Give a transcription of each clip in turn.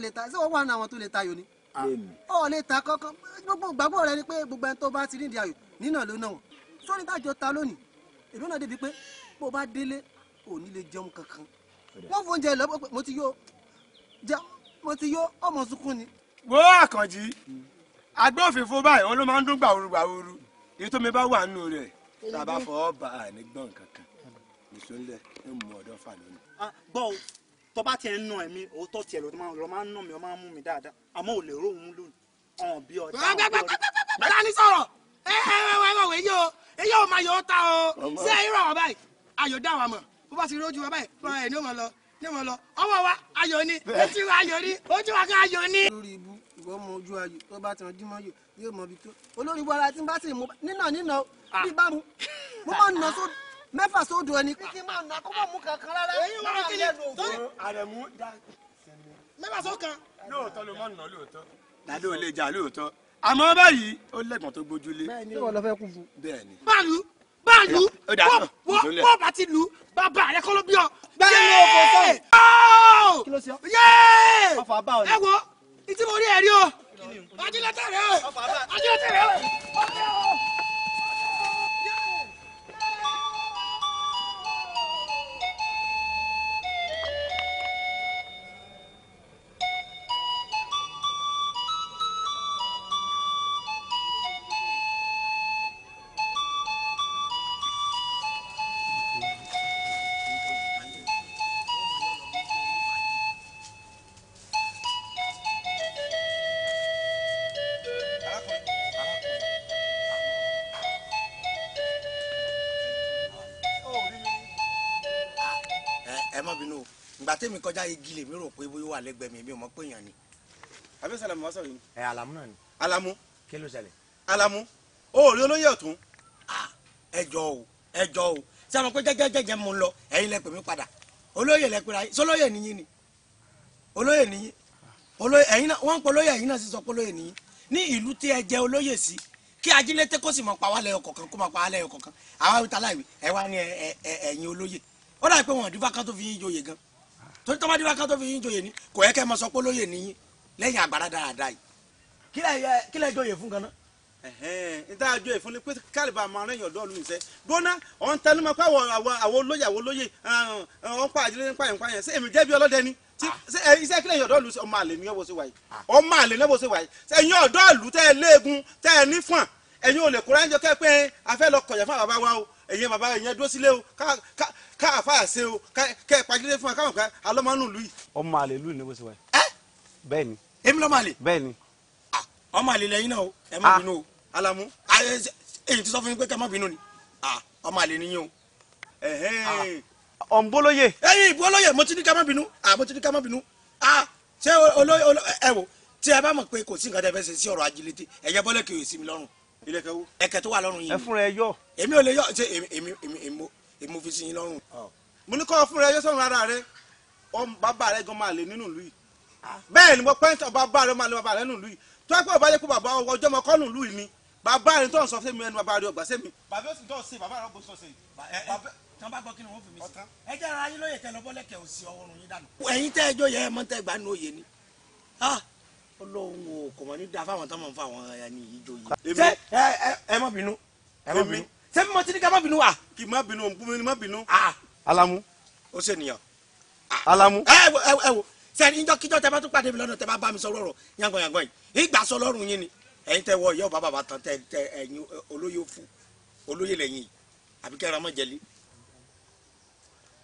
lè ta ṣé wọ́n wà ní àwọn tó lè ta ayò ni. Ah. ó lè ta kankan gbogbo gbàgbọ́ rẹ ni pé gbogbo ẹni tó bá ti nídìí ayò nínà ló náà sórí tájọ ta lónìí èló náà débi pé bó bá délé ò ní lè jẹun kankan wọ́n fún oúnjẹ lọ́pọ̀ mo ti yó mo ti yó ọmọ sunkún ni. wo àkànjì agbófinfo báyìí òun ló máa ń dún gbàwúrú gbàwúrú èyí tó mi bá wà nínú rẹ̀ tàbá fọwọ́ bá a gbọ̀n kankan nìṣó ńlẹ̀ ń mú ọ̀dọ́ fà lónìí. Ah, gbọ́ o tó bá tiẹ̀ ń nà ẹ̀mí òótọ́ tiẹ̀ lọ́ọ́ máa ń nà mí ọ́ máa ń mú mi dáadáa àmọ́ ò lè róhun mú lónìí ọ̀hún bí ọ̀dà ọ̀hún bí ọ̀dà. bàbá ní sọ̀rọ̀ ẹ ẹ ẹ ẹ wọ̀ èyí o èyí ò máa yọ ọ́ ta o ṣé irọ́ ọ̀ báyìí ayọ̀ dá wa mọ̀ bó bá ti rí ojú wa báyìí fún ẹ̀ ní ò mọ̀ lọ ní ò mọ̀ lọ ọwọ́ wa ayọ̀ ni etí wa ayọ̀ ni ojú wa kan ayọ̀ ni. lórí ibu ìwọ mọ ojú ayò tó bá ti hàn dímọ yò yóò mọ ibi tó olórí wa ara tí n bá sì mú nínà nínà bí mu mo máa ń nà sódò mẹ́fà sódò ẹni. kìkì máa nà kó bọ̀ mú kankan rárá. èyí wọn kì í tóri. àrẹ̀mú dá sẹ́mi. mẹ́fà sókan. lóòótọ́ ló máa ń nà lóòótọ́. dàdé ò lè jà lóòótọ́ àmọ́ báyìí ó lẹ́gbọ̀n tó gbójúlé. bẹ́ẹ̀ni ìwọ lọ fẹ́ kú fún. bẹ́ẹ̀ni. báàlú báàlú wọ́n bá ti lù bàbá rẹ kọ́ ló bí ọ. bẹ́ẹ̀ni o kò sọ. kí ló ṣe ọ. yéé ẹ wo ìtí mo rí ẹ rí o. ajílẹ̀tẹ̀ rẹ o ajílẹ̀tẹ̀ rẹ o. tèmi kọjá igi lèmi rò pé bóyá wà lẹ́gbẹ̀ẹ́ mi mi ò mọ̀ pé èèyàn ni. àbí sàlámù wá sọ̀rọ̀ yìí. ẹ alamu náà ni. alamu. kí ló alamu o ò rí olóyè ọ̀tún. ẹjọ o ẹjọ o ṣé àwọn pé jẹjẹjẹjẹ mo lọ ẹ̀yin lẹ pè mí padà olóyè lẹ pè ra yín sọlóyè nìyí ni olóyè nìyí olóyè ẹ̀yin náà wọ́n ń pọ̀ olóyè ẹ̀yin náà sì sọ pé olóyè nìyí ní ìlú tí ẹ jẹ olóyè sí kí ajílété kó sì mọ pa wálé ọkọ kan kó mọ pa wálé ọkọ kan àwa wíta láìwí ẹ wá ní ẹ̀yin olóyè ó dà pé wọn ò dín fákàtó fi yín joyè gan-an torí tó bá dé wákàtí tó fi yín joyè ni kò yẹ kẹ́ mọ sọ pé lóyè nìyí lẹ́yìn àgbàrá dáadáa yìí kí lẹ́ joyè fún ganan. níta àjọ ìfúnni pé kálíbà máa rẹ̀yìn ọ̀dọ́ ọ̀lú ìṣẹ́ gbóná ọ̀n tẹnumọ́ pé àwọn olóyè àwọn olóyè ọ̀n pa àdílé nípa ìpa yẹn ṣé èmi jẹ́ bí ọlọ́dẹ ni ah. iṣẹ́ kílẹ̀ yìí ọ̀dọ́ ìlú ọmọ àlè ní ọwọ́ sí wáyé ọmọ àlè ní ọwọ́ sí wáyé ẹ̀yin ọ̀dọ́ ìlú tẹ́ ẹ léegun tẹ́ ẹ nífọ̀n ẹ̀yin ò lè kóra ẹ̀jọ̀ kẹ́ pé a lọ kọ̀yà fún àbáwá o ẹ̀yin bàbá ẹ̀yin dúró sílé o ká àfáà ṣe o kẹ́ ẹ̀ pàgídé fún wa káwọn kan alọ́mọ́nù lù yìí. ọmọ àlè lù ní bó ṣe wà yìí. ẹ bẹ́ẹ̀ ni. èmi lọ́mọ àlè. bẹ́ẹ̀ ni. ọmọ àlè lẹ́yìn náà o ẹ má bínú o alamu èyí ti sọ fún mi pé kẹ́ má bínú ni ọmọ àlè nìyẹn o. ọ̀nbólóyè. ẹ̀yin ìbólóyè mo ti ní ká má bínú mo ti ní ká má bínú ṣé ẹ wò tí ẹ bá mọ̀ pé kò sí nǹkan tẹ́ fẹ́ ṣe sí ọ̀rọ̀ ajílété ẹ̀yẹ bọ́lẹ̀ kì í sí mi lọ́rùn ilẹ̀kẹ̀ wo. ẹ̀kẹ́ tó wà lọ́rùn yìí. ẹ fúnra ẹ yọ. èmi ò lè yọ ṣe èmi èmi èmi fi sin yín lọ́rùn. mo ní kọ́ fúnra ẹ yọ sọ́run ara rẹ bàbá rẹ gan máa lè nínú ìlú yìí. Ah. bẹ́ẹ̀ ni mo pẹ́ tán bàbá rẹ máa lè bàbá rẹ nínú ìlú yìí tó ẹ pé bàbá yẹ kó bàbá ọjọ́ mọ kọ́ nínú ìlú yìí ni bàbá rẹ tó ń sọ fún mi ẹnu bàbá rẹ ọgbà sẹ́mi. bàbá yóò sì tọ́ sí bàbá rẹ ọgbà sọ sí. tán bá gbọ́ kí ni wọ́n fi mi sí. ẹ jẹ́ ara yín lóye tẹ lọ Ọlọ́run o kò mọ ní da fáwọn tó mọ fún àwọn ẹni ìjòyè. ṣé ẹ ẹ bínú ẹ má bínú ṣé bí mo ti ní ká má bínú wa. kì í má bínú òǹkú mi má bínú. alamu. ó ṣe nìyàn. alamu. ẹ wo ẹ wo sẹ́ni ìjọ kíjọ tẹ bá tún pàdé mi lọ́nà tẹ bá bá mi sọ lọ́rọ̀ yàngàn yàngàn yìí ìgbà sọ lọ́rùn yín ni ẹ̀yin tẹ wọ ìyá ọba bàbá tán tẹ ẹ̀yin olóyè fún olóyè lẹ́yìn àbíkẹ́ ramọ́jẹ́lì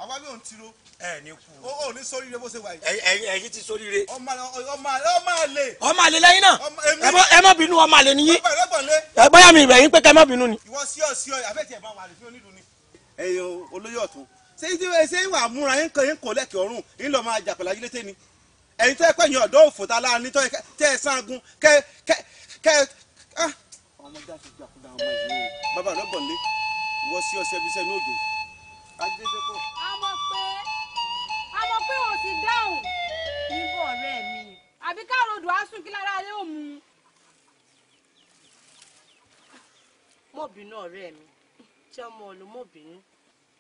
àwa ló ń tiro. ẹ ní kú. o ò ní sóríire bó ṣe wà yìí. ẹyin ẹyin ti sóríire. ọmọ ọmọ ọmọ àlè. ọmọ àlè lẹ́yìn náà. ẹ mọ ẹ mọ bínú ọmọ àlè nìyí. ẹ bóyá mi ìrẹ̀yìn pé ká ẹ mọ bínú ni. ìwọ sí ọ sí ọ àfẹ́ tiẹ̀ bá wà lè fi onídùú ni. ẹyin olóyè ọ̀tún ṣé ìdí ṣé ìwà múra yín kan yín kò lẹ́kẹ̀ ọ̀run yín lọ́ọ́ máa jàpẹ̀lá yín létí ni. ẹ̀yin tó ẹ pẹ̀yìn ọ̀dọ́ òfò ta láàrin tó ẹ sangun kẹ kẹ kẹ. ọmọdé ah. àti jàkúdà ọmọ ìlú bàbá rẹ bọ̀ lé wọ́n sí ọ̀sẹ̀ bíṣẹ́ ní òjò a mọ̀ pé a o ti dáhùn níbo ọ̀rẹ́ mi àbí káàròdù á sún kí lára alẹ́ ò mu. mọ̀ bínú ọ̀rẹ́ mi tí ọmọ ọ̀lù mọ̀ bínú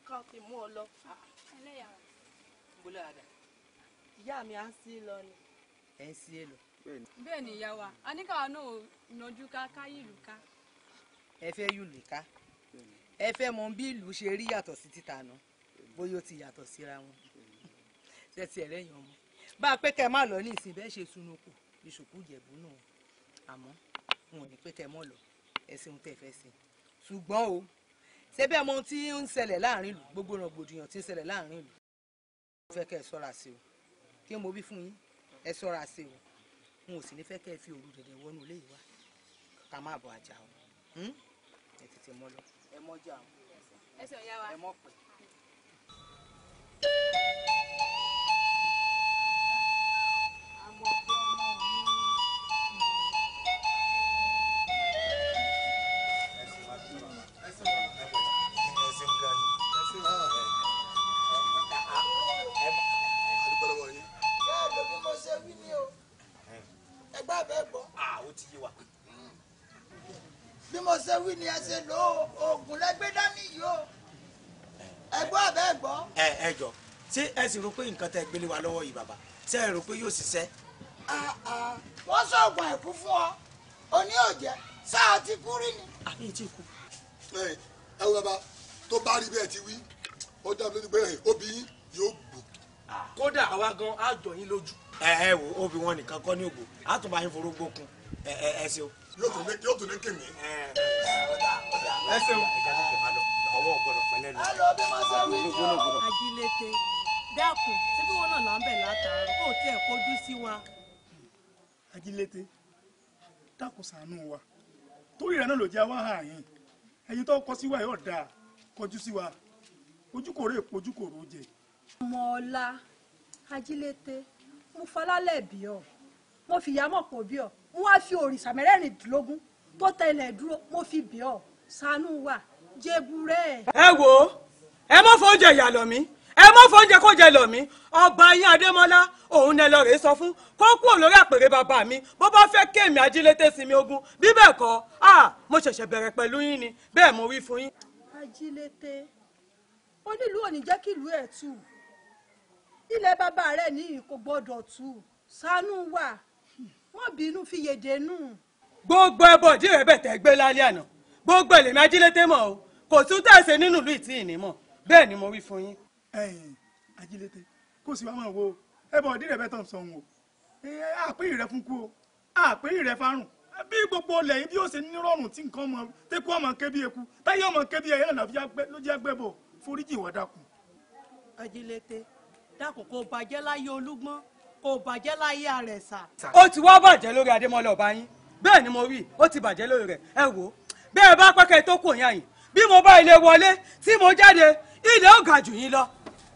ká fi mú ọ lọ. gbọ́lá àdá. ìyá mi á sí lọ ni. ẹ ń sí è bẹ́ẹ̀ ni ìyá wa a ní káwa náà yanjú ká ká yìlú ká. ẹ fẹ́ yùlù ká ẹ fẹ́ mọ bí ìlú ṣe rí yàtọ̀ sí títa nù bóyá ó ti yàtọ̀ síra wọn tẹ́tí ẹ̀rẹ́yìn ọmọ bá a pé kẹ́ ẹ má lọ ní ìsìn bẹ́ẹ̀ ṣe sunoko ìṣòkú ìjẹ̀bú nù àmọ́ wọn ò ní pé kẹ́ ẹ mọ̀ lọ ẹ̀sìn ohun tẹ́ fẹ́ sí ṣùgbọ́n o ṣé bẹ́ẹ̀ mọ ohun tí ń ṣẹlẹ̀ láàrin ìlú gbogbo rògbòdìyàn tí ń ṣẹlẹ̀ láàrin ìlú mo fẹ́ kẹ́ ẹ ṣọ́ra sí o kí mo bí fún yín ẹ ṣọ́ra sí o n ò sì ní fẹ́ kẹ́ ẹ fi òru dẹ̀dẹ̀ wọnú ilé ìwà ká má àjà o hm? ẹ tètè mọ́ lọ ẹ mọ́ jà ẹ mọ́ pẹ́. bí mo ṣe wí ni ẹ ṣe lò ó. ṣé ẹ sì rò pé nǹkan tẹ́ gbélé wa lọ́wọ́ yìí bàbá ṣé ẹ rò pé yóò ṣiṣẹ́. wọ́n sọ̀gbọ̀n ẹ̀kú fún ọ oní òjẹ́ sáà ti kú rí ni. àmì ti kú. ẹ ẹ wo bàbá tó bá rí bẹ́ẹ̀ ti wí ó dá mi lójú pé obìnrin yóò gbò. kódà àwa gan á jọ yín lójú. ẹ ẹ wo obì wọn nìkan kọ́ ní ògbó á tún bá yín forógbó kun ẹ ẹ ẹ ṣeun. yóò tún ní kèmí. ẹ ṣeun. ọwọ́ ọ̀gbọ̀dọ̀ pẹ̀lẹ́ ni. ajílété dákun síbí wọn náà là ń bẹ̀ látàárọ̀ kó tiẹ̀ kojú sí wa. ajílété dákun ṣàánú wa torí rẹ náà ló jẹ́ wá hàn yín ẹ̀yin tó kọ sí wa yóò dáa kọjú sí wa ojúkòrò èpo ojúkòrò jẹ. ọmọ ọlá ajílété mo falálẹ̀ bí ọ mo fìyà mọ̀ pò bí ọ mo wá fi òrìṣà mẹ́rẹ̀ẹ́rìndínlógún tó tẹlẹ̀ dúró mo fi bí ọ ṣàánú wa jẹ́ burẹ́. ẹ wo ẹ má fọ oúnjẹ ìyàlọ́ mi ẹ mọ́ fóúnjẹ kó jẹ lọ mí ọba yín adémọlá òun nẹ lọ rèé sọ fún kó kú olórí àpèrè bàbá mi bó bá fẹ́ kéèmí ajílété sinmi ogun bí bẹ́ẹ̀ kọ́ à mo ṣẹ̀ṣẹ̀ bẹ̀rẹ̀ pẹ̀lú yín ni bẹ́ẹ̀ mo wí fún yín. ajílété onílù ò ní jẹ́ kí ìlú ẹ̀ tù ilẹ̀ bàbá rẹ̀ ní kò gbọ́dọ̀ tù sánú wà wọ́n bínú fi yèdè nù. gbogbo ẹbọ ìdí rẹ bẹ̀tẹ̀ gbé lálẹ́ àná gbogbo ẹlẹ́mí ajílété mọ̀ o kò tún tẹ̀sẹ̀ nínú ìlú ìtì ìní mọ̀ ni mo wí fún yín ẹ̀yìn ajílété kó sì wá máa wo ẹ bọ̀ ọdí rẹ̀ bẹ́ẹ̀ tán sọ̀hún o àpéyì rẹ̀ fún kú o àpéyì rẹ̀ fárùn bí gbogbo lẹ́yìn bí ó ṣe nírọ̀rùn tí nǹkan ọmọ tẹ́kù ọmọ kébí eku táyé ọmọ kébí ẹ̀yẹ́ náà ló jẹ́ gbé bò foríjì wọ́n dákun. ajílété dákun kò bàjẹ́ láyé olúgbọ́n kò bàjẹ́ láyé àrẹ̀sà. ó ti wá bàjẹ́ lórí adémọlá ọba yín bẹ́ẹ̀ ni mo wí ó ti bàjẹ́ lórí rẹ̀ ẹ wò ó bẹ́ẹ̀ bá pẹ́kẹ́ tó kò yàn yín bí mo bá ilé wọlé tí mo jáde ilé ó ga jù yín lọ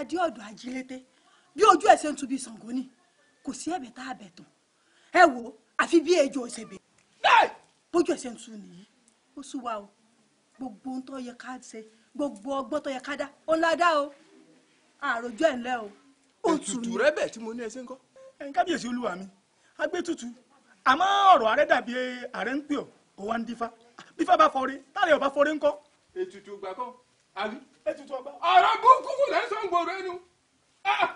adé ọ̀dọ̀ ajílété bí ojú ẹ̀ ṣe ń tubi Ṣàngó ni kò sí ẹ̀bẹ̀ tá a bẹ̀ tán ẹ wò àfi bí ejò òṣèbè bójú ẹ̀ ṣe ń tu nìyí ó sú wa o gbogbo ohun tó yẹ ká ṣe gbogbo ọgbọ́n tó yẹ ká dá ó ńlá dá o àròjọ ẹ̀ ńlẹ́ o ó tù mí. ètùtù rẹ bẹ̀ tí mo ní ẹsẹ̀ ń kábíyèsí olúwa mi agbẹ́tutù àmọ́ ọ̀rọ̀ ààrẹ dàbí ààrẹ ń pè ọ́ òwa ń dífá bífá bá fọre táàrẹ̀ ọba fọre ń kọ́. ètùtù gbàgbọ́ àbí ètùtù ọba. ọ̀rọ̀ burúkú lẹ́ sọ ń gbòòrò ẹnu wọn ah, ah.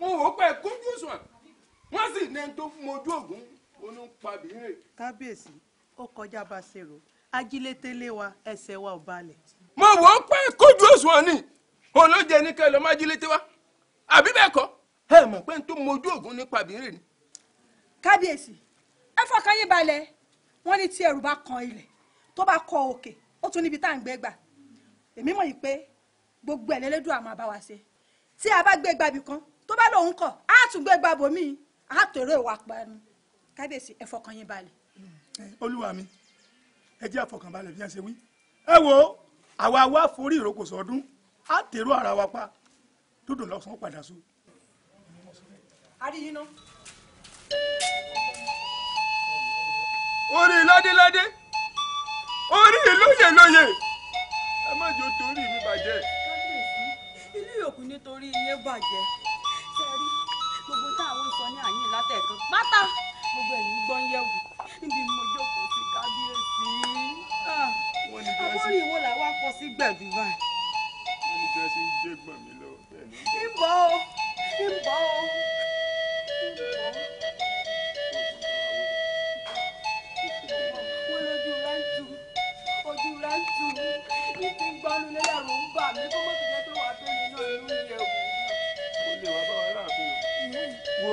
wò ó pẹ́ kójú òṣùwọ̀n wọ́n sì ní ẹni tó mojú ògún onú pàbíyèrè. kábíyèsí ó kọjá bá a ṣe rò ajílétélé wa ẹsẹ̀ wa ò balẹ̀. mo wò ó pẹ́ kójú òṣùwọ̀n ni olóúnjẹ ní kẹ́ ẹ lọ́ọ́ wa àbí bẹ́ẹ̀ kọ́ ẹ mọ̀ pé n tó mojú ògún ní pàbíyèrè ni. kábíyèsí ẹ fọkàn yín balẹ̀ wọ́n ní tí ẹrù bá kan ilẹ̀ tó bá kọ òkè ó tún níbi tá à ń gbé gbà èmi mọ̀ yìí pé gbogbo ẹ̀lẹ́lẹ́dùn àmọ́ àbáwá ṣe tí a bá gbé gbàbí kan tó bá lòun kọ̀ á tún gbé gbàbọ̀ mí á tòrò ìwà panu kábíyèsí ẹ fọkàn yín balẹ̀. olúwa mi ẹ jẹ́ àfọkànbalẹ̀ bí wọ́n ṣe wí ẹ wo àwa wa forí ìrókò sọdún á tèrò ara wa pa dúdú lọ́sàn-án padà sùn. àríyìn náà. orí ládéládé orí lóyè lóyè ẹ má jẹ́ torí mi bàjẹ́. kábíyèsí ilé ìyókù nítorí iye bàjẹ́ sẹ́rí gbogbo táwọn sọ ní àyín látẹ̀kan pátá gbogbo ẹ̀yìn gbọ́n yẹ̀wò níbi mo jókòó sí kábíyèsí. àbórí ìwo làwa kọ sí gbẹ̀bí báyìí. wọ́n ní kí wọ́n ṣe ń jẹ́gbọ̀n mi lọ. ń bọ̀ ọ́ ń wọnú ilé lẹ́rù ń bà mí kó mọ̀ sí jẹ́ pé wàá tó mi náà inú ilé ẹ̀wù. ó lè wá bá wa láàfin o. Mm-hmm. wo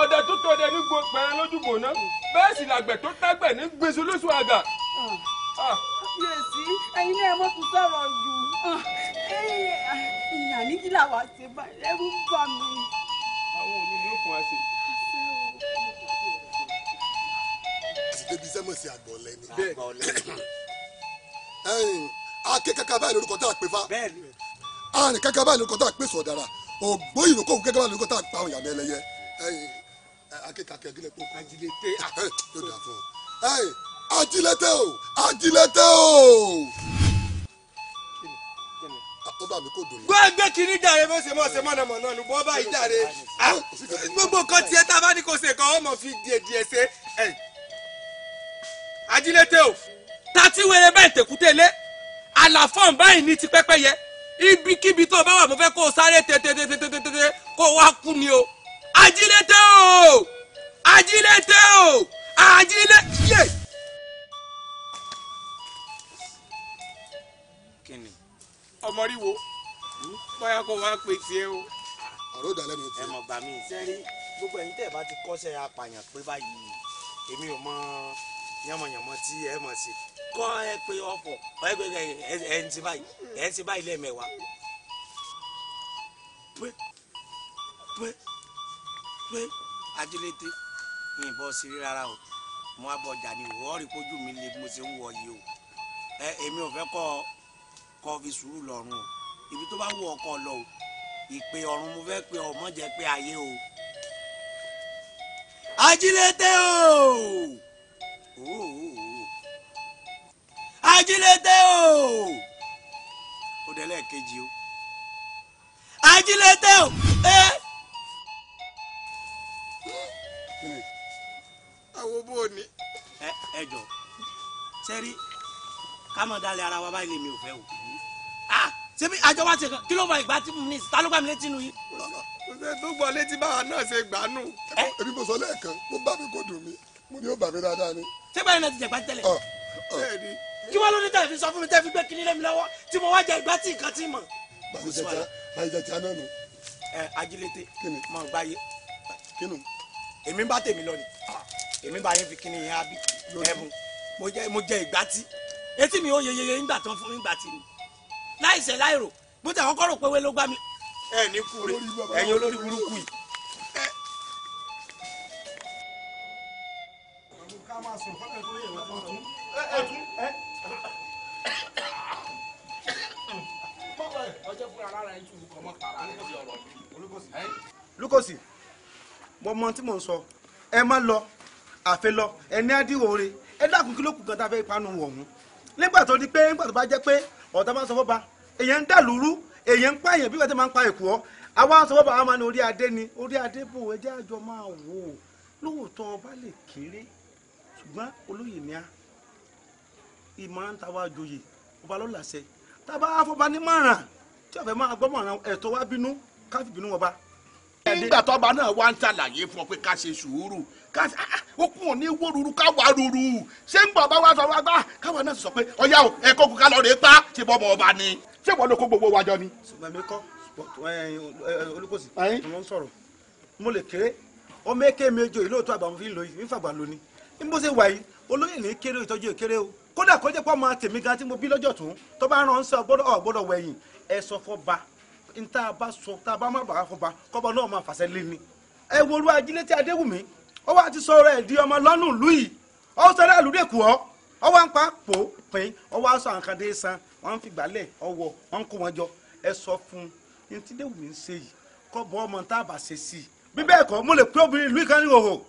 ọdẹ tó tọdẹ ní gbo pẹ̀rẹ̀ lójúbò náà bẹ́ẹ̀ sì làgbẹ̀ tó tágbẹ̀ ní gbèsè lóṣù àgà. Ah. Ah. kábíyèsí ẹ̀yin náà mo ti sọ̀rọ̀ jù ah. ìyá ní kí làwa ṣe bá ẹrú bà mí. àwọn òní ló fún wa ṣe. ti sẹ́mọ̀ sí àgbọ̀lẹ́ ni. àgbọ̀lẹ́ ni àké kankan báyìí lórúkọ tá a pè fa àrìn kankan báyìí lórúkọ tá a pè sọ̀dàrà ògbó ìrókòwò kankan báyìí lórúkọ tá a pa àwọn ìyàmẹ́ ẹlẹ́yẹ akékakẹ agilẹ kó ajílété yóò dà fún ọ ajílété o o. ó bá mi kó kiri jàre bó ṣe mọ̀ ṣe mọ̀ nàmọ̀ náà ni bọ́ bá yìí jàre ah, gbogbo kan tiẹ̀ tá a bá ní kò ṣe kan ọmọ fi díẹ̀ díẹ̀ ṣe ajílété o tàtí wẹrẹ bẹ́ẹ̀ tẹ̀kútẹ́lẹ́ àlàfọ́n báyìí ní ti pẹ́pẹ́yẹ ibikíbi tó bá wà mo fẹ́ kó o sáré tètètètètè kó o wá kú ni o ajílété o ajílété o ajílé yé. ọmọ rí wo bóyá kó wá pé tiẹ̀ o. ọ̀rọ̀ ìdálẹ́ mi ti. ẹ mọ̀ gbà mí sẹ́rí gbogbo ẹ̀yin tẹ̀ bá ti kọ́ṣẹ́ apààyàn pé báyìí èmi ò mọ yànmọ̀yànmọ̀ tí ẹ mọ̀ sí kọ́ ẹ pé ọ̀pọ̀ ẹ pé ẹ ń ti báyìí ẹ ń ti báyìí lẹ́ẹ̀mẹ̀wá. pé pé pé ajílété yìnbọn sí rí rárá o mo á bọ jà ní ìwọ ọ̀rí mi lè mo ṣe ń wọ yìí o ẹ èmi ò fẹ́ kọ́ kọ́ fi sùúrù lọ́rùn o ibi tó bá wù ọkọ lọ o ìpè ọ̀run mo fẹ́ pe ọmọ jẹ́ pé ayé o ajílété o ajílété o ó dé lẹ́ẹ̀kejì o ajílété o ẹ. àwọn bó o ní. ẹ ẹ jọ sẹ́rí ká ara wa báyìí lèmi ò fẹ́ o ṣebí àjọ wa ti kàn kí ló mọ ìgbà tí mo ní ta ló gbà mí létí nu yìí. kò sẹ́ tó gbọ́ létí báwa náà ṣe gbà nù. èmi mo sọ lẹ́ẹ̀kan mo bá mi kó dùn mí mo ní yóò bà mí dáadáa ni. ṣé báyìí náà ti jẹ̀gbá tẹ́lẹ̀. kí wọ́n ló ní tẹ̀lé fi sọ fún mi tẹ́ fi gbé kinní lé mi lọ́wọ́ tí mo wá jẹ ìgbà tí nǹkan ti mọ̀. bàjẹ́ tí a náà nù. ẹ ajílété mọ gbá yé. kínú. èmi bá tèmi lọ ni èmi bá yín fi kinní yẹn á bí ẹ̀bùn mo jẹ ìgbà tí etí mi ó yeyeye ńgbà tán fún mi ńgbà tí mi láìṣẹ̀ láìrò bó ti àwọn kọ́ rò pé wé ló gbá mi. ẹ ní kúre ẹ̀yin olórí burúkú yìí máa lukosi mo mọ tí mò ń sọ ẹ má lọ àfẹ lọ ẹ ní àdìwòre ẹ dákun kí ló kù gan tá a fẹ́ panu wọ̀hún nígbà tó di pé nígbà tó bá jẹ́ pé ọ̀tá máa ń sọ fọ́ba èèyàn ń dàlúrú èèyàn ń pààyàn bí wọ́n ti máa ń pa èkó ọ́ àwa sọ fọ́ba àwọn máa ní orí adé ni orí adé bò ẹjẹ́ àjọ máa wò ó lóòótọ́ ọba lè kéré ṣùgbọ́n olóyè ni a ìmọ̀ràn táwa joyè ọba ló làṣẹ tábà afọba nímọ̀ràn tí ọ̀fẹ́ máa gbọ́mọ̀ràn ẹ̀tọ́ wa bínú káfí bínú ba. nígbà tọ́ba náà wá ń ṣàlàyé fún ọ pé ká ṣe sùúrù ká ṣe ah, ah, okun ò ní wó ruru ká wà ruru ṣé ń gbọ́ ọba wa sọ wá gbá káwa náà sọ pé ọ̀yá o ẹ̀kọ́ kò ká lọ rè é pa ṣe bọ́ ọmọ ọba ni ṣé wọ́n ló kó gbogbo wa ni. olùkọ́sì mo lè kéré ọmọ èké mi jò ìlóòótọ́ àgbà mo fi ń lo ìfàgbà lónìí ní bó ṣe wà yìí olóyè ní kéré ìtọ́jú ìkéré o kódà kó jẹ́ pọ́ ọmọ tèmi gan tí mo bí lọ́jọ́ tún tó bá ràn án sí ọgbọ́dọ̀ wẹ̀yìn ẹ sọ fọba n tá a bá sọ tá a bá má bàa fọba kọ́bọ náà máa fàṣẹ lé ni. ẹ wo olú ajílẹ̀ tí adéwùmí ó wá ti sọ̀rọ̀ ẹ̀ di ọmọ lọ́nù ìlú yìí ó sọ̀rọ̀ àlùdẹ́kù ọ́ ó wá ń pa pò pín ó wá sọ àǹkàdé san wọ́n fi gbálẹ̀ ọwọ́ wọ́n kó wọn jọ ẹ sọ fún un ní tí déwùmí ń ṣe yìí kọ́bọ ọmọ tá a bá ṣe sí i bí bẹ́ẹ̀ kọ́ mo lè pé obìnrin ìlú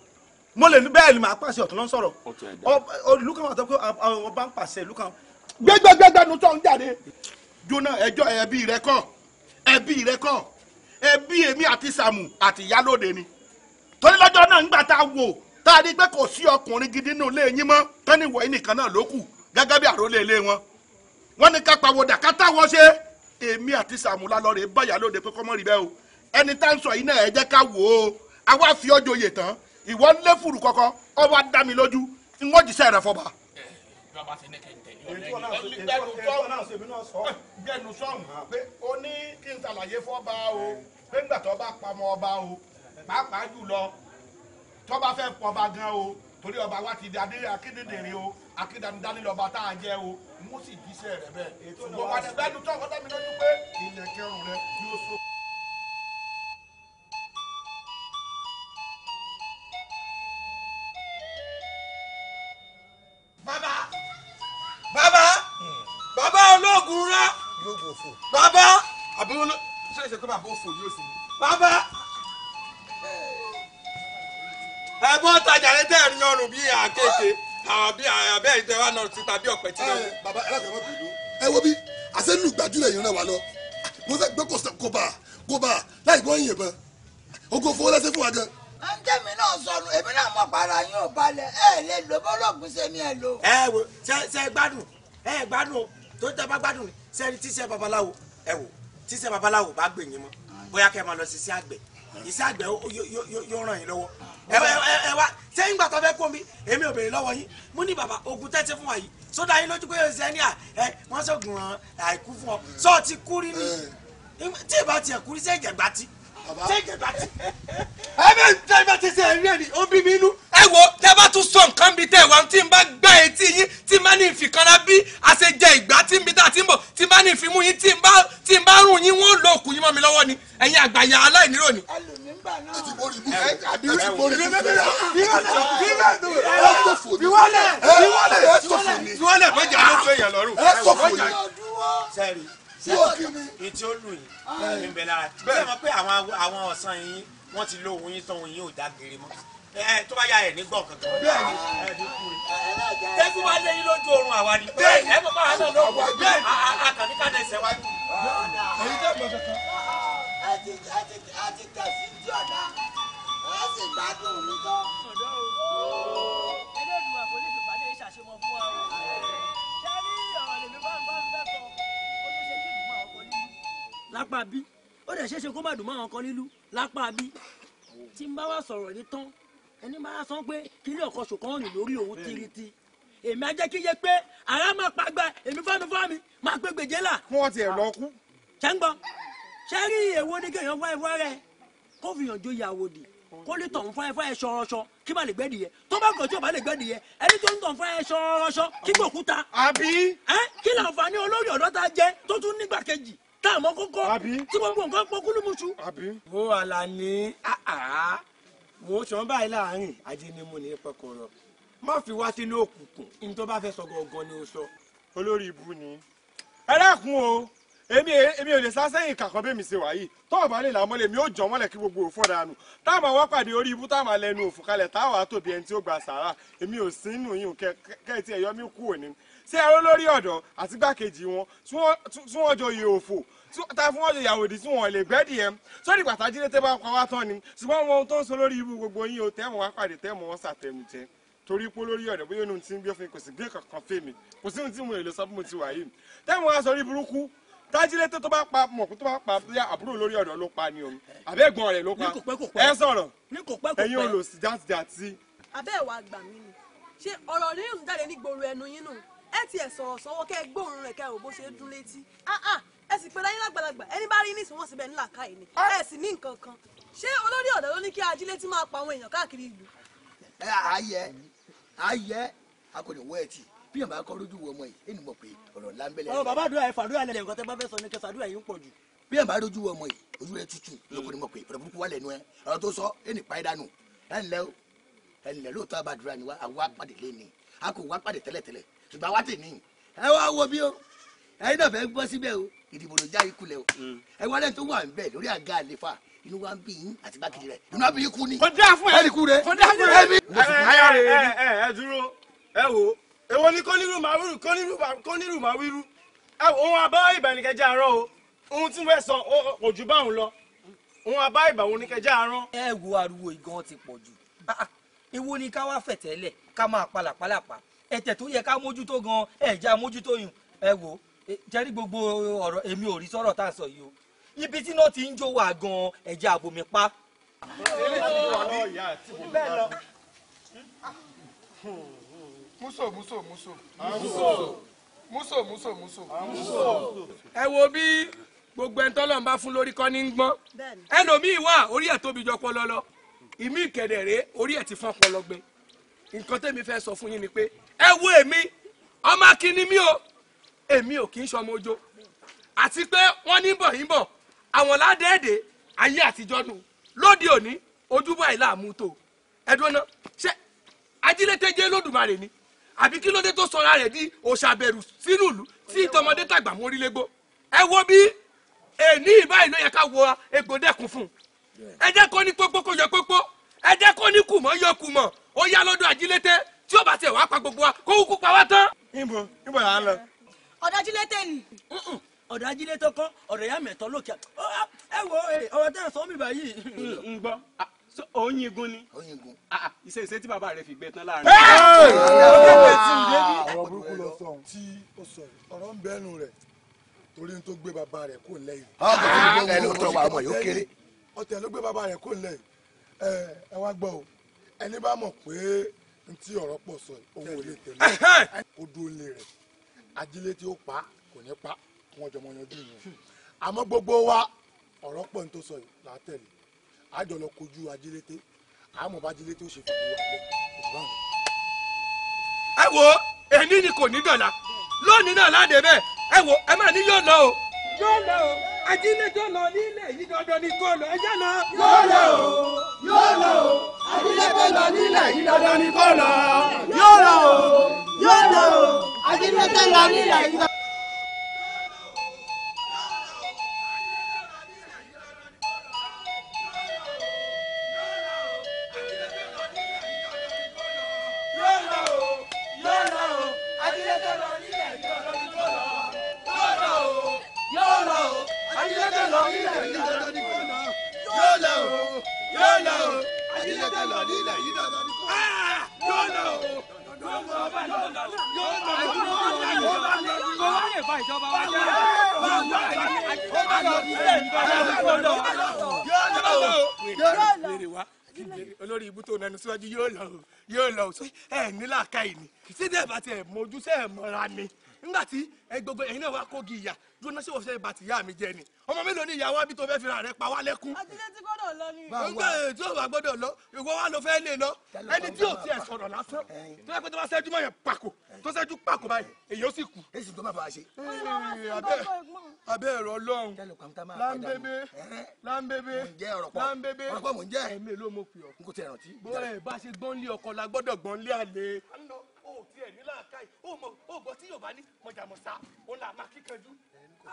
mo lè ní bẹ́ẹ̀ ni màá pàṣẹ ọ̀tún ló ń sọ̀rọ̀ olùlú kan wà tó pé ọba ń pàṣẹ ìlú kan. gbẹgbẹgbẹgbẹ nu tó ń jáde. jóná ẹjọ́ ẹbí rẹ kọ́ ẹbí rẹ kọ́ ẹbí èmi àti Sàámú àti Ìyálóde ni torí lọ́jọ́ náà ńgbà tá a wò tá a rí pé kò sí ọkùnrin gidi nínú ilé yín mọ́ tẹ́ni wọ̀nyí nìkan náà ló kù gẹ́gẹ́ bí àròlé ilé wọn wọ́n ní ká pàwọ̀dà ká táwọn ṣe èmi àti Sàámú lálọ́ọ̀rẹ́ báyà lóde pé kọ́mọ́rì bẹ́ẹ̀ o ẹni tá à ń sọ yìí náà ẹ jẹ́ ká wò ó àwa fi ọjọ́ yè tán ìwọ lé fùrù kọkọ ọwọ dami mi lójú ń wọ́n jíṣẹ́ rẹ fọba. gbẹnu sọ́ọ̀mù pé ó ní kí n ṣàlàyé fọ́ba o pé ńgbà tó bá pamọ́ ọba o pàápàá jùlọ tó bá fẹ́ pọba gan o torí ọba wa ti di adé akédèdèrè o akédàmídání lọba tá a jẹ o mo sì jíṣẹ́ rẹ bẹ́ẹ̀. ètò ìwọ́n wa ti gbẹnu sọ́ọ̀mù ọ̀dọ́ mi lójú pé ilẹ̀ kẹrùn rẹ yóò so. lọ fún ọ. bàbá àbí wọn ṣe é ṣe pé bàbá òfò yóò sì ní. bàbá ẹ̀gbọ́n tajà rẹ tẹ́ ẹ̀rín ọrùn bíi àkékè àbí àbẹ́ ìtẹ́ wa náà ti tàbí ọ̀pẹ tí lọ́wọ́. bàbá alákọ̀ọ́ bèlú. ẹ wo bí àṣẹnu gbàdúrà yìí ràn wá lọ mo fẹ́ gbé kòbà kòbà láì gbọ́ yìnbọn ogo fowó lẹ́sẹ̀ fún wa gan tẹ́mi náà sọnù èmi náà mọ̀ para yín ò balẹ̀ ẹ lè lo bọ́lọ́ọ̀gùn sẹ́mi ẹ lò. ẹ wo ṣe ṣe gbádùn ẹ gbádùn o tó tẹ bá gbádùn sẹ́ni tíṣẹ́ babaláwo ẹ wò tíṣẹ́ babaláwo bá gbè yín mọ́ bóyá kẹ́ ẹ máa lọ sí sí àgbẹ̀ iṣẹ́ àgbẹ̀ yóò ràn yín lọ́wọ́ ẹ ẹ wá sẹ́yìn gbàtọ́ fẹ́ kó mi èmi ò béèrè lọ́wọ́ yín mo ní bàbá ogun tẹ́tí fún wa yìí sódà yín lójú pé yóò ṣe ẹni à ẹ wọ́n ṣògùn àìkú fún ọ sọ́ọ̀ ti kú ni tí ì bá tiẹ̀ kú rí sẹ́yìn ti ẹ bẹ tẹ bá ti ṣe ẹrí ẹni ó bí mi inú. ẹ wo tẹ bá tún sọ nǹkan bíi tẹ wà tí n bá gbá etí yín tí n bá ní ìfikànra bí àṣejẹ ìgbà tí n bí tá a ti ń bọ̀ tí n bá ní ìfimú yín tí n bá tí n bá rùn yín wọ́n lò òkú yín mọ́ mi lọ́wọ́ ni ẹ̀yin àgbàyà aláìníró ni. ìwọlẹ̀ ìwọlẹ̀ ìwọlẹ̀ mọ̀jà ló fẹ́ yàn lọ́rùn sí òkè ni etí ó lù yín ní bẹ lára bẹ́ẹ̀ mọ̀ pé àwọn àwọn ọ̀sán yín wọ́n ti lo òun yín tán òun yín ò dá gèrè mọ́ ẹ tó bá yà ẹ ní gbọ̀n kankan. bẹ́ẹ̀ni tẹsí wa lé yín lójú oorun àwa ni. bẹ́ẹ̀ni ẹ bàbá àná ló wà bẹ́ẹ̀ni àkànní ká dẹsẹ wa jù. èyí tẹ gbọdọ kan. a ti tẹ̀sí jọ̀dá a sì gbádùn mi tán. lápá bí ó dẹ̀ ṣeéṣe kó má dùn mọ́ àwọn kan nílùú lápá bí tí n bá wá sọ̀rọ̀ ní tán ẹni máa sọ pé kí ní ọ̀kan ṣùkọ́ rìn lórí òun tiriti èmi á jẹ́ kí yé pé ara máa pa gba èmi fánu fámi máa pé gbèjé là. fún ọtí ẹ lọ kú. ṣé ń gbọ́ ṣé rí èwo ní kéèyàn fún ẹfọ rẹ kó fi hàn jóye àwòdì kó lè tọ̀hún fún ẹfọ ẹ ṣọrọṣọ kí má lè gbẹ́ dìyẹ tó bá kọ̀ tí ò bá lè gbẹ́ dìyẹ ẹni tó ń tọ̀hún fún ẹ ṣọrọṣọ kí gbòkúta. àbí. ẹ kí làǹfààní olórí ọ̀dọ́ ta tó tún nígbà kejì tá a mọ̀ kókó tí gbogbo nǹkan pọ̀ kúlùmùsù. wo Àlàní wo sọ̀n báyìí láàrin ajínimú ní pẹ̀kọ̀rọ̀ má fi wá sínú òkùnkùn ní tó bá fẹ́ sọ gangan ni o sọ. olórí ibu ni ẹ o èmi ò lè sá sẹ́yìn kàkọ́ bẹ́ẹ̀ mi ṣe wáyé tọ́wọ́ bá lè là mọ́lẹ̀ mi ò jọ mọ́lẹ̀ kí gbogbo òfò dànù táwọn àwọn pàdé orí ibú táwọn lẹnu òfò kalẹ̀ táwọn àtòbí ẹni tí ó gba sàrà èmi ò sínú yìí kẹ́ẹ̀tì ẹ̀yọ́ mi kú òní ṣé ẹ̀rọ lórí ọ̀dọ́ àti gbàkejì wọn tí wọ́n jọ yẹ òfò ta fún ọjọ́ ìyàwó ìdí tí wọ́n lè gbẹ́dì ẹ̀ sórí bàtà jíde tẹ́ bá pa wá tán ni ṣùgbọ́n wọn tó ń sọ lórí ibú gbogbo yín o tẹ́wọ̀n wá pàdé tẹ́wọ̀n wọn ṣàtẹ̀mù jẹ torí pé lórí ọ̀dọ̀ bóyá inú ti ń gbé fún mi kò sì gbé kankan fún mi kò sí ohun tí mo lè lọ sọ bí mo ti wà yìí tẹ́wọ̀n wá sọrí burúkú tájílé tó bá pa mọ̀kú tó bá pa bóyá àbúrò lórí ọ̀dọ̀ ló pa ni o àbẹ́gbọ́n rẹ̀ ló pa ẹ sọ̀rọ̀ ẹ̀yin olòsì játijàti. abẹ́ ẹ̀ wá gbà mí ni ṣé ọ̀rọ̀ rírùn jáde nígboro ẹnu yín nù ẹ ti ẹ̀ sọ̀rọ̀ sọ́wọ́ kẹ́ ẹ gbóòórùn rẹ̀ kẹ́ ẹ ò bó ṣe dún létí ah, ah, ẹ sì pera yín lágbàlagbà ẹni bá rí ní ìsìn wọn sì bẹ ni ẹ sì ní nǹkan kan ṣé olórí ọ̀dọ́ ló ní kí ajílẹ̀ ti máa pa àwọn èèyàn káàkiri ìlú. ẹ àyẹ àyẹ akọ̀dẹ̀wọ́ ẹ̀ tì bí yàn bá lójú wo ọmọ yìí ẹni mọ̀ pé ọ̀rọ̀ ńlá ń bàbá àdúrà ẹ̀ fàdúrà lẹ̀ nǹkan tẹ́ bá fẹ́ sọ ni kẹsà àdúrà yìí ń pọ̀ jù. bí yàn lójú wo ọmọ yìí ojú rẹ tutù lóko ni mọ̀ pé ọ̀rọ̀ burúkú wà lẹ́nu ẹ ọ̀rọ̀ tó sọ ẹni pa ẹ dànù ẹ ńlẹ́ o àbàdúrà ni wa àwa pàdé lé ni a kò wá pàdé tẹ́lẹ̀tẹ́lẹ̀ ìgbà wá tè ní ẹ wá wo bí o ẹ̀yin náà fẹ́ gbọ́ síbẹ̀ o ìdìbò ló já ikú lẹ o mm. ẹ wá lẹ́yìn tó wà níbẹ̀ lórí àga àlefa inú wa ń bí yín àti bákejì rẹ inú wa bí ikú ni. kọjá fún ẹ ẹnì kú rẹ kọjá fún ẹ mi. ẹ ẹ ẹ dúró ẹ wò èwo ni kónírù máa wíru kónírù máa kónírù máa wíru ẹ wò òun àbá ìbà ní kẹjá o ohun tí wọ́n sọ kò jù báwọn lọ òun àbá ìbà òun ní kẹjá arán. ẹ wo ariwo igan ti pọ̀ jù ah, ah, èwo ni ká wá fẹ̀tẹ́lẹ̀ ká máa palàpalàpà ẹ̀tẹ̀ tó yẹ ká mójútó gan ẹ̀já mójútó yùn ẹ wò jẹ́rí gbogbo ọ̀rọ̀ èmi ò rí sọ̀rọ̀ tá à ń sọ yìí o ibi tí náà ti ń jó wà gan ẹ̀já àbomi pa. múso múso múso múso múso múso. ẹ wo bí gbogbo ẹni tọ́lọ̀ ń bá fún lórí kọ́ ní ń gbọ́n ẹlòmíì wà orí ẹ̀ tóbi jọ pọlọlọ ìmí ìkẹ̀dẹ̀ rèé orí ẹ̀ ti fọ́n pọlọgbẹ nǹkan tẹ́mi fẹ́ sọ fún yín ni pé ẹ wo èmi ọmọ akínní mi o èmi ò kì í ṣọmọ ojo àti pé wọ́n ní bọ̀ yín bọ̀ àwọn ládẹ́ẹ̀dẹ́ ayé àtijọ́ nù lóde òní ojúbọ àìláàmú tó ẹdùn náà ṣe ajílétẹjẹ lódùmarè ni àbí kí ló dé tó sọra rẹ̀ di òṣàbẹ̀rù sínú ìlú tí tọmọdé tàgbà mórí légbó ẹ wo bí èní ìbáyìí ló yẹ ká wo egbò dẹ́kun fún un ẹ jẹ́ kó ní pópó kó yọ pópó ẹ jẹ́ kó ní kùmọ̀ yọ kùmọ̀ ó yá lọ́dọ̀ àjílétẹ́ tí ó bá tiẹ̀ wá pa gbogbo wa kó kúkú pa wá tán. níbo níbo là ń lọ. ọ̀dájúlé tẹ̀ ni ọ̀dájúlé tó kọ́ ọ̀rọ̀ ya mẹ̀tọ́ lókè ẹ wo ọ̀rọ̀ tẹ̀ sọ mi báyìí. n mm, mm, gbọ́ òun ah, ni ìṣe ah, ah, ìṣe tí bàbá rẹ̀ fi gbẹ tán láàrin. tí ó sọ ọ̀rọ̀ ń bẹ́nu rẹ̀ torí tó gbé bàbá rẹ̀ kò lẹ́yìn. ọ̀gá ló gbé bàbá rẹ̀ kò lẹ́yìn ẹ wá gbọ́ o ẹni bá mọ̀ pé ntí ọ̀rọ̀ pọ̀ sọ òun ò lè tẹ̀lé ó dúró lé rẹ̀ ajílé tí ó pa kò ní pa wọn jọmọ yanjú yẹn àmọ́ gbogbo wa ọ̀rọ̀ pọ̀ tó sọ là á tẹ̀lé àjọ lọ kojú ajílé tẹ àmọ́ bá ajílé tẹ ó ṣe fìdí wa lọ òkúta wọn. ẹ wo èmi ni kò ní dọ̀la lónìí náà láde bẹ́ẹ̀ ẹ wo ẹ máa ní yóò lọ o. yóò lọ o ajínigbé lọ nílẹ̀ yìí dandan ni kó lọ ẹjẹ́ lọ. yóò lọ o yóò lọ o ajínigbé lọ nílẹ̀ yìí dandan ni kó lọ. yóò lọ o yóò lọ o ajínigbé lọ nílẹ̀ yìí dandan. ṣe ẹ̀ mọ́ra mi nígbà tí gbogbo ẹ̀yin náà wá kógi dúró náà mi jẹ ni ọmọ mélòó ni ìyàwó àbí tó fẹ́ fira rẹ pa wá lẹ́kún. ajílẹ̀ tí lọ ni. lọ ìwọ wa ló fẹ́ lè lọ ẹni tí yóò tiẹ̀ sọ̀rọ̀ lásán tó yẹ pé tó bá ṣẹ́jú mọ́ pàkó tó ṣẹ́jú pàkó báyìí èyí ó sì kú. tó má bàa ṣe. ọlọ́run o ti ẹ̀ ní làákàyè o mọ o gbọ́ tí yorùbá ní mọ̀jàmọ̀sá òun là máa kíkanjú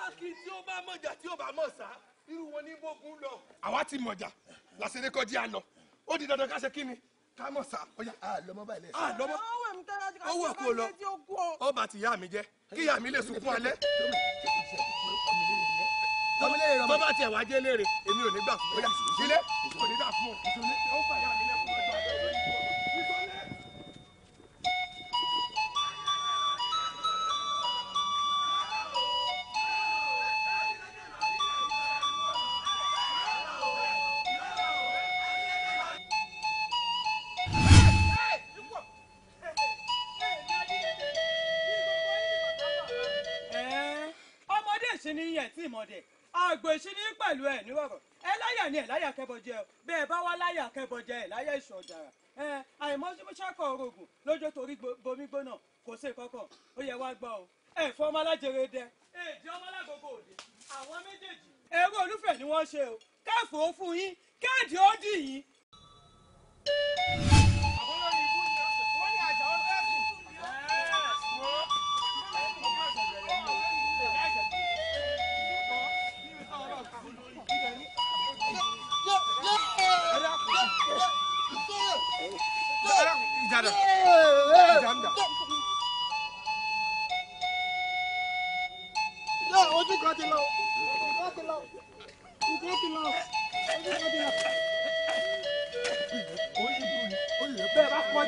ákì tí ó bá mọ̀jà tí ó bá mọ̀ sá irú wọn ní bógun lọ. àwa ti mọ̀jà làṣẹ̀rẹ̀ kọjá àná ó di dandan ká ṣe kí ni ká mọ̀ sá ọjà àlọ́mọ báyìí lẹ́sẹ̀. àlọ́mọ owó ẹ̀kú lọ ọba ti yá mi jẹ kí yá mi lè sunkún alẹ́. tọ́mílẹ̀ tiẹ̀ wá jẹ́ léèrè èmi ò ní gbà fún ọ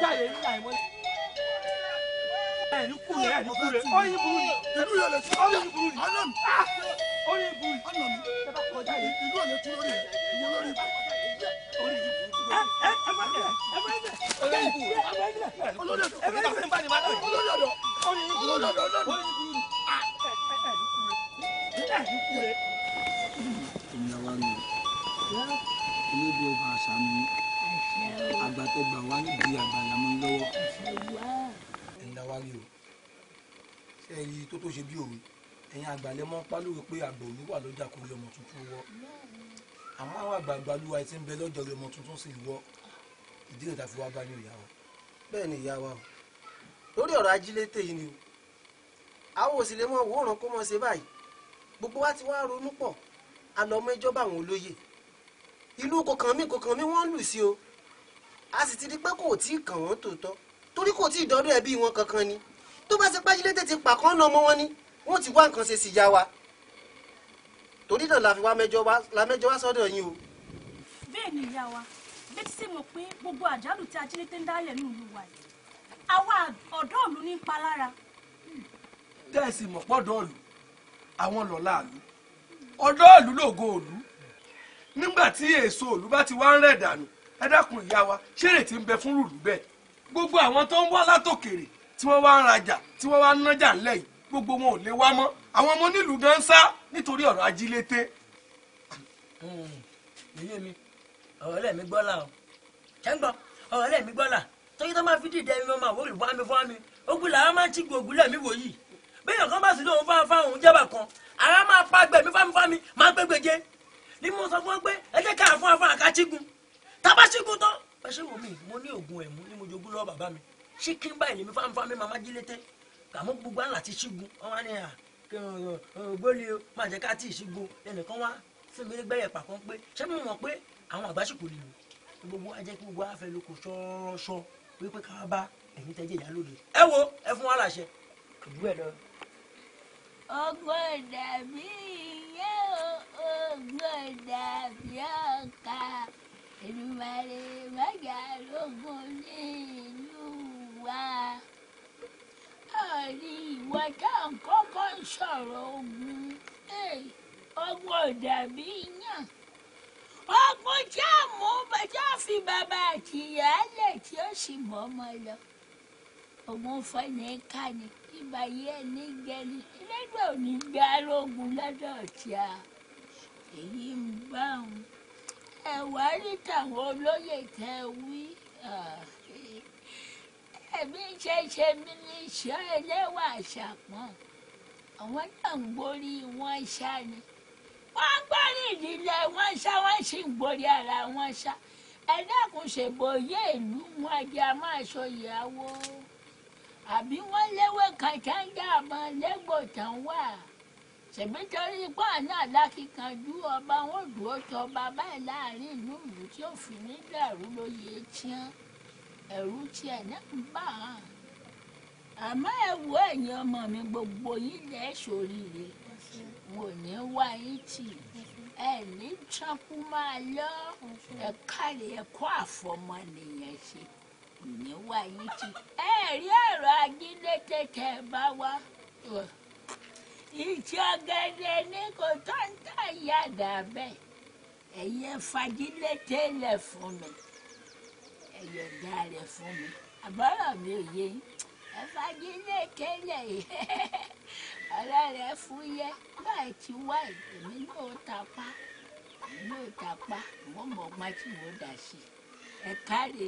jáde ní àìmọ́lẹ̀. ẹni kú rẹ ẹni kú rẹ oyin burú ni ìlú yẹn lè tún oyin burú ni oyin burú ni ẹ bá kọjá ìlú yẹn lè tún lórí ìwọ lórí orí burú ni. ẹ ẹ má bẹ̀rẹ̀ ẹ má bẹ̀rẹ̀ olórí burú ni olórí ọ̀dọ̀ olórí ọ̀dọ̀ olórí ọ̀dọ̀ burú ni ah! ẹni kú rẹ. èmi àwa ni ilé bí o bá a sàmì àgbà tó gbà wá nídìí àgbàlá mọ́ lọ́wọ́ ẹ̀yin la wá rí o ṣe èyí tó tó ṣe bí òwe ẹ̀yin àgbàlẹ̀ mọ́ pálórí pé àgbà òní wà lọ́jà kó rí ọmọ tuntun wọ́ àmọ́ àwọn àgbààgbà lúwa ti ń bẹ lọ́jọ́ rí ọmọ tuntun sì wọ́ ìdí rẹ̀ tàfi wá bá ní ìyá wa. bẹ́ẹ̀ ni ìyá wa o lórí ọ̀rọ̀ ajílété yìí ni o àwọn òsì lè mọ òwòrán kó mọ ṣe báyìí gbogbo wa ti wá ronú pọ̀ àlọ́ ọmọ ìjọba àwọn olóye ìlú kọ̀ọ̀kan mi kọ̀ọ̀kan mi wọ́n lù sí o a sì ti di pé kò tí ì kàn wọ́n tòótọ́ torí kò tí ì dọ́dọ̀ ẹbí wọn kankan ni tó bá ṣe pájílé tètè pàkán lọ́mọ wọn ni wọ́n ti wá nǹkan ṣe sí ìyá wa torí náà la fi wá mẹ́jọ wá la mẹ́jọ wá sọ́dọ̀ yín o. bẹ́ẹ̀ ni ìyá wa bẹ́ẹ̀ ti ṣe mọ̀ pé gbogbo àjálù tí ajínigbé ń dálẹ̀ ní ìlú wa yìí àwa ọ̀dọ́ ìlú ní palára. tẹ́ẹ̀sì mọ̀ pọ́dọ̀ ìlú àwọn lọ́la ìlú ọ̀dọ́ ìlú lògo ìlú nígbà tí èso ìlú bá ti wá ń rẹ̀ dànù ẹ dákun ìyá wa ṣéré tí ń bẹ fún rúdú bẹ́ẹ̀ gbogbo àwọn tó ń wá látòkèrè tí wọ́n wá ń rajà tí wọ́n wá ń nájà ńlẹ̀ yìí gbogbo wọn ò lè wá mọ́ àwọn ọmọ onílùú gan ń sá nítorí ọ̀rọ̀ ajílété. yèyé mi ọ̀rẹ́ mi gbọ́là o ṣẹ́ ń gbọ́ ọ̀rẹ́ mi gbọ́là tọ́jú tó máa fi dìde ẹni ọmọ àwòrán ìwà mi fún mi ogun làwọn máa ń tí gbogbo lẹ́mí wò yìí kan bá sì lóun fáwọn fáwọn òun kan ara máa pa gbẹ̀mí fámi fámi máa gbégbèje ni mo sọ fún ọ pé ẹ jẹ́ ká fún afọ àkàtígun tábà ṣígun tán pẹ̀sẹ̀ wò mí mo ní oògùn ẹ̀mú ní mo jogún lọ́wọ́ bàbá mi ṣí kí n báyìí lèmi fáńfá mi màmá jí létẹ́ kàmú gbogbo àlà ti ṣígun ọmọ ni à gbólé o má jẹ́ ká tí ì ṣígun ẹnìkan wá fún mi gbẹ́yẹ̀ pàkan pé ṣé mo mọ̀ pé àwọn àgbáṣepọ̀ lè lò gbogbo ajẹ́ kí gbogbo àfẹ́ lóko ṣọ́ọ́ṣọ́ wípé ká bá ẹ̀yin tẹ́jẹ́ ìyá lòdì ẹ wo ẹ fún wa láṣẹ ìlú ẹ lọ. ọgbọ́n dàbí ìyá ọgbọ́n dàbí ọkà. Èdùmàrè májà lógun nílùú wa àrí ìwà tá à ń kọ́kọ́ sọ̀rọ̀ ogun ọgbọ́n ò dàbí yàn ọgbọ́n tí a mú bàjẹ́ fi bàbá àti ìyá lẹ̀ tí ó sì mọ́ ọmọ lọ ogun fẹ́ni ká ni ìbàyí ẹni gẹni ẹlẹ́gbẹ̀ẹ́ ò ní gbé arógun lọ́dọ̀ tí a èyí ń bá òun ẹ wá rí tàwọn olóyè tẹ wí ẹbí ṣẹṣẹ mi ní ìṣọ ẹlẹ́wà àṣàpọn àwọn náà ń borí wọn ṣá ni wọn gbọrí ìdílé wọn ṣá wọn sì ń borí ara wọn ṣá ẹdẹkùn ṣèbòye ìlú wọn di a ìyàwó àbí wọn léwé kàtàǹdà àmọ́ lẹgbọtàn wà ṣèmítorí ipò náà lákìkanjú ọba wọn dúró tọba báyìí láàrin ìlú ìlú tí ò fi ní dàrú lóye tiẹ́ ẹ̀rú tiẹ̀ náà ń bà á àmọ́ ẹ wo ẹ̀yin ọmọ mi gbogbo yín lẹ́ ṣoríire mo ní wá yín tì ẹ ní tọ́kú máa lọ ẹ̀ka rẹ̀ ẹ̀kọ́ àfọmọ nìyẹn ṣe mo ní wá yín tì ẹ rí ọ̀rọ̀ ajínigbé tẹ̀ bá wá ìtì ọ̀gẹ̀dẹ̀ ní kò tó ń tà yàdà bẹ́ẹ̀ ẹ̀yẹ fagilé tẹ́lẹ̀ fún mi ẹ̀yẹ dáre fún mi àbọ̀rọ̀ mi ò yé ẹ fagilé tẹ́lẹ̀ ọ̀rọ̀ rẹ fúyẹ́ báyìí ti wá èmi náà tapá èmi náà tapá mo mọ̀ ọ́n má tí mo dà sí ẹ káre.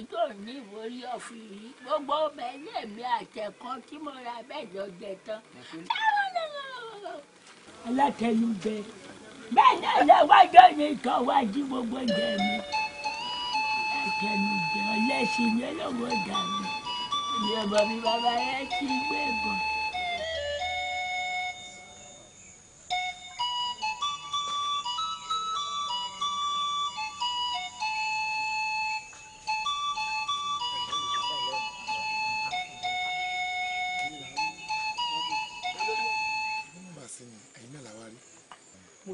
ìjọ ní ìwòrí ọ̀fìn yìí gbogbo ọbẹ̀ ilé mi àtẹ̀kan tí mo ra bẹ́ẹ̀ lọ jẹ tán. alátẹnujẹ bẹ́ẹ̀ náà lẹ́wájọ́ ni ìtàn wá jí gbogbo jẹ mi àtẹnujẹ ọlẹ́sìn yẹn lọ́wọ́ dà mí ìyẹ̀bọ̀ mi bàbá rẹ̀ ti gbé bọ̀.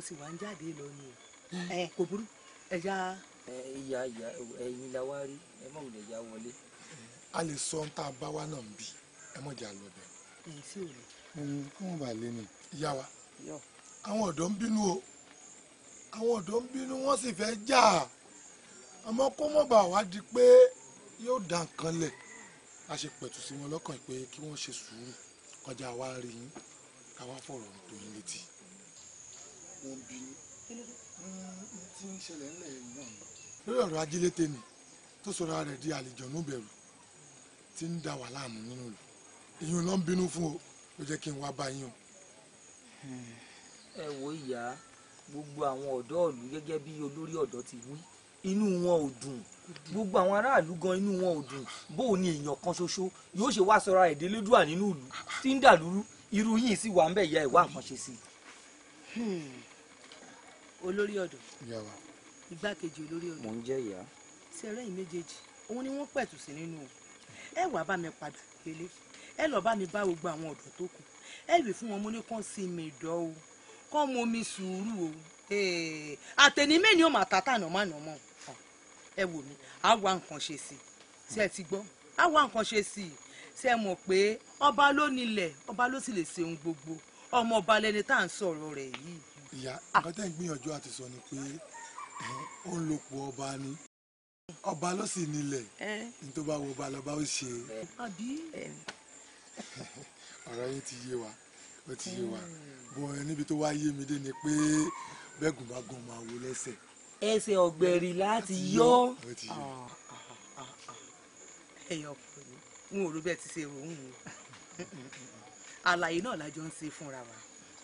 sì wá ń jáde lọ ni hmm. ẹ kò burú ẹ já. ìyá ìyá ẹ̀yin la wá rí ẹ mọ̀ wùlẹ̀ ya wọlé. a lè sọ ohun tá a bá wá náà ń bì ẹ mọ̀ jà lọ bẹ̀. èyí sì ò lè. ohun kí wọn bá lé ni. ìyá wa àwọn ọ̀dọ́ ń bínú o àwọn ọ̀dọ́ ń bínú wọ́n sì fẹ́ jà àmọ́ kó mọ̀ bá wa di pé yóò dá nǹkan lẹ̀ a ṣe pẹ̀tù sí wọn lọ́kàn pé kí wọ́n ṣe sùúrù kọjá wa rí yín ká fọ̀rọ̀ tó yín létí mo ń bínú tí ń ṣẹlẹ̀ ńlẹ̀ náà ni. lórí ọ̀rọ̀ ajílété ni tó sọ̀rọ̀ rẹ̀ di àlìjọ̀nú bẹ̀rù tí ń dà wà láàmú nínú rẹ̀ ìyún náà ń bínú fún o ló jẹ́ kí n wá bá yín o. ẹ wo ìyá gbogbo àwọn ọ̀dọ́ ìlú gẹ́gẹ́ bí olórí ọ̀dọ́ ti wí inú wọn ò dùn gbogbo àwọn aráàlú gan inú wọn ò dùn bóò ni èèyàn kan ṣoṣo yóò ṣe wá sọra ẹ̀dẹ́lẹ́dùà nínú ìlú tí ń dàlúrú irú yìí sì wà ń bẹ̀ ìyá ìwà àkànṣe sí i. Hmm olórí ọ̀dọ́ igbákejì olórí ọ̀dọ́ mò ń jẹ́ ìyá sí ẹ̀rẹ́ yìí méjèèjì òun ni wọ́n pẹ̀tù sí nínú o ẹ wàá bá mi padà délé ẹ lọ́ọ́ bá mi bá gbogbo àwọn ọ̀dọ́ tó kù ẹ wí fún wọn mo ní kàn sí mi dọ́ o kàn mọ mi sùúrù o àtẹnimẹ́ ni ó mà tàtà nàmánàmọ́ ẹ wò mí á wá nǹkan ṣe sí i ṣe ẹ ti gbọ́ á wá nǹkan ṣe sí i ṣe mọ̀ pé ọba ló nílẹ̀ ọba ló sì lè ṣe ohun gbogbo ọmọ ọba lẹni tá à ń sọ̀rọ̀ rẹ̀ yìí ìyá ah. nǹkan tẹ́ ń gbìyànjú àti sọ ni pé ó ń lopò ọba ni ọba ló sì nílẹ̀ ní tó bá wo ọba lọ́ba ó ṣe. ọ̀rọ̀ yín ti yé wa ó ti yé wa hmm. bọ̀ níbi tó wá yé mi dé ni pé bẹ́gùn bá gùn máa wo lẹ́sẹ̀. ẹsẹ̀ ọ̀gbẹ̀rì láti yọ. ẹyọ ọkùnrin ah, ah, n ò rò bẹ́ẹ̀ ti ṣe rò ń àlàyé náà la ń ṣe fúnra wa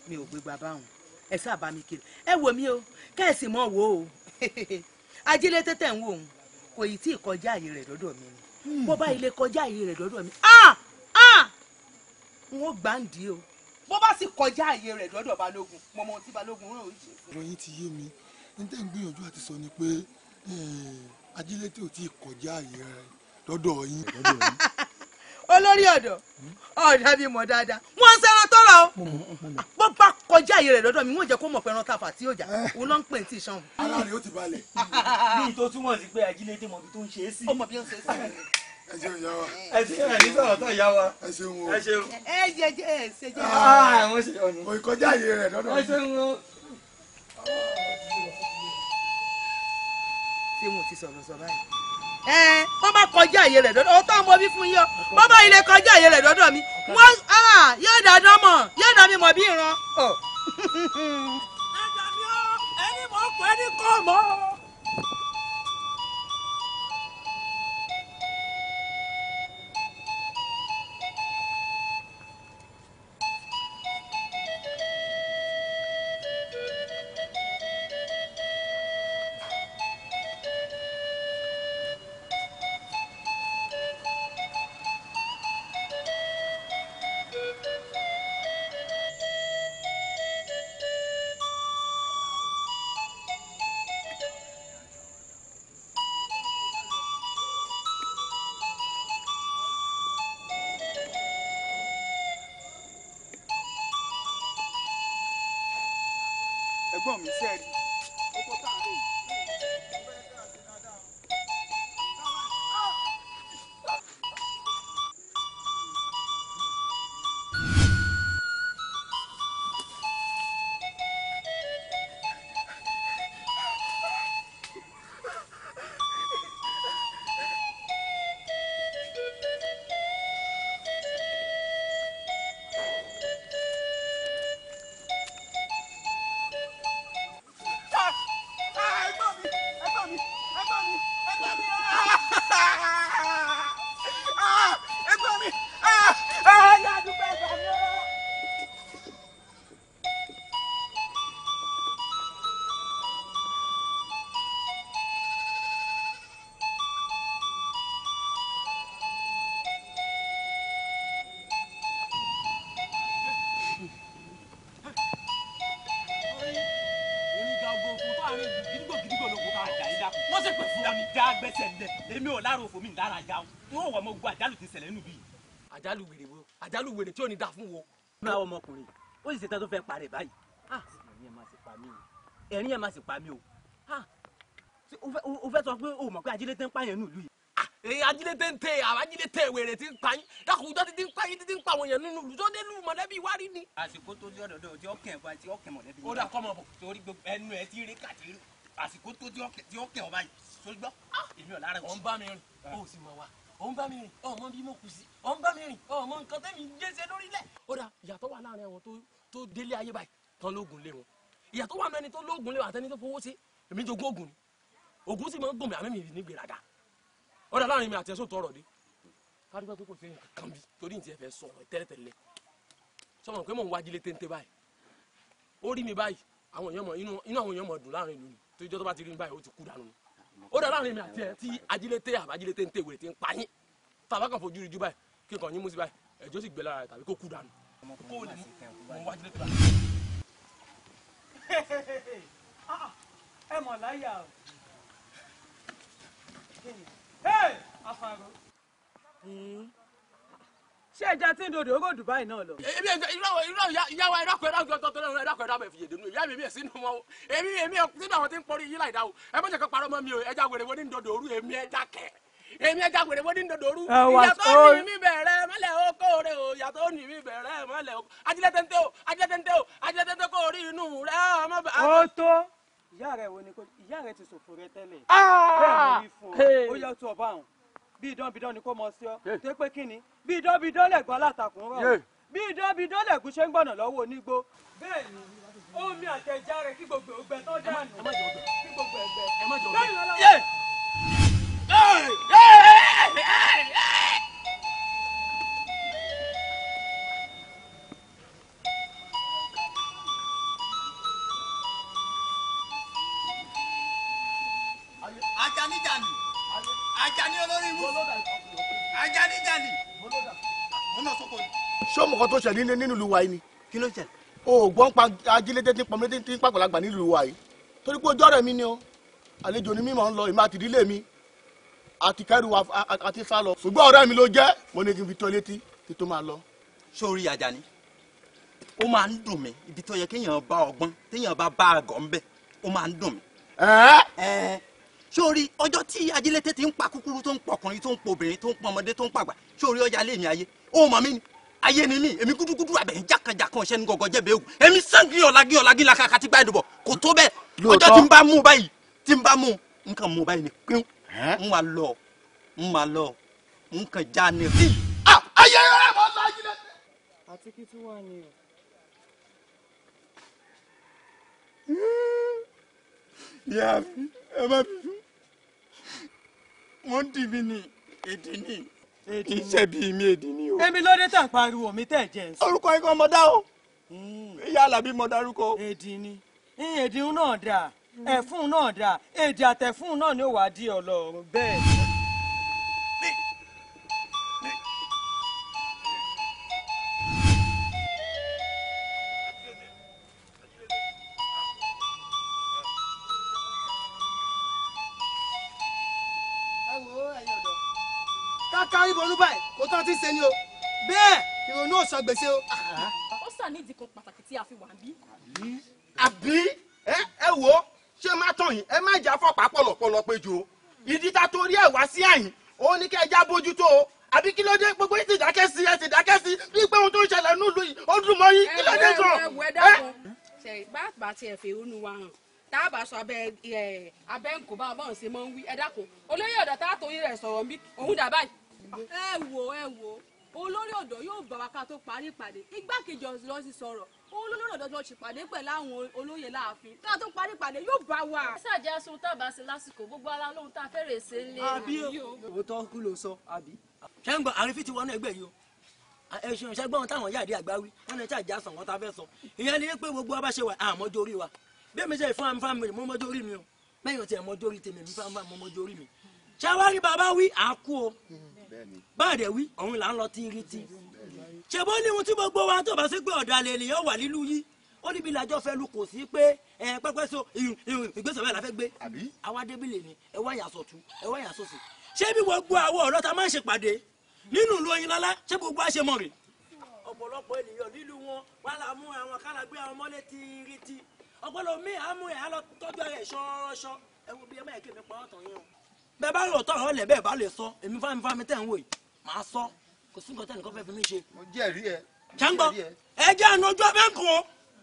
mi ò gbé bàbá òun ẹ sáà bá mi kiri ẹ wò mí o kẹ́ẹ̀sì mọ́ wò ó ajílẹ̀ tẹ́tẹ̀ ń wò ó kò yìí tí ì kọjá àyè rẹ̀ lọ́dọ̀ mi ni hmm. bó bá ilé kọjá àyè rẹ̀ lọ́dọ̀ mi ah, ah! n ó gbàǹdì o bó bá sì kọjá àyè rẹ̀ lọ́dọ̀ balógun mo mọ ohun tí balógun rò ó ṣe. ọ̀rọ̀ yín ti yé mi ní tẹ́ ń gbìyànjú àti sọ ni pé eh, ajílẹ̀ tí ò tí ì kọjá àyè rẹ̀ lọ́dọ̀ yín olórí ọ̀dọ́ ọ̀dà bíi mọ̀ dáadáa wọ́n ń sẹ́ran tọ́rọ̀ o bó bá kọjá ayé rẹ̀ lọ́dọ̀ mi wọ́n jẹ́ kó mọ̀ pé ẹran tàfà tí yóò jà eh. òun ló ń pè tí ìṣàn. ara rẹ̀ ó ti balẹ̀. bí tó túmọ̀ sí pé ajínigbé mọ̀ bí tó ń ṣe é sí. ọmọ bí ó ń ṣe é sí. ẹ ṣeun yá wa. ẹ ṣeun ẹ ní sọ̀rọ̀ tó yá wa. ẹ ṣeun o. ẹ ṣeun. ẹ jẹ jẹ ẹ ṣe jẹ. àwọn ah, ṣe ọ̀nà. kò ì kọjá ayé rẹ̀ lọ́dọ̀ mi. ẹ ṣeun o. ṣé mo ti sọ̀rọ̀ ẹ wọn bá kọjá àyè rẹ dọdọ ọtọ mo bí fún yọ wọn bá ilé kọjá àyè rẹ dọdọ mi wọn yóò dáná mọ yóò dá mi mọ bí ìran. ẹ̀dà mi ò ẹni mọ̀ ọ́ pẹ́ ní kọ́ mọ́. lára ajá o yóò wọ ọmọ ogun àjálù ti ṣẹlẹ̀ nù bí. àjálù wèrè wo àjálù wèrè tí ò ní da fún wo. náà ọmọkùnrin ó sì ṣetán tó fẹ́ parẹ́ báyìí ah! ẹ̀rín ẹ̀ máa sì pa mí o ẹ̀rín ẹ̀ máa sì pa mí ah! o o fẹ́ sọ pé o mọ̀ pé ajílété ń pààyàn nù lù yìí. èyí ah! ajílété ń tẹ àwọn ajílété wèrè ti ń pa yín dákùjọ́ ti ti ń pa yín ti ti ń pa àwọn èèyàn nínú lùjọ́ dé lù mọ̀lẹ́bí wa rí ni. àsìkò tó di ọ̀dọ̀dọ̀ tí ó kẹ̀ ọ́ tí ó kẹ̀ mọ̀lẹ́bí. ó dà kọ́ mọ̀ bọ̀ torí gbogbo ẹnu ẹ ti rí kàtí àsìkò tó di ọ̀kẹ̀ ọba èmi ò lára wọn bá mi rìn ah. ó sì mọ̀ wá òun bá mi rìn ọmọ bí mo kù sí òun bá mi rìn ọmọ nǹkan tẹ́mi jẹ́sẹ̀ lórílẹ̀. ó dà ìyàtọ̀ wà láàrin àwọn tó délé ayé báyìí tán lóògùn lé wọn ìyàtọ̀ wà mẹ́ni tó lóògùn lé wọn àtẹni tó fowó sí èmi jogún ògùn ni ògùn sì máa ń gùn mí àmì mi ní gbèrágà ó dà láàrin mi àti ẹ̀sùn tọrọ dé kádùgbà tó kò sí èèyàn kankan bí torí ìtì ẹ fẹ́ sọ̀rọ̀ tẹ́lẹ̀tẹ́lẹ̀ sọmọ pé mò ń wájú lé báyìí ó rí mi báyìí àwọn èèyàn mọ inú àwọn èèyàn mọ dùn láàrin ìlú ni tó ìjọ tó bá ti rí mi báyìí ó ti kú dànù ni ó dá láàrin mi àti ẹ tí ajílété àbájílété ń tèwé ti ń pa yín tàbá kan fojú rijú báyìí kí nǹkan yín mú sí báyìí ẹjọ́ sì gbẹ lára rẹ tàbí kó kú dànù. kó o lè mú ajílété báyìí. ẹ mọ̀ láyà o afárò. Hmm? ṣé ẹja tí ń dòdò ó gò Dubai náà lọ. èmi ìrọ̀ ìrọ̀ ìyá wa ẹ̀dá kọ ẹ̀dá kọ tọ́tọ́ lọ́wọ́ ẹ̀dá kọ ẹ̀dá ìyá mi mi èsì nù wọn o èmi èmi sínú àwọn tí ń pọrí yìí láìda o ẹ bọ́jà kan parọ́ mọ́ mi o ẹja wèrè wọ́n ní dòdò òru èmi ẹja kẹ̀ èmi ẹja wèrè wọ́n ní dòdò òru ìyàtọ̀ ní mi bẹ̀rẹ̀ mọ́lẹ̀ o kóore o ìyàtọ̀ ní mi bẹ̀rẹ̀ mọ́lẹ̀ o bí ìdánbidán ni kò mọ sí ọ tó pé kí ni bí ìdánbidán lẹ̀gbọ́n alátakùn rọ̀ bí ìdánbidán lẹ̀gùn ṣe ń gbọ̀nà lọ́wọ́ onígbó bẹ́ẹ̀ ni omi àtẹ̀já rẹ̀ kí gbogbo ògbẹ tó dáa nù kí gbogbo ẹ̀gbẹ́ bẹ́ẹ̀ ni ọlọ́wọ́. tó ṣẹlẹ̀ nínú ìlú wa yìí ni. kí ló ṣẹlẹ̀. o gbọ́n pa ajílédé tí pọmọdé tí pàgbàlagbà nílùú wa yìí torí pé ojú ọ̀rẹ́ mi ni o àlejò ni mi máa ń lọ ìmọ̀ àti ìdílé mi àti kẹrù àti sá lọ ṣùgbọ́n ọ̀rẹ́ mi ló jẹ́ mo ní kí n fi tó létí kí tó máa lọ. sórí Àjàní ó máa ń dùn mí ibi tó yẹ kéèyàn bá ọgbọ́n téèyàn bá bá àgọ́ ńbẹ ó máa ń dùn mí. ẹ ẹ sórí ọjọ́ tí ajílété ti ń pa kúkúrú tó ń pọkùnrin tó ń pọbìnrin tó ń pọmọdé tó ń pàgbà sórí ọjà lèmi ayé ó mọ̀ mí ni ayé ni mí èmi gúdúgúdú àbẹ̀ ń jákàjàkàn ṣẹ́ ní gọ̀gọ́ jẹ́bẹ̀ẹ́ ògùn èmi sangi ọ̀làgí ọ̀làgí la kàkà ti gbá ìdìbò kò tó bẹ́ẹ̀ ọjọ́ tí n bá mú báyìí tí n bá mú nǹkan mú báyìí ni pín n wà lọ n mà lọ nǹkan já ni ayé rẹ mọ sáájú àti kí tí wàá ní o. ẹ má bínú wọ́n dì ní èdè ní kì í ṣe mi èdè ni o. èmi lóde tẹ̀ pariwo mi tẹ̀ jẹ́ nsọ. orúkọ yín kan mọ dá o hmm. ìyá alábí mọ dárúkọ. èdè ni èdè náà dà ẹ̀fún náà dà èdè àtẹ̀fún náà ni ó wàá di ọlọ́run bẹ́ẹ̀. ṣe ni o bẹ́ẹ̀ ìrònú ò gbèsè o. ó sàn ní ìdí kan pàtàkì tí a fi wà bí. àbí ẹ wo ṣé má tàn yín ẹ má jà fọpá pọlọpọlọ pé jù o ìdí ta torí ẹ wá sí àyìn ó ní kẹ́ ẹ bójútó o àbí kí ló dé gbogbo yìí ti dákẹ́ sí ẹ ti dákẹ́ sí bí pé ohun tó ń ṣẹlẹ̀ nílùú yìí ó dùn mọ́ yín kí ló dé gan. ẹ wẹ dákun sọ abẹ ẹ abẹ nkùbá ọmọ ọ̀sẹ̀ mọ́ ń wí ẹ dákun olóyè ọ̀dọ̀ tá a torí rẹ̀ sọ̀rọ̀ ń bí òun dà báyìí gbé. ẹ wo ẹ wo olórí ọ̀dọ́ yóò bá wa ká tó parí ìpàdé igbákejì ọ̀sán ti sọ̀rọ̀ olórí ọ̀dọ́ tó ti pàdé pẹ̀lú àwọn olóyè láàfin ká tó parí ìpàdé yóò bá wa. sàjẹ́ aṣọ tá a bá ṣe lásìkò gbogbo ara lóhun tá a fẹ́rẹ̀ ṣe ń lé. àbí òótọ́ kú ló sọ àbí. ṣẹ́ngbà àrífín ti wọnú ẹgbẹ́ yìí o ẹ̀sùn ìṣẹ́gbọ́n táwọn yáàdí àgbá wí wọn ní sàjẹ́ aṣọ wọn tá a fẹ́ sọ ìyẹn ni pé gbogbo abáṣe wà àmọ́jọ́ orí wa bí mi ṣe fún amúfàmì mo mọ́jọ́ orí mi o mẹ́yìn ọ̀tí ẹ̀mọ́jọ́ orí tèmi mi fún amúfàmì mo mọ́jọ́ orí mi ṣáwárí bàbá wí àákú o báàdẹ̀ wí ọ̀hún là ń lọ tíírítí ṣe bó ní ohun tí gbogbo wa tó bá sí pé ọ̀dàlẹ̀ ènìyàn wà nílùú yìí ó níbi làjọ fẹ́ lu kò sí pé ẹ pẹ́pẹ́ so ìgbésẹ̀ bẹ́ẹ̀ la fẹ́ gbé àwa débìlì ni ẹ wá yà sọ̀tún ẹ wá yà sọ̀sì ṣé bí gbogbo àwọn ọ̀rọ̀ ta máa ń ṣèpàdé nínú ìlú oyin lálá ṣé gbogbo àṣẹ mọ̀ rè. ọ̀pọ̀lọpọ̀ ènìyàn nílùú wọn wà á mú àwọn kálá gbé àwọn mọ́lẹ̀ tíírítí ọ̀pọ̀lọpọ̀ mi àmú ẹ̀ á lọ tọ́jú ẹ̀ ṣọ́ọ́ṣọ́ ẹ wo bí ẹ má yẹ kí pa ọ̀tàn yẹn o bẹ́ẹ̀ bá lọ tọrọ lẹ bẹ́ẹ̀ bá lè sọ èmi fáwọn fáwọn tẹ ń wò yìí màá sọ kò sí nǹkan tẹ nìkan fẹẹ fi mí ṣe. mo jẹ́rìí ẹ. jẹ́ngbọ́n ẹ jẹ́ àná ojú abẹ́ ń kọ́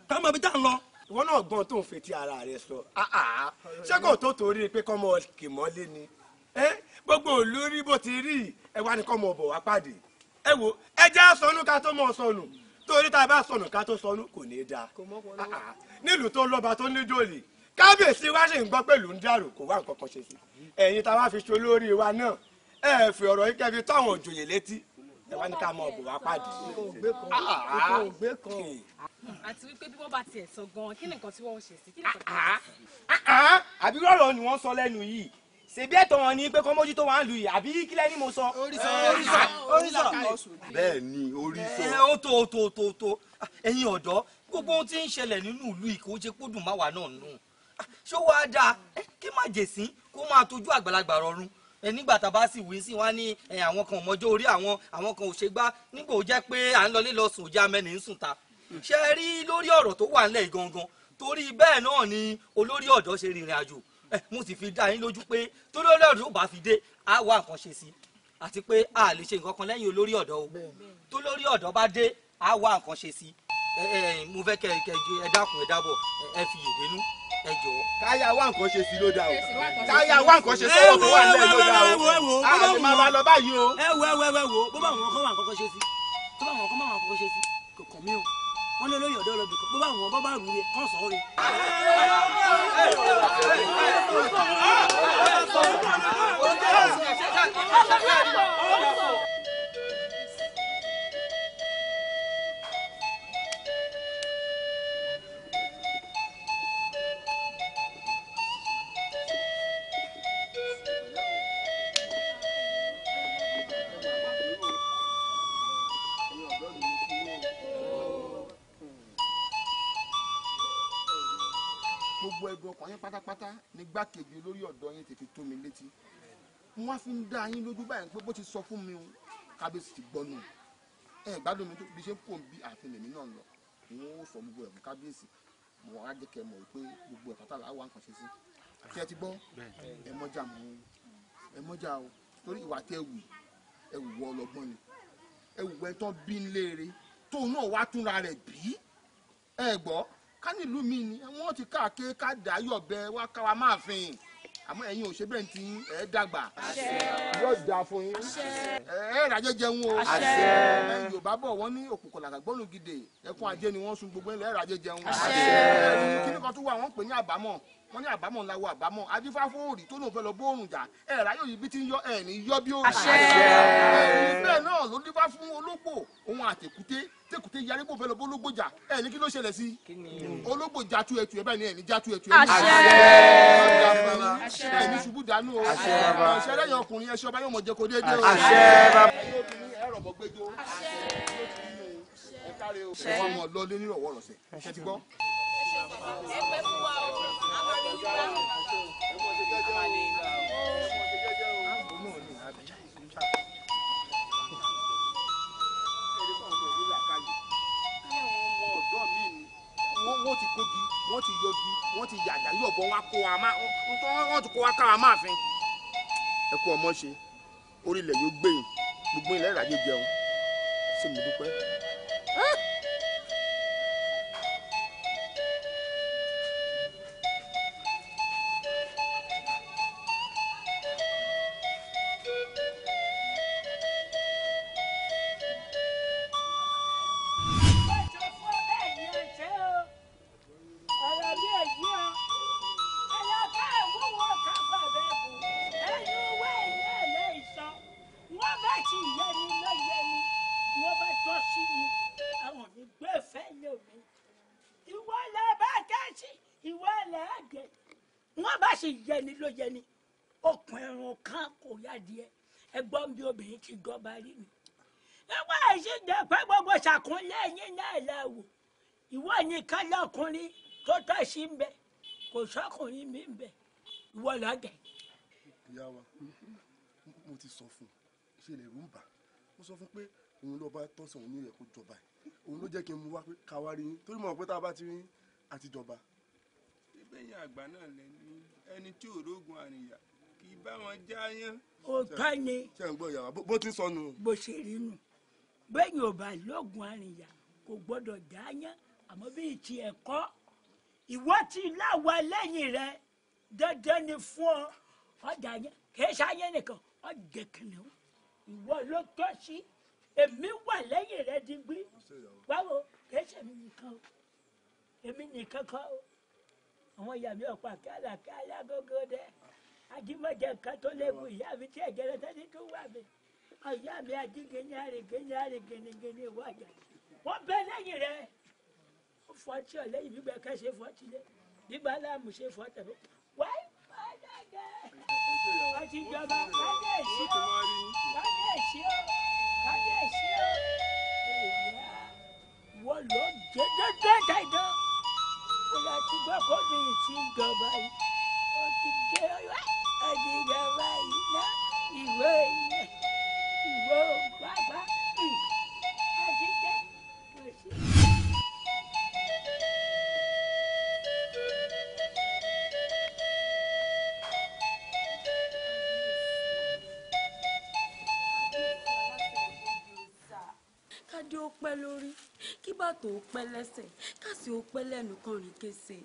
ká mọ̀ bí tá à ń lọ. ìwọ náà gbọ́n tó ń fetí ara rẹ sọ ah, ah. ṣé kò tó torí pé kọ́mọ kì mọ́lé ni gbogbo olórí bó ti rí ẹ wá ní kọ́mọ bọ̀ wá pàdé ẹ wo ẹ jẹ́ sọnù ká tó mọ̀ sọnù torí tá a bá sọnù ká tó sọnù kò ní í dáa ah, nílùú tó lọ́ba tó ní jòlè kábíyèsí wa sì ń gbọ́ pẹ̀lú ń dàrú kò wá nǹkan kan ṣe sí ẹ̀yin tá a wá fi ṣe olórí wa náà ẹ fi ọ̀rọ̀ yìí kẹfì táwọn òjòyè létí ẹ wá ní ká mọ ọ̀bùn wá pàdé. Ah, àti wípé bí wọ́n bá tiẹ̀ sọ gan-an kí ni nǹkan tí wọ́n ń ṣe sí kí ni nǹkan tí wọ́n ń ṣe sí. Ah, ah, àbí rọ̀rọ̀ ni wọ́n sọ lẹ́nu yìí ṣèbí ẹ̀tọ́ wọn ni pé kọ́ mójútó wọn lu yìí àbí kílẹ̀ ni mo sọ. orísọ eh, orísọ orísọ bẹ́ẹ̀ ni orísọ. ẹ eh, ó tó tó tó tó ẹ̀yin ọ̀dọ́ gbogbo ohun tí ń ṣẹlẹ̀ nínú ìlú yìí jẹ́ kó dùn má wà náà nù ṣó wàá dáa eh, kí má jèsín kó máa tọ́jú àgbàlagbà rọrùn eh, nígbà tá a bá sì wí sí wọn ní eh, àwọn kan ọmọjọ orí àwọn àwọn kan ò ṣe gbá nígbà ó jẹ́ pé à ń lọlé lọ sùn jẹ́ amẹ́ni ń sùn ta ṣe rí lórí ọ̀rọ̀ tó wà ńlẹ̀ gangan torí bẹ́ẹ̀ náà ni olórí ọ̀dọ́ ṣe rìnrìn àjò mo sì fi dá yín lójú pé torí olórí ọ̀dọ́ ò bá fi dé á wá nǹkan ṣe sí àti pé a lè ṣe nǹkan kan lẹ́yìn olórí ọ̀dọ́ o tó lórí ọ̀dọ́ bá dé á wá nǹkan ṣe sí mo fẹ́ kẹ́ ẹ dákun ẹ dábọ̀ ẹ fi yèdè nú ẹ jọ. káyà wá nǹkan ṣe sí ló dà o káyà wá nǹkan ṣe sọ́wọ́ tó wà nílẹ̀ ló dà o àti máa bá lọ báyìí o. ẹ wo ẹ wo ẹ wo bó bá wọn kọ́ wà kọ́kọ́ ṣe sí tó bá wọn kọ́ wà kọ́kọ́ ṣe sí kò kàn mí o wọn lé lóyè ọ̀dọ́ lọ́bì bó bá wọn bá bá rú rẹ kọ́ sọ rẹ. ọ̀rọ̀ ọ̀kọ̀ọ̀kan yín pátápátá ní gbákejì olórí ọ̀dọ́ yín tètè tó mi létí wọ́n fi ń dá yín lójú báyìí pé bó ti sọ fún mi o kábíyèsí ti gbọ́nù ẹ gbádùn mi tó bí ṣe ń pò ń bí ààfin lèmi náà lọ ìwọ́n ó sọ gbogbo ẹ̀mú kábíyèsí mo á jẹ́ kẹ́ mọ̀ pé gbogbo ẹ̀ pátá làá wà nǹkan ṣe sí kí ẹ ti gbọ́ ẹ mọ́jà mọ́ ẹ mọ́jà o torí ìwà tẹ́ ẹ wù ẹ wù wọ ọlọ́gbọ́n ni ẹ wù ẹ tán bí ń léere tóun náà wá túnra rẹ̀ bí ẹ gbọ́ kánìlú mi ni wọ́n ti káàké káàdá yọ̀bẹ wá káwa máa fin àmọ́ ẹ̀yin ò ṣe bẹ́ẹ̀ tí ẹ dàgbà yóò dà fún yín ẹ ẹ ràjẹ́ jẹun o Yorùbá bọ̀ wọ́n ní òkùnkùn làgàgbọ́nù gidi ẹkún ajé ni wọ́n sun gbogbo ẹ̀ ràjẹ́ jẹun kí ni kan tún wà wọ́n pè ní àbámọ̀ wọ́n ní àbámọ̀ ńlá wo àbámọ̀ adífáfóòrì tó lóun fẹ́ lọ bóòrùn jà ẹ̀ ráyò yìí bí ti ń yọ ẹ̀ ní yọ bí ó rà ẹ̀ náà ló dífá fún ológbò òun àtẹ̀kúté tẹ̀kúté yarí bò fẹ́ lọ bó jà ẹ̀ ní kí ló ṣẹlẹ̀ sí ológbò já tú ẹtù ẹ bẹ́ẹ̀ ni ẹ̀ ní já tú ẹtù ẹ̀ ní ṣubú dànù o ṣe lẹ́yìn ọkùnrin ẹ̀ ṣọba yóò mọ̀ jẹ́ kó déédéé o o ẹ̀fọ́ mọ̀ lọ́lé nírọ̀wọ́rọ̀sẹ̀ ṣe ti kógi wọ́n ti yọgi wọ́n ti yàjà yọ̀bọ̀ wọn kó wa máa wọ́n ti kó wa káwa máa fin. ẹ kú ọmọ ṣe orí ilẹ̀ yóò gbẹ̀yìn gbogbo ilẹ̀ ìràgé jẹun ṣé mo dúpẹ́. dọ́ba rí mi ìwọ ẹ̀sìn dẹ̀pẹ́ gbogbo ṣàkúnlẹ̀ yín náà lẹ́wọ̀ ìwọ nìkan lọ́kùnrin tó tọ́ sí ń bẹ kò sọ́kùnrin mi ń bẹ ìwọ lọ́dẹ. ìyá wa mo ti sọ fún un ṣe lè rú bà mo sọ fún pé òun ló bá tọ́sán òun ní ìyẹn kó jọba ẹ̀ òun ló jẹ́ kí n mú wá pé ká rí yín torí mo mọ̀ pé tá a bá ti rí yín ìgbẹ́yìn àgbà náà lẹ́ni ẹni tí òrógùn àníyàn kì í bá wọn jáyán. òótọ́ ni bó ti sọnù. bó ṣe rí nù bẹ́ẹ̀ni ò bá lọ́gùn àrìnyà kò gbọ́dọ̀ jáyán àmọ́ bí ìtì ẹ̀kọ́ ìwọ ti láwa lẹ́yìn rẹ dandan ni fún ọ ọjà yẹn kì í ṣayé nìkan ọjà kìnìún ìwọ ló tọ́ sí èmi wà lẹ́yìn rẹ digbí báwo kì í nìkan èmi nìkan kọ́ o àwọn ìyá mi ọ̀pá kálàkálà gógó dẹ́ àdìmọ̀jẹ nǹkan tó léwu ìyá mi tí ẹ̀jẹ̀ rẹ tẹ́lẹ̀ tó wà mí ọ̀yá mi àdìgẹ́ni àrìngẹ́ni àrìngẹ́nigẹ́ni ìwájà wọ́n bẹ lẹ́yìn rẹ ó fọ́ tí ọ̀ lẹ́yìn gbígbẹ́ kẹ́ ṣe fọ́ tí lé gbígbà láàmú ṣe fọ́ tẹ̀lé wáyé pàdàgẹ́ ọtí jọba kábíyèsí ó kábíyèsí ó kábíyèsí ó wọ́n lọ jẹ́ dẹ́dẹ́ dáìdán ó yà ti gbọ́ kó mi ti jọba yìí ó ti gé ẹ̀dìgẹ̀wá iná ìwé iná ìwé ògbàgbà àdìgẹ̀ kòsí. kádé ó kí bàtò ó pẹ́ lẹ́sẹ̀ káàsì ó pẹ́ lẹ́nu kan rìn kése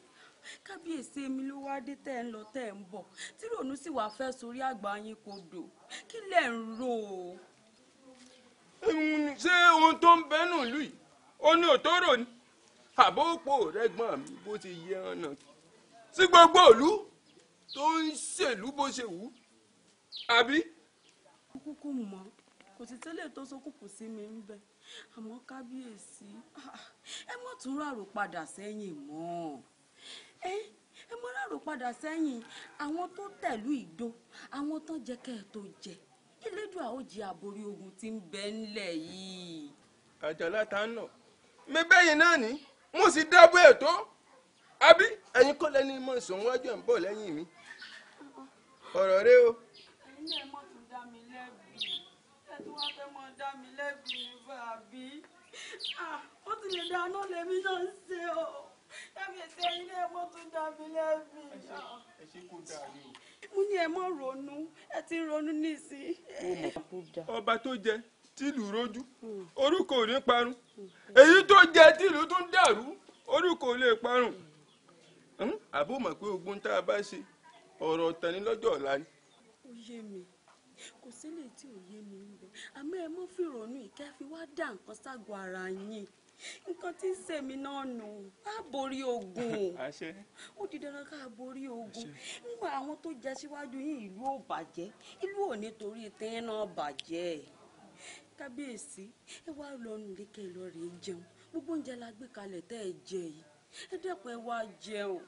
kábíyèsí èmi ló wá dé tẹ́ ń lọ tẹ́ ń bọ̀ tí rònú sì wàá fẹ́ sórí àgbà yín kò dò kí lẹ̀ ń rò ó. ṣé ohun tó ń bẹ́nu lù yìí ó ní òtóró ni àbópò rẹ́gbọ́n mi bó ti yẹ ọ̀nà sí gbogbo òlú tó ń ṣèlú bó ṣe wù ú àbí. kúkú mọ kò sì tẹ́lẹ̀ tó sókùnkùn sí mi ń bẹ̀ àmọ́ kábíyèsí ah, ẹ mọ̀ tún rárò padà sẹ́yìn mọ́ ẹ ẹ mọ ráàrò padà sẹ́yìn àwọn tó tẹ̀lú ìdó àwọn tó jẹ́ kẹ́ ẹ tó jẹ elédùn àójì àborí ogun ti ń bẹ ńlẹ̀ yìí. àjàlá ta ń nà mi bẹ́yìn náà ni mo sì dábọ̀ ètò àbí ẹ̀yin kọ́ lẹ́ni mọ̀ sùn wájú ẹ̀ ń bọ̀ lẹ́yìn mi ọ̀rọ̀ rẹ o. ẹ̀yin náà mọ̀ tún dá mi lẹ́bi ẹ̀ tí wọ́n fẹ́ mọ̀ dá mi lẹ́bi ní bàbí ó ti lè dáná lèmi náà ń ṣe o kábíyèsí ẹyin náà mo tún dá ni ní ẹ mọ ronú ẹ ti ronú nísìn. ọba tó jẹ tìlù rojú hmm. orúkọ ò ní parun hmm. èyí tó jẹ tìlù tún dàrú orúkọ ò lè parun hmm? àbó mọ̀ pé ogun tá a bá ṣe ọ̀rọ̀ ọ̀tàn lọ́jọ́ ọ̀la ni. ó yé mi kò sílẹ̀ tí ò yé mi ń bẹ àmọ́ ẹ mọ́ fìrònú ìkẹ́ fi wá dá nǹkan ságọ́ ara yín nǹkan tí ń sẹ̀mí náà nù á borí ogun ó di dandan ká borí ogun nígbà àwọn tó jẹ síwájú yìí ìlú ò bàjẹ́ ìlú ò nítorí tẹ́yìn náà bàjẹ́ kábíyèsí ẹ wá lọ́nu lékè lọ rèé jẹun gbogbo oúnjẹ la gbé kalẹ̀ tẹ́ ẹ jẹ yìí ẹ dẹ́kun ẹ wá jẹun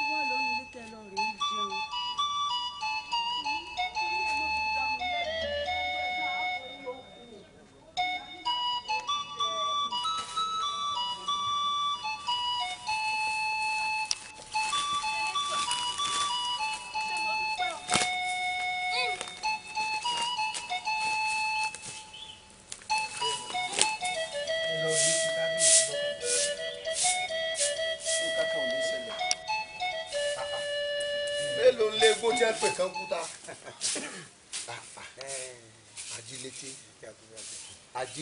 ẹ wá lọ́nu lékè lọ rèé jẹun.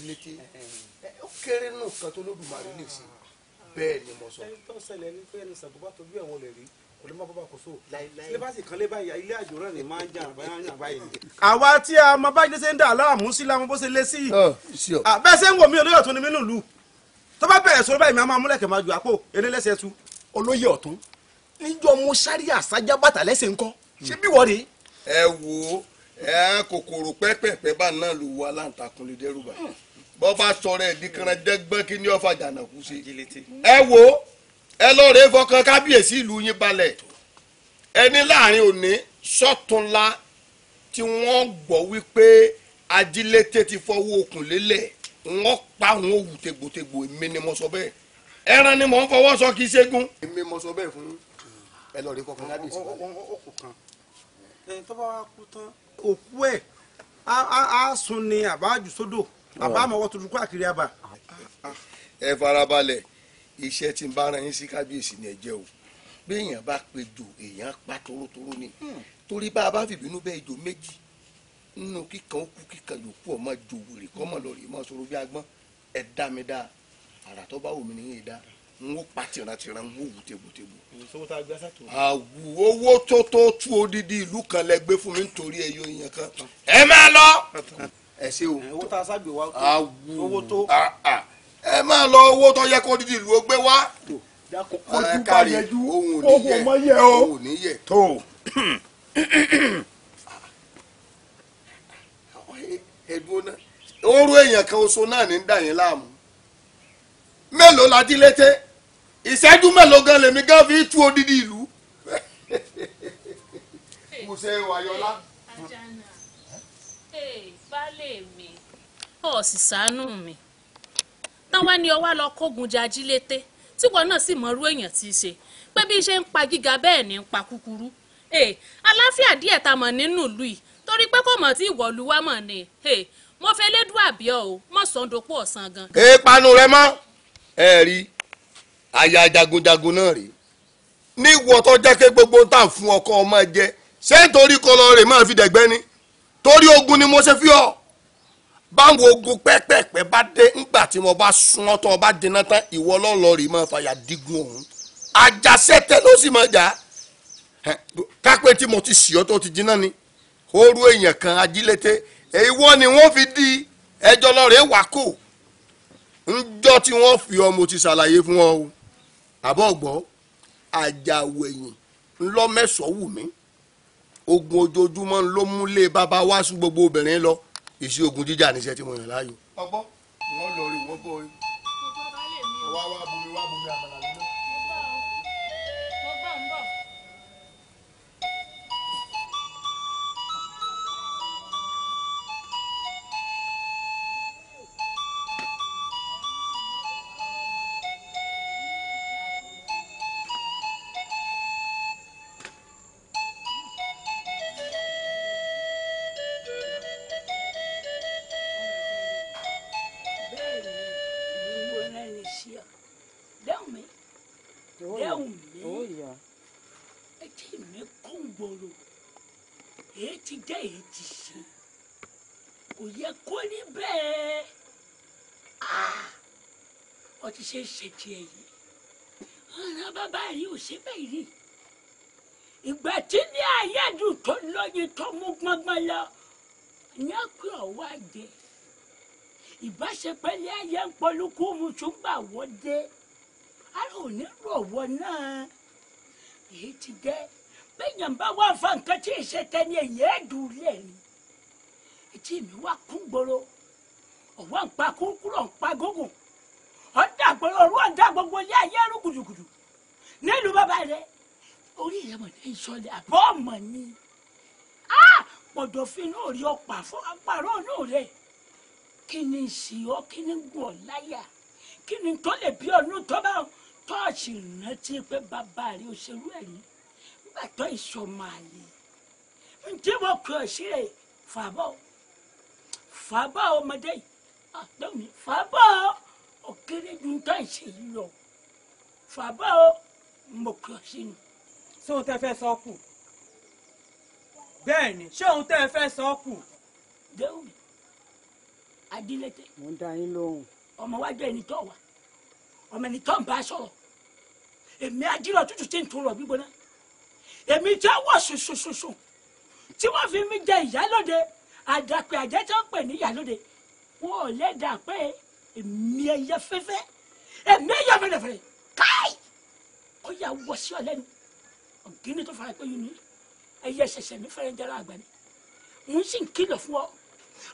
létí ó kéré nù kan tó lódùmarè lè ṣe bẹ́ẹ̀ ni mo sọ. ẹni tó ń ṣẹlẹ̀ ní pé ẹni sàgbọ́n bá tó bí ẹ̀wọ̀n lè rí kò lè má bọ́ bá kó so sílẹ̀bàsì kan lé báyìí ilé àjò ni máa ń jà àbáyá báyìí. àwa tí a mọ báyìí ló ṣe ń dà láàmú sí láwọn bó ṣe lé sí i bẹ́ẹ̀ ṣe ń wò mí olóyè ọ̀tún ni mí lùlù tó bá bẹ̀rẹ̀ sọ̀rọ̀ báyìí mi a máa múlẹ̀kẹ̀ máa ju àpò elélẹ́sẹ̀ tu. olóyè ọ̀tún níjọ mo sáré àsájá bàtà lẹ́sẹ̀ ńkọ́ ṣé bí wọ́n é. ẹ wo ẹ kòkòrò pẹ́pẹ́pẹ́ bá náà lù wá láǹtakùn lè dẹ́rù báyìí bọ́ bá sọ̀rọ̀ ẹ̀dí kanra dẹ́gbẹ́ kí ni ọ̀fà jàǹdàkú ṣe. ẹ wo ẹ lọ rèé fọkàn kábíyèsí ìlú yín balẹ̀ ẹni láàrin òní sọ́túnla tí wọ́n gbọ́ wípé ajílété ti fọwọ́ okùn lélẹ̀ wọ́n pa àwọn òwú tegbòtegbò èmi ni mo sọ bẹ́ẹ̀ ẹran ni mò ń fọwọ́ sọ kì í ṣẹ́gun. èmi mo sọ bẹ́ẹ̀ fún ẹ lọ rèé fọkàn kábíyèsí balẹ̀. tó bá wá kú tán òkú ẹ̀ á sùn ni àbájú sódò bàbá àmọ́ wọ́n tuntun kó àkìrí àbà. ẹ farabalẹ̀ iṣẹ́ tí ń bá ara yín sí kábíyèsí ni ẹ jẹ́ o bí èèyàn bá pe jò èèyàn pa torótoró ni hmm. torí bá a bá fìbínú bẹ́ẹ̀ jò méjì nínú kíkan ó kú kíkan yòókù ọmọ jò wèrè kọ́mọ lọ rèé mọ́ sọ̀rọ̀ bí agbọ́n ẹ dá mi dá àrà tó bá wù mí nìyẹn dá n ó pa tìrantìran n ó wù tebùtebù. owó tó tó tú odidi ìlú kan lẹ gbé fún mi nítorí ẹyọ èèyàn kan ẹ máa lọ. ẹ ṣe o. owó wa tó ẹ máa lọ owó tó yẹ kó dídì ìlú wá. ojú ohun ọmọ yẹ ohun tó ẹdùn náà èèyàn kan oṣù náà ní la ìṣẹ́jú mélòó gan odidi ìlú. baálé mi ọ̀ sì ṣàánú mi tán wá ní ọwá lọ kógun jají lété tíwọ náà sì mọrú èèyàn tí ṣe pé bí ṣe ń pa gíga bẹ́ẹ̀ ni ń pa kúkúrú aláfíà díẹ̀ ta mọ̀ nínú ìlú yìí torí pé kò mọ̀ tí ìwọ̀lú wa mọ̀ ni mo fẹ́ lédùn àbíọ́ o mọ̀ sọ́ndọ̀pọ̀ ọ̀sán gan. ẹ panu rẹ mọ ẹ rí aya jagunjagun náà rèé ní ìwọ jẹ́ pé gbogbo ń tà fún ọkọ ọmọ jẹ ṣé nítorí kọlọ rẹ̀ máa fi dẹ̀gbẹ́ ni torí ogun ni mo ṣe fi ọ báwo ogun pẹ́pẹ́pẹ́ bá dé ńgbà tí mo bá sun ọ́ tó o bá dènà tán ìwọ lọ́lọ́ rè máa fàyà dígun òun àjàṣẹ́tẹ̀ ló sì máa jà kápẹ́ tí mo ti sì ọ́ tó ti jiná ni ooru èèyàn kan ajílété ìwọ ni wọ́n fi di ẹjọ́ lọ́rẹ̀ẹ́ wà kó ńjọ́ tí wọ́n fi ọ mo ti ṣàlàyé fún ọ o àbọ̀ gbọ́ àjàwẹ̀yìn ńlọ́mẹ̀sọ̀ wù mí ogun ojoojúmọ́ ló múlé bàbá wá sún gbogbo obìnrin lọ ìṣe ogun jíjà níṣẹ́ tí mo yàn láàyò. ọgbọ́n wọn lọ rí wọn bọ́ ọ èjì ṣe kò yẹ kó rí bẹ́ẹ̀ ọ ah! ti ṣe é ṣe tiẹ̀ yìí ọ̀nà bàbá yìí ò ṣe bẹ́ẹ̀ rí ìgbà tí ní àyájú tó lóyin tó mú gbọ́ngbọ́n lọ ní àpè ọ̀wá jẹ ìbáṣepẹ̀lẹ̀ ayé ń polúkú mu ṣùgbà wọ́n dé ara ò ní rọ̀ wọ́n náà èyí ti jẹ́ téèyàn bá wà fa nǹkan tí ìṣe tẹni èyí ẹ̀dùn lẹ̀ ni etí mi wá kún gbòòrò ọ̀wọ́ ń pa kúrúkúrò ń pa gógùn ọ̀dà gbòòrò òru ọ̀dà gbogbo ilé ayé ẹrú gùdùgùdù nílùú bàbá rẹ orí rẹ mọ̀ ní ìsọ̀lẹ̀ àbọ̀ ọ̀mọ̀ ni pọ̀dọ̀fin náà rí ọ̀pá fún apàrọ̀ náà rẹ kí ni ìsìn ọ kí ni gùn ọ láyà kí ni tó lè bí ọdún tó bá tọ́ọ̀sì rántí pé bàbá rẹ ò ṣerú ẹ̀yìn atɔ isɔma yi nti bɔ kɔlɔsi rɛ faba o faba o mɛdɛ yi atɔmi faba o kiri dunta se yi o mɔ kɔlɔsi nu. ṣé òun tẹ́ fẹ́ sọ kù bẹ́ẹ̀ ni ṣé òun tẹ́ fẹ́ sọ kù. déwùmí adílẹ̀tẹ̀. mo ń da yín lóhùn. ọmọ wa jẹ́ ẹni tó wa ọmọ ẹni tó ń bá a sọ̀rọ̀ èmi ajílọ̀ tútù tí ń tún rọ̀ gbígbóná èmi jẹ́ wọ̀ ṣùṣùṣùṣù tí wọ́n fi mí jẹ ìyálóde àdàpè àjẹ́ tó ń pè ní ìyálóde wọn ò lè dà pé èmi ẹyẹ fẹ́fẹ́ èmi ẹyẹ fẹ́fẹ́ káì ó yà wọ sí ọ ọ̀gíní tó fara pé yìí ni ẹyẹ ṣẹ̀ṣẹ̀ mi fẹ́rẹ̀ jẹ́rọ àgbà ni mo sì ń kìlọ̀ fún ọ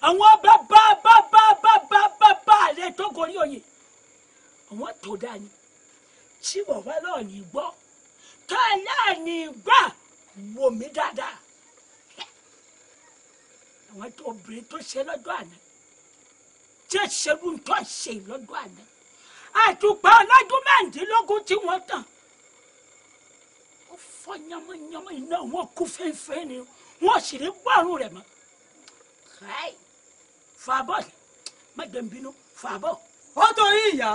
àwọn bàbá bàbá bàbá bàbá rẹ tó gorí oyè àwọn tó dáa ni tí wọ́n wá lọ́ọ̀ ní gbọ́ tó ẹlẹ́ẹ̀ni gbà wò mí dáadáa àwọn obìnrin tó ṣe lọ́dọ̀ àná tí ṣerú tó ṣe lọ́dọ̀ àná àtùpà ọlọ́dún mẹ́rìndínlógún tí wọ́n tàn ó fọ́ yánmọ́yánmọ́ iná wọn kú fẹ́ẹ́fẹ́ ni wọn sì rí bọ́ọ̀rù rẹ̀ mọ́ fàbọ̀ mẹ́gbẹ̀mbínú fàbọ̀. ó torí ìyá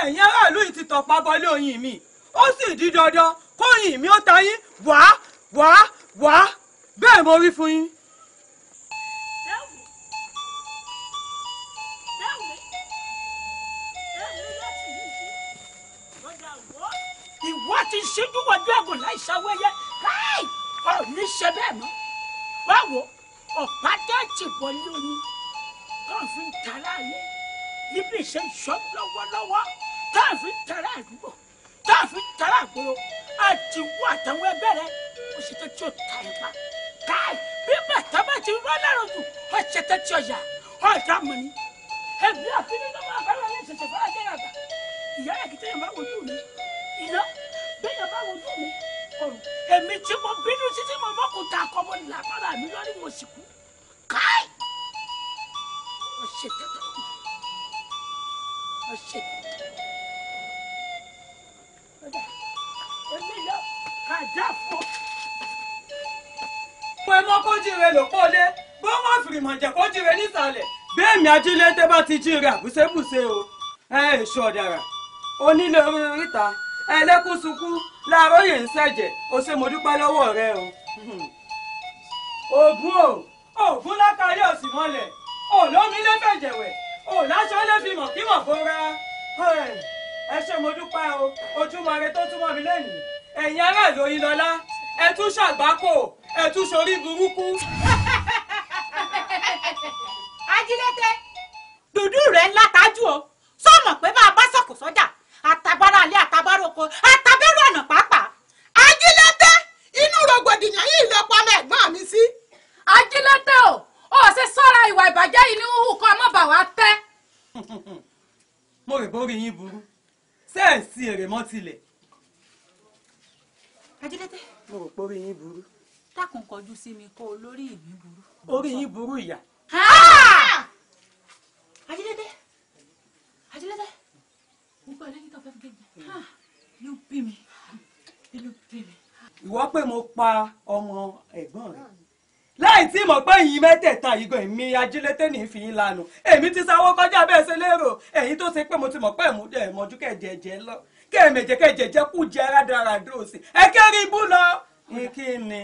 ẹ̀yin aráàlú yìí ti tọ̀pá bọlé oyin mi ó sì di dandan kóyìn mi ó ta yín wá wá wá bẹ́ẹ̀ mo wí fún yín. ìwọ ti ṣíjú wọjú ẹ̀gùn láì ṣàwẹ́yẹ káì ọ̀ní ṣe bẹ́ẹ̀ mọ́ wá wò ọ̀pá dẹ́ẹ̀tì wọlé oyin kàn fi ń tara ayé níbi ìṣe ìṣọ́ lọ́wọ́lọ́wọ́ kàn fi ń tara àdúgbò tá a fi tara àgbòrò àti wọ àtàwọn ẹgbẹ́ rẹ ó ṣe tán tí ó ta ẹ̀ pa káì bí bàtà bá ti rọ́ lárọ̀ jù ó ṣe tán tí ó yà ó dá mọ̀ ní. ẹbí àfihàn tó máa bára rẹ ṣẹ̀ṣẹ̀ fún ajé àgbà ìyá rẹ kìí tẹyàn bá wojú mi iná bẹyàn bá wojú mi ọrùn èmi tí mo bínú títí mo mọkùnta akọmọ làbára mi lórí mo sì kú káì ó ṣe tán tó kù ó ṣe tán pé mọ́ kó jíire ló kó lé bó má fìrìmọ̀ jẹ́ kó jíire nísàlẹ̀. bẹ́ẹ̀mí ajílẹ̀ tẹ́ bá ti jíire àbúṣebùṣe o ẹ èso ọ̀dàrà onílé orin oríta ẹlẹ́kùn sunkún láàárọ̀ yẹn ń ṣẹ̀jẹ̀ o ṣe mo dúpẹ́ lọ́wọ́ rẹ o. ògùn o ògùn lákàáyé òsì mọ́lẹ̀ òlómi lẹ́fẹ̀jẹ̀wẹ̀ òláṣọ lẹ́fìmọ̀ kí mọ̀ kó rá ẹ ṣé mo dúpẹ́ o ojúmọ́ rẹ tó túmọ̀ mi lẹ́nu ẹ̀yin aráàlú Oyinlọ́lá ẹ tún ṣàgbákò ẹ tún ṣorí burúkú. ajílété dùdú rẹ ńlá tájú o sọmọ pé bá a bá sọkò sọjà àtàbárà alẹ àtàbárà oko àtàbẹrù ọ̀nà pàápàá. ajílété inú rògbòdìyàn yìí lọ pa ẹ̀gbọ́n mi sí. ajílété o ò ṣe sọ́ra ìwà ìbàjẹ́ yìí ní hùwù kan tẹ́. mo rè bórí yín burú sẹ́ẹ̀sì èrè mọ́ tilẹ̀. ajílẹ́tẹ̀. mo rò pé orí yín burú. dákun kọjú sí mi kó olórí mi burú. orí yín burú ìyá. ajílẹ́tẹ̀ ajílẹ́tẹ̀ nípa ẹlẹ́yìn tó fẹ́ fi gẹ̀gẹ̀ ló bí mi ló bí mi. ìwọ pé mo pa ọmọ ẹ̀gbọ́n rẹ̀ láì tí mọ̀ pé ẹ̀yin mẹ́tẹ̀ẹ̀ta yìí gan èmi ajílété ní ìfìyín lanu èmi ti sáwọ́ kọjá bẹ́ẹ̀ ṣe lérò ẹ̀yin tó ṣe pé mo ti mọ̀ pé ẹ̀mọ́jú kẹ̀jẹ̀jẹ̀ lọ kẹ̀mẹ̀jẹ̀ kẹ̀jẹ̀jẹ̀ kù jẹ́ rádaràdà òsì ẹ kẹ́rì ibú lọ. kí ni.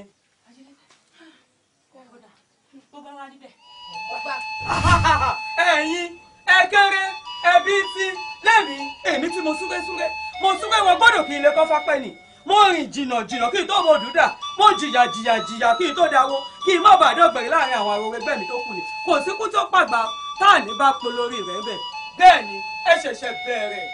ẹ̀yin ẹ kéré ẹbí tí lẹ́mìí èmi tí mo súré súré mo súré wọn gbọ́dọ̀ kí n lè kọ́ fápẹ́ nì mo rìn jìnnà jìnnà kí n tó mo dùn dà mo jìyà jìyà jìyà kí n tó dáwó kí n má bàa dọ̀gbẹ̀rẹ̀ láàrin àwọn arọwé bẹ́ẹ̀ mi tó kù ni kò síkú tó pàgbà táà ní bá polórí rẹ̀ bẹ̀ bẹ́ẹ̀ ni ẹ ṣẹ̀ṣẹ̀ bẹ̀rẹ̀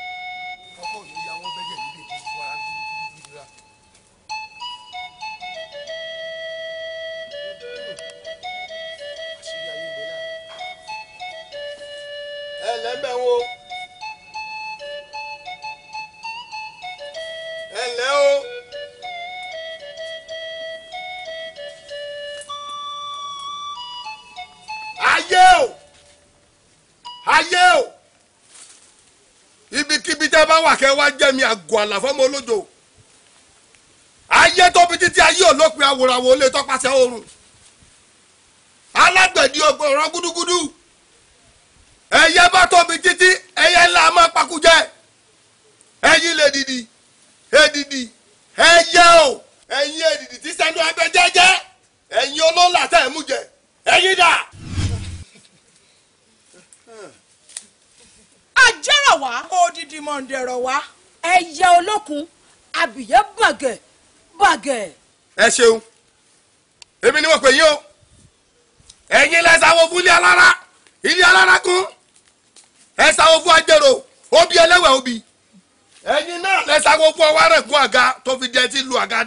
kẹ́ wá jẹ́ mi àgọ́ àlàfọ́mọ olódò ayé tóbi títí ayé olópin awòràwò lè tọpasẹ̀ oorun alágbẹ̀dì ọgbọ̀n ọ̀rọ̀ gúdúgúdú ẹyẹ bá tóbi títí ẹyẹ ńlá máa pakú jẹ ẹyin lè dìdì èdìdì ẹyẹ o ẹyin èdìdì tí sẹ́nu abẹ jẹ́jẹ́ ẹyin olóńlá tẹ̀ mú jẹ ẹyin dà. ṣẹ́ wá. odidi mọ̀ǹdẹ̀ wá. ẹyẹ olókun abìyẹ́ bàgẹ̀ bàgẹ̀. ẹ ṣeun èmi ni mo pè yín o ẹyin lẹ sáwọ́ fún ilé alára ilé alára kún ẹ sáwọ́ fún ajẹ́rò obì ẹlẹ́wẹ̀ obì ẹ̀yin náà lẹ sáwọ́ fún fi jẹ ti lu àga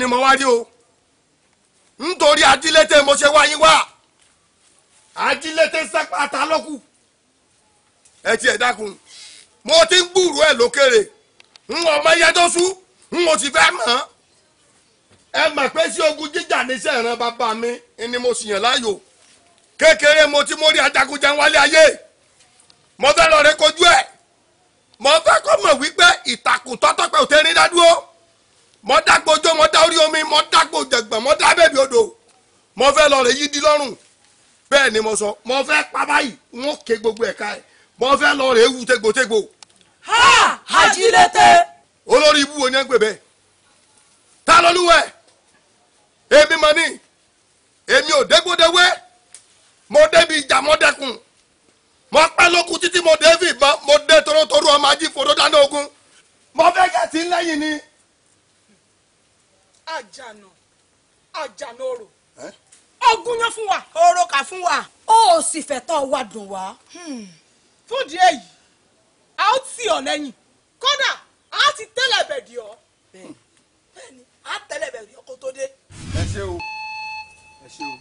ni mo wá rí o nítorí mo ṣe ẹ tiẹ̀ dákun mo ti ń gbúrú ẹ̀ lókèrè ń ọmọ yẹn tó sú ń mo sì fẹ́ mọ̀ ẹ mọ̀ pé sí ogun jíjà níṣẹ́ ìran bàbá mi ni mo sì yàn láàyò kékeré mo ti mórí ajagunjẹ wálé ayé mo fẹ́ lọ rẹ kojú ẹ̀ mo fẹ́ kọ́ mọ̀ wípé ìtàkùn tọ́tọ́ pé òtẹ́ rí dádúró mo dágbójó mo dá orí omi mo dágbó jẹ̀gbọ̀n mo dá bèbí odò mo fẹ́ lọ rẹ yí di lọ́rùn ni mo sọ mo fẹ́ pa báyìí wọn ké gbogbo ẹ̀ka ẹ̀ mo ve lọrọ ehu segbo segbo haa olori ibu onye n pebe taloluwe ebi emi odegbode wee ma o dee bi ija mọ dekụn ma pe loku titi mo david ma de dee torotoro ọma ji foro n'ogun ma o veghị si leyin ni ajana ajana oro wa. yọ funwa oro ka wa. o si feto fún ìdí èyí a ó tì ọ́ lẹ́yìn kódà a ti tẹ́lẹ̀ bẹ̀dì ọ́ bẹ́ẹ̀ni a tẹ́lẹ̀ bẹ̀dì ọ́ kó tó dé. ẹ ṣe o ẹ ṣe o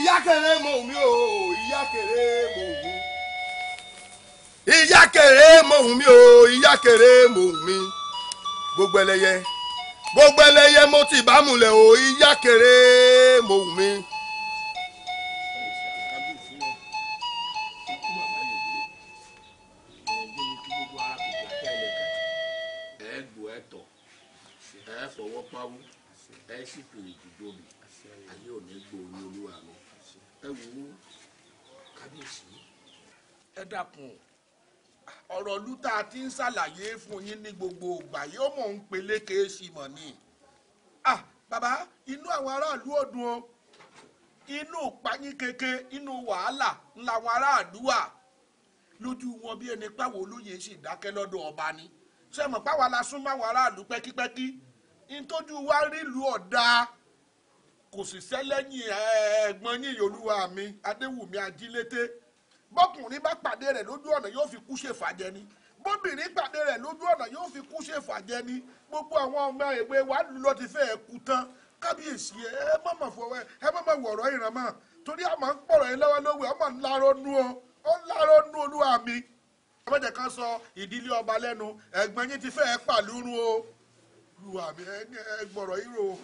ìyá kéré mọ òun o ìyá kéré mọ òun mi ìyá kéré mọ òun o ìyá kéré mọ òun mi gbogbo ẹlẹ́yẹ gbogbo ẹlẹ́yẹ mo ti bámu lẹ o ìyá kéré mọ òun mi. pawó ẹ sì fèrè jùlọ mi ayé òní gbòòrò olúwa mi ẹ wò ó kábíyèsí ẹ dákun ọ̀rọ̀ lúta ti ń ṣàlàyé fún yín ní gbogbo ìgbà yóò mọ̀ ń peléke sí mọ̀ ni ah bàbá inú àwọn aráàlú ò dùn o inú pàyín keke inú wàhálà ńlá àwọn aráàlú wà lójú wọn bí ẹni pàwọ́ olóyè sì dákẹ́ lọ́dọ̀ ọba ni ṣé mọ̀ pàwọn aláṣún aráàlú pẹ́kípẹ́kí. Pẹ́kí ntójú wa rílùú ọ̀dà kò sì sẹ́lẹ́yìn ẹ̀gbọ́n yín olúwa mi adéwùmí ajílété bọ́kùnrin bá pàdé rẹ̀ lójú ọ̀nà yóò fi kú ṣe fàjẹ́ ni bóbìnrin pàdé rẹ̀ lójú ọ̀nà yóò fi kú ṣe fàjẹ́ ni gbogbo àwọn ọmọ ìwé wa lọ ti fẹ́ ẹ kú tán kábíyèsí ẹ mọ̀mọ̀ fọwọ́ ẹ mọ̀mọ̀ wọ̀rọ̀ ìrànmọ́ torí àmọ́ ń pọ̀rọ̀ yín lọ́wọ́ lówó ọmọ ńlárọ̀ nú ọ ọ ńlárọ̀ nú olúwa mi. ọmọdé kan sọ ìdílé ọba lẹ́nu ẹ̀gbọ́n yín ti fẹ́ pàlúrú o olúwa mi ẹ gbọ́rọ̀ yíro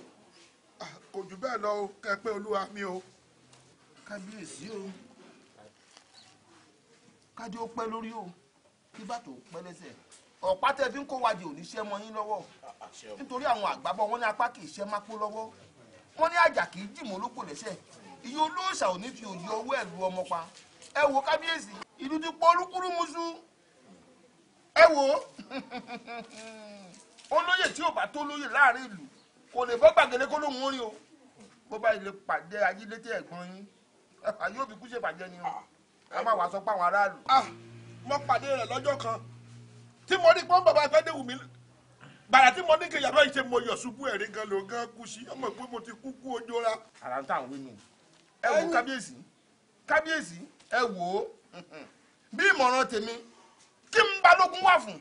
ah, kò jù bẹ́ẹ̀ lọ kẹ pé olúwa mi o. kábíyèsí o kájí ó pẹ́ lórí o kí bàtò pẹ́ lẹ́sẹ̀ ọ̀pá tẹ́ fi ń kó wájú ò ní yín lọ́wọ́ nítorí àwọn àgbàbọ̀ wọn ní apá kì í ṣẹ́ mápó lọ́wọ́ wọn ní àjà kì í jìmọ̀ olóko lẹ́sẹ̀ iye olóòṣà ò ní fi òyì ọwọ́ ẹ̀ lu ọmọ pa ẹ wo kábíyèsí ìlú ti pọ̀ olúkúrú musu ẹ wo. olóyè tí ò bá tó lóyè láàrin ìlú kò lè fọ́ gbàgede kó lóun orin o bó bá ilé pàdé ajílété ẹ̀gbọ́n yín àyè òbí kú ṣe bàjẹ́ ni o ẹ má wàá sọ pé àwọn aráàlú. Ah, mo pàdé rẹ lọ́jọ́ kan tí mo ní pọ́n bàbá fẹ́ dé mí bàrà tí mo ní kí yàrá ìṣe mo yọ̀ ṣubú ẹ̀rí gan ló gan kú sí ọmọ ìpín mo ti kú kú ojú ra. àrà ń tà wínú ẹ wo kábíyèsí kábíyèsí ẹ wò ó bí ìmọ̀ràn tèmi kí n balógun wà fún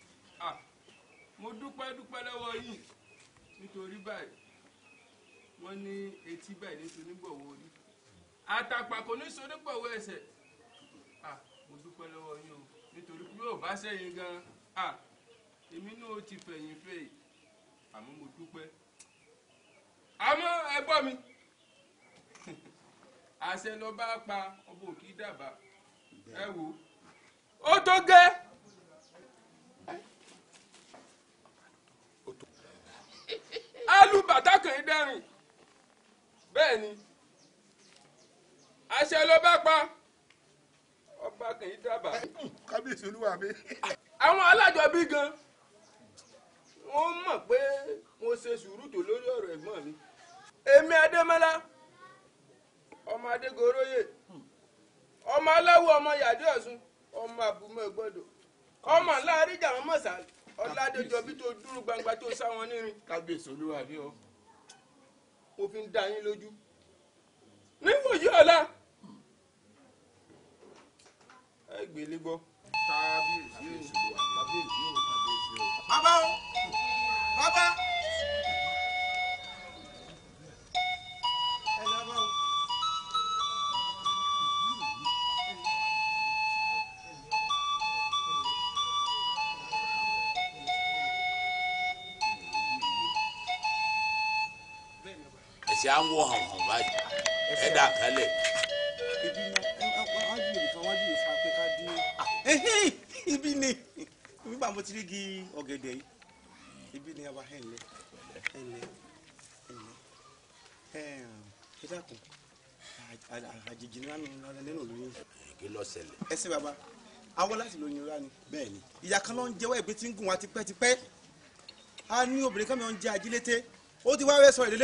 mo dúpẹ́ dúpẹ́ lọ́wọ́ yìí nítorí báyìí wọ́n ní etí báyìí ní sonígbọ̀wọ́ orí àtàpà kò ní sonígbọ̀wọ́ ẹsẹ̀ mo dúpẹ́ lọ́wọ́ yìí o nítorí pé yóò bá sẹ́yìn gan-an èmi náà ti fẹ̀yìn fẹ̀yìn àmọ́ mo dúpẹ́ àmọ́ ẹ gbọ́ mi àṣẹ lọ bá pa ọba òkì dàbà ẹ wò ó tó gẹ́. bàtà kì dẹrùn bẹ́ẹ̀ ni àṣẹ ló bá pa ọba kì dábàá. Hmm, kábíyèsí olúwa mi. àwọn gan mọ̀ pé mo ṣe sùúrù tó lórí ọ̀rọ̀ ẹ̀gbọ́n mi èmi ọmọ adégoróyè ọmọ ọládẹjọ bí tó dúró gbangba tó sá wọn nírin. kábíyèsí olúwa mi o. mo fi ń dá yín lójú. níwòyí ọ̀la. ẹ gbélé gbọ́. kábíyèsí olúwa kábíyèsí o kábíyèsí o. bàbá o bàbá. ń wo hàn hàn báyìí ẹ dà kálẹ̀. Ah, ibi ni wọ́n jùlọ kan wọ́n jùlọ fún apẹ́ká dúró. ibi ni nígbà mo ti rí igi ọ̀gẹ̀dẹ̀ yìí ibi ni àwa ẹ̀lẹ́ ẹ̀lẹ́ ẹ̀lẹ́ ẹ dákun àjèjì ńlá nínú lóyún. kí ló ṣẹlẹ̀. ẹ ṣe bàbá awọ láti lóyún ra ni. bẹ́ẹ̀ni. ìyá kan ló ń jẹ́wọ́ ẹ̀gbẹ́ tí ń gùn wá tipẹ́tipẹ́ a ní obìnrin kan mi ń jẹ́ ajílété ó ti wá wẹ́ sọ èdè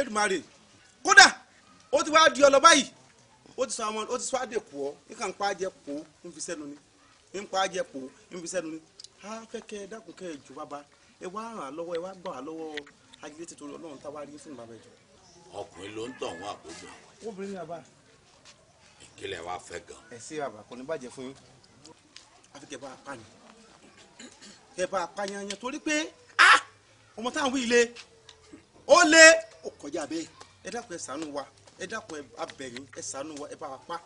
kódà ó ti wá di ọlọ báyìí ó ti sọ àwọn ó ti sọ àdè pọ̀ nǹkan pa jẹ pọ̀ ń fi sẹ́nu ni ń pa jẹ pọ̀ ń fi sẹ́nu ni á fẹ́ kẹ́ ẹ dákun kẹ́ ẹ jù bàbá ẹ wá ràn án lọ́wọ́ ẹ wá gbọ́n án lọ́wọ́ agilé ti torí ọlọ́run táwa rí fún bàbá ìjọ. ọkùnrin ló ń tọ̀ wọn àkójọ. obìnrin ni bàbá. ìkílẹ̀ wa fẹ́ gan. ẹ sí bàbá kò ní bàjẹ́ fún yín. a pa ni kẹ́ bá a pa torí pé ọmọ táwọn wí ilé ó lé ó kọjá bẹ́ẹ̀. ẹ dákun ẹ ṣàánú wa ẹ ẹ bẹ̀yìn ẹ ṣàánú wa ẹ bá wa pa.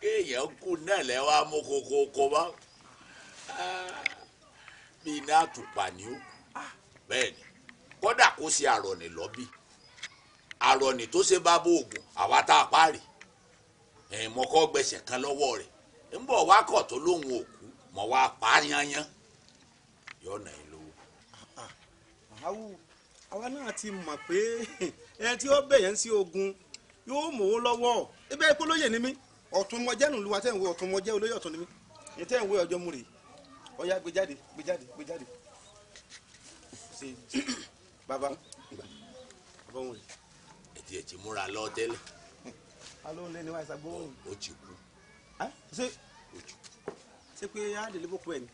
kéèyàn kú náà lẹ mú kókó kó bí iná ni ó bẹ́ẹ̀ ni kódà kó ṣe àrọ̀nì lọ́bì àrọ̀nì tó ṣe bá bó oògùn àwa tá a parí kan lọ́wọ́ ọ̀nà yìí lówó. Ah, ah. àwù àwa náà ti mọ̀ pé ẹni tí ó bẹ̀yẹ̀ ń sí ogun yóò mọ̀ ó lọ́wọ́ ibẹ̀ polóyè ni mí ọ̀tún mọ jẹ́nu lu wa tẹ́ ń wo ọ̀tún mọ jẹ́ olóyè ọ̀tún ni mí ní tẹ́ ń wo ọjọ́ mu rèé ọ̀ya gbé jáde gbé jáde gbé jáde ṣe bàbá bàbá wọn rèé. ẹtì ẹtì múra lọ tẹ́lẹ̀. alo ń lé ní wa ìsàgbó. Ah, ó ti kú. ṣé pé á délé bó ẹ ni.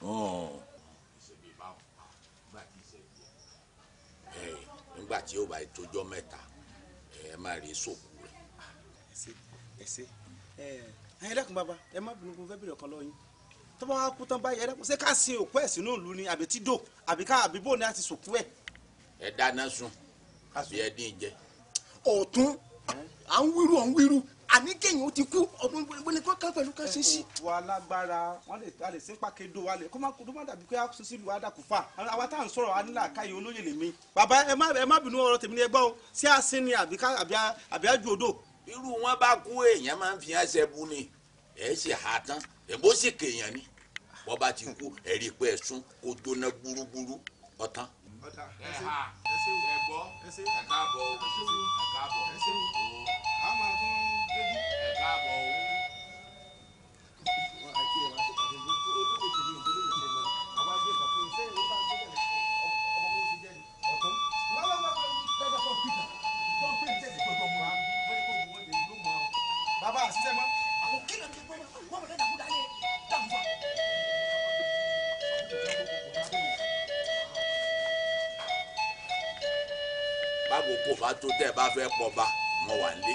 nígbà tí yóò bá yìí tójọ́ mẹ́ta ẹ má rí sòkú rẹ̀. ẹ ṣe ẹ ẹ dákun bàbá ẹ má bínú fún fẹ́ bèrè ọ̀kan lọ́yìn tó bá wá kú tán báyìí ẹ dákun ṣé ká sin òkú ẹ̀ sínú ìlú ni àbí tídò àbí ká àbí bò ní àti sòkú ẹ̀. ẹ dáná sun àbí ẹ dín jẹ. ọ̀tún à ń wíru à ń wíru àní kéèyàn ó ti kú ọdún ìgbóni kan kan pẹ̀lú kan ṣe sí. wà á lágbára wọn lè a lè sí pàkédo wa lè kó má kó má dàbí pé a sọ sílùú adàkúfà àwa tá à ń sọ̀rọ̀ anílà káyé olóyè lè mi. bàbá ẹ má ẹ má bínú ọ̀rọ̀ tèmi ni ẹ gbọ́ o ṣé a sin ni àbí ká àbí àbí àjù odò. irú wọn bá kú èèyàn máa ń fi ẹsẹ̀ bu ni ẹ ṣe hà tán èbó sì kéèyàn ni wọn bá ti kú ẹ̀rí pé ẹ̀sùn kó jóná gbúrúgbúrú ọ̀tán. ọ̀tá ẹ ṣe ẹ gbọ́ ẹ ṣe ẹ káàbọ̀ ẹ ṣe ẹ káàbọ̀ ẹ ṣe bá tó tẹ́ ẹ bá fẹ́ pọ̀ bá mo wà lé.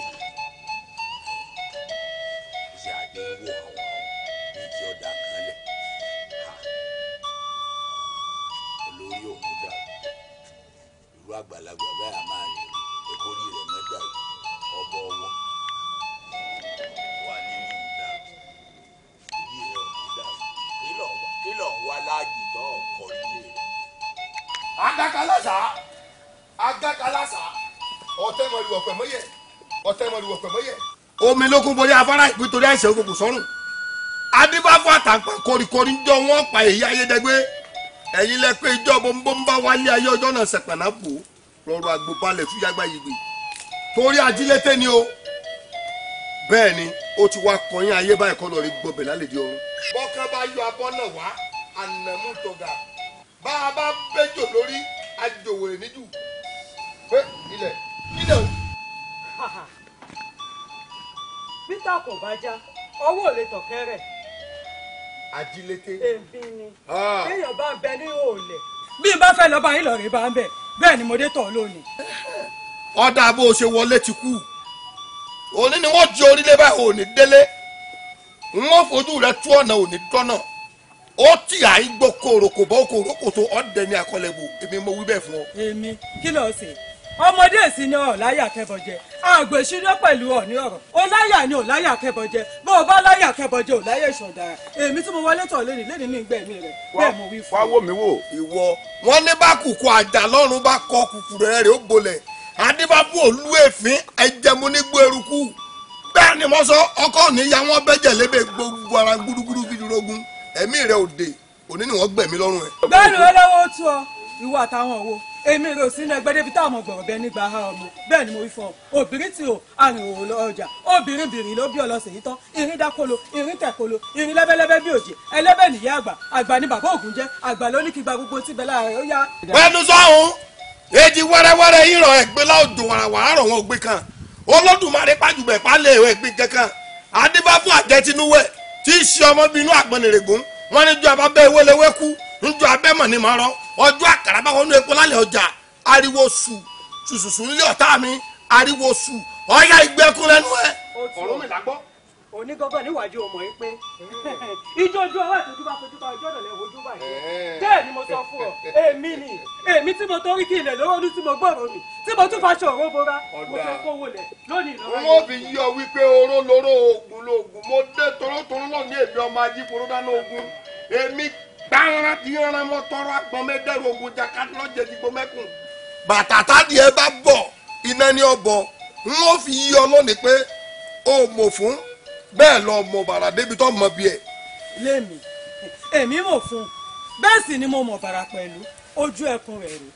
ṣé àgbẹ̀ wò àwọn bíi ti ọ̀dà kan lẹ̀ olórí òun dà irú àgbàlagbà báyà máa rìn ẹ̀kọ́ rí rẹ̀ mẹ́ta ọbọ̀ ọ̀tẹ́ mọ̀ ìwọ̀ pẹ̀ mọ́yẹ̀ ọ̀tẹ́ mọ̀ ìwọ̀ pẹ̀ mọ́yẹ̀. omi lókun borí afárá nítorí àìsàn òkùnkùn sọ́run adébáfọ àtàǹpà koríkorí jọ wọn pa èyí ayédègbé ẹ̀yin lẹ pé ìjọ bọ́ńbọ́ńbá wálé ayé ọjọ́ náà sẹ̀pẹ̀nà bò lọ́rọ̀ àgbòpalẹ̀ fúyàgbá yìí gbé torí ajílété ni o bẹ́ẹ̀ ni ó ti wá kọyín ayé báyìí kọ́ lọ́ọ́ rí gbọ́bẹ̀ lálejò ọ̀run. bọ́kán bá yọ abọ́ náà wá ànàmú tọ̀gà bá a bá bẹ́jọ lórí àjòwèrè níjù pé ilẹ̀ peter kò bá já ọwọ́ ò lè tọ̀kẹ́rẹ̀. ajílété. èmi ni kéèyàn bá ń bẹ ní òòlẹ̀. bí n bá fẹ́ lọ bá yín lọ rè bá ń bẹ̀ bẹ́ẹ̀ ni mo dé tọ̀ lónìí. ọ̀dà bó o ṣe wọlé ti kú òní ni wọ́n ju orílẹ̀ báyìí òní délé wọ́n fojú rẹ̀ tú ọ̀nà òní dọ́nà ó tì á igbó korokò bọ́ korokò tó ọ̀dẹ̀ ní akọlẹ̀ bò èmi mo wí bẹ́ẹ̀ fún ọ. èmi kí ló ṣe ọmọdé èsì ni ọ̀láyà kẹbọjẹ àgbèsíná pẹ̀lú ọ̀ní ọ̀rọ̀ ọláyà ni ọ̀láyà kẹbọjẹ bó o bá láyà kẹbọjẹ ọ̀láyà ìṣọ̀dára èmi tí mo wọlé tọ̀ lẹ́nu lẹ́nu ní ìgbẹ́mí rẹ̀ bẹ́ẹ̀ mo wí fún un. wá wò mí wò ìwọ wọn ní bá kùkù àjà lọ́rùn bá kọ kùkù rẹ̀ rẹ̀ ó gbolẹ̀ adébábù olú èéfín ẹ̀jẹ̀mu ní gbó eruku bẹ́ẹ̀ ni wọ́n sọ ọkọ níyà wọn bẹ́jẹ̀ lébè gbogbo ara gúdúgúdú fi dúró gún ẹ̀mí rẹ̀ òde òní ni wọ́n gbẹ̀mí lọ́rùn ẹ̀. bẹ́ẹ̀ ni olówó tú ọ ìwọ àtàwọn òwò èmi rò sínú ẹgbẹ́ débi táwọn ọgbọ̀rọ̀ bẹ nígbà ha ọmọ bẹ́ẹ̀ ni mo wí obìnrin tí o àrùn òwò ọjà obìnrin bìnrin ló bí ọlọsẹ̀ yìí tán irin dákolo irin tẹ̀kolo irin lẹ́bẹ́lẹ́bẹ́ bí òjì ẹlẹ́bẹ̀ nìyá àgbà àgbà ni bàbá ògùn jẹ́ àgbà ló kí gba gbogbo tí bẹ́lá rẹ̀ ó yá. wẹ́ẹ́nu sọ́hún èjì wẹ́rẹ́wẹ́rẹ́ yìí rọ ẹgbẹ́ láòdùn àràwà àrọ̀ wọn ògbé kan olódùmarè pàjùbẹ̀ pálẹ̀ ẹgbẹ́ ọjọ́ àkàrà bá wọnú epo lálẹ́ ọjà ariwo sù sùsùsù nílé ọ̀tá mi ariwo sù ọ̀yà ìgbẹ́kùn lẹ́nu ẹ̀. ọ̀rọ̀ mi là gbọ́. onígangan níwájú ọmọ yìí pé ijó ojú ọwọ́ àtòjú bá fojú bá ojú ọ̀nà lẹ́wọ̀ ojú báyìí bẹ́ẹ̀ ni mo sọ fún ọ èmi ni èmi tí mo torí kí ilẹ̀ lóró ní tí mo gbọ́rọ̀ mi tí mo tún faṣọ òró bora mo fẹ́ kówó lẹ̀ lónìí lọ́wọ́ yìí. wọ́n fi yí ọ wípé oró lóró oògùn lóògùn mo dé torótoró náà ní èmi ọmọ ajíporó gbàrán ti rán mọ tọrọ àgbọn mẹdẹrù ogun jàkadì lọjẹ dìgbò mẹkùn. bàtà tádìí ẹ bá bọ̀ iná ní ọbọ n ó fi yí ọ lónìí pé o mọ̀ fún bẹ́ẹ̀ lọ mọ̀ bàrà débi tó mọ̀ bí ẹ. lémi èmi mọ̀ fún bẹ́ẹ̀ sì ni mo mọ̀ bàrà pẹ̀lú ojú ẹkùn rẹ̀ rèé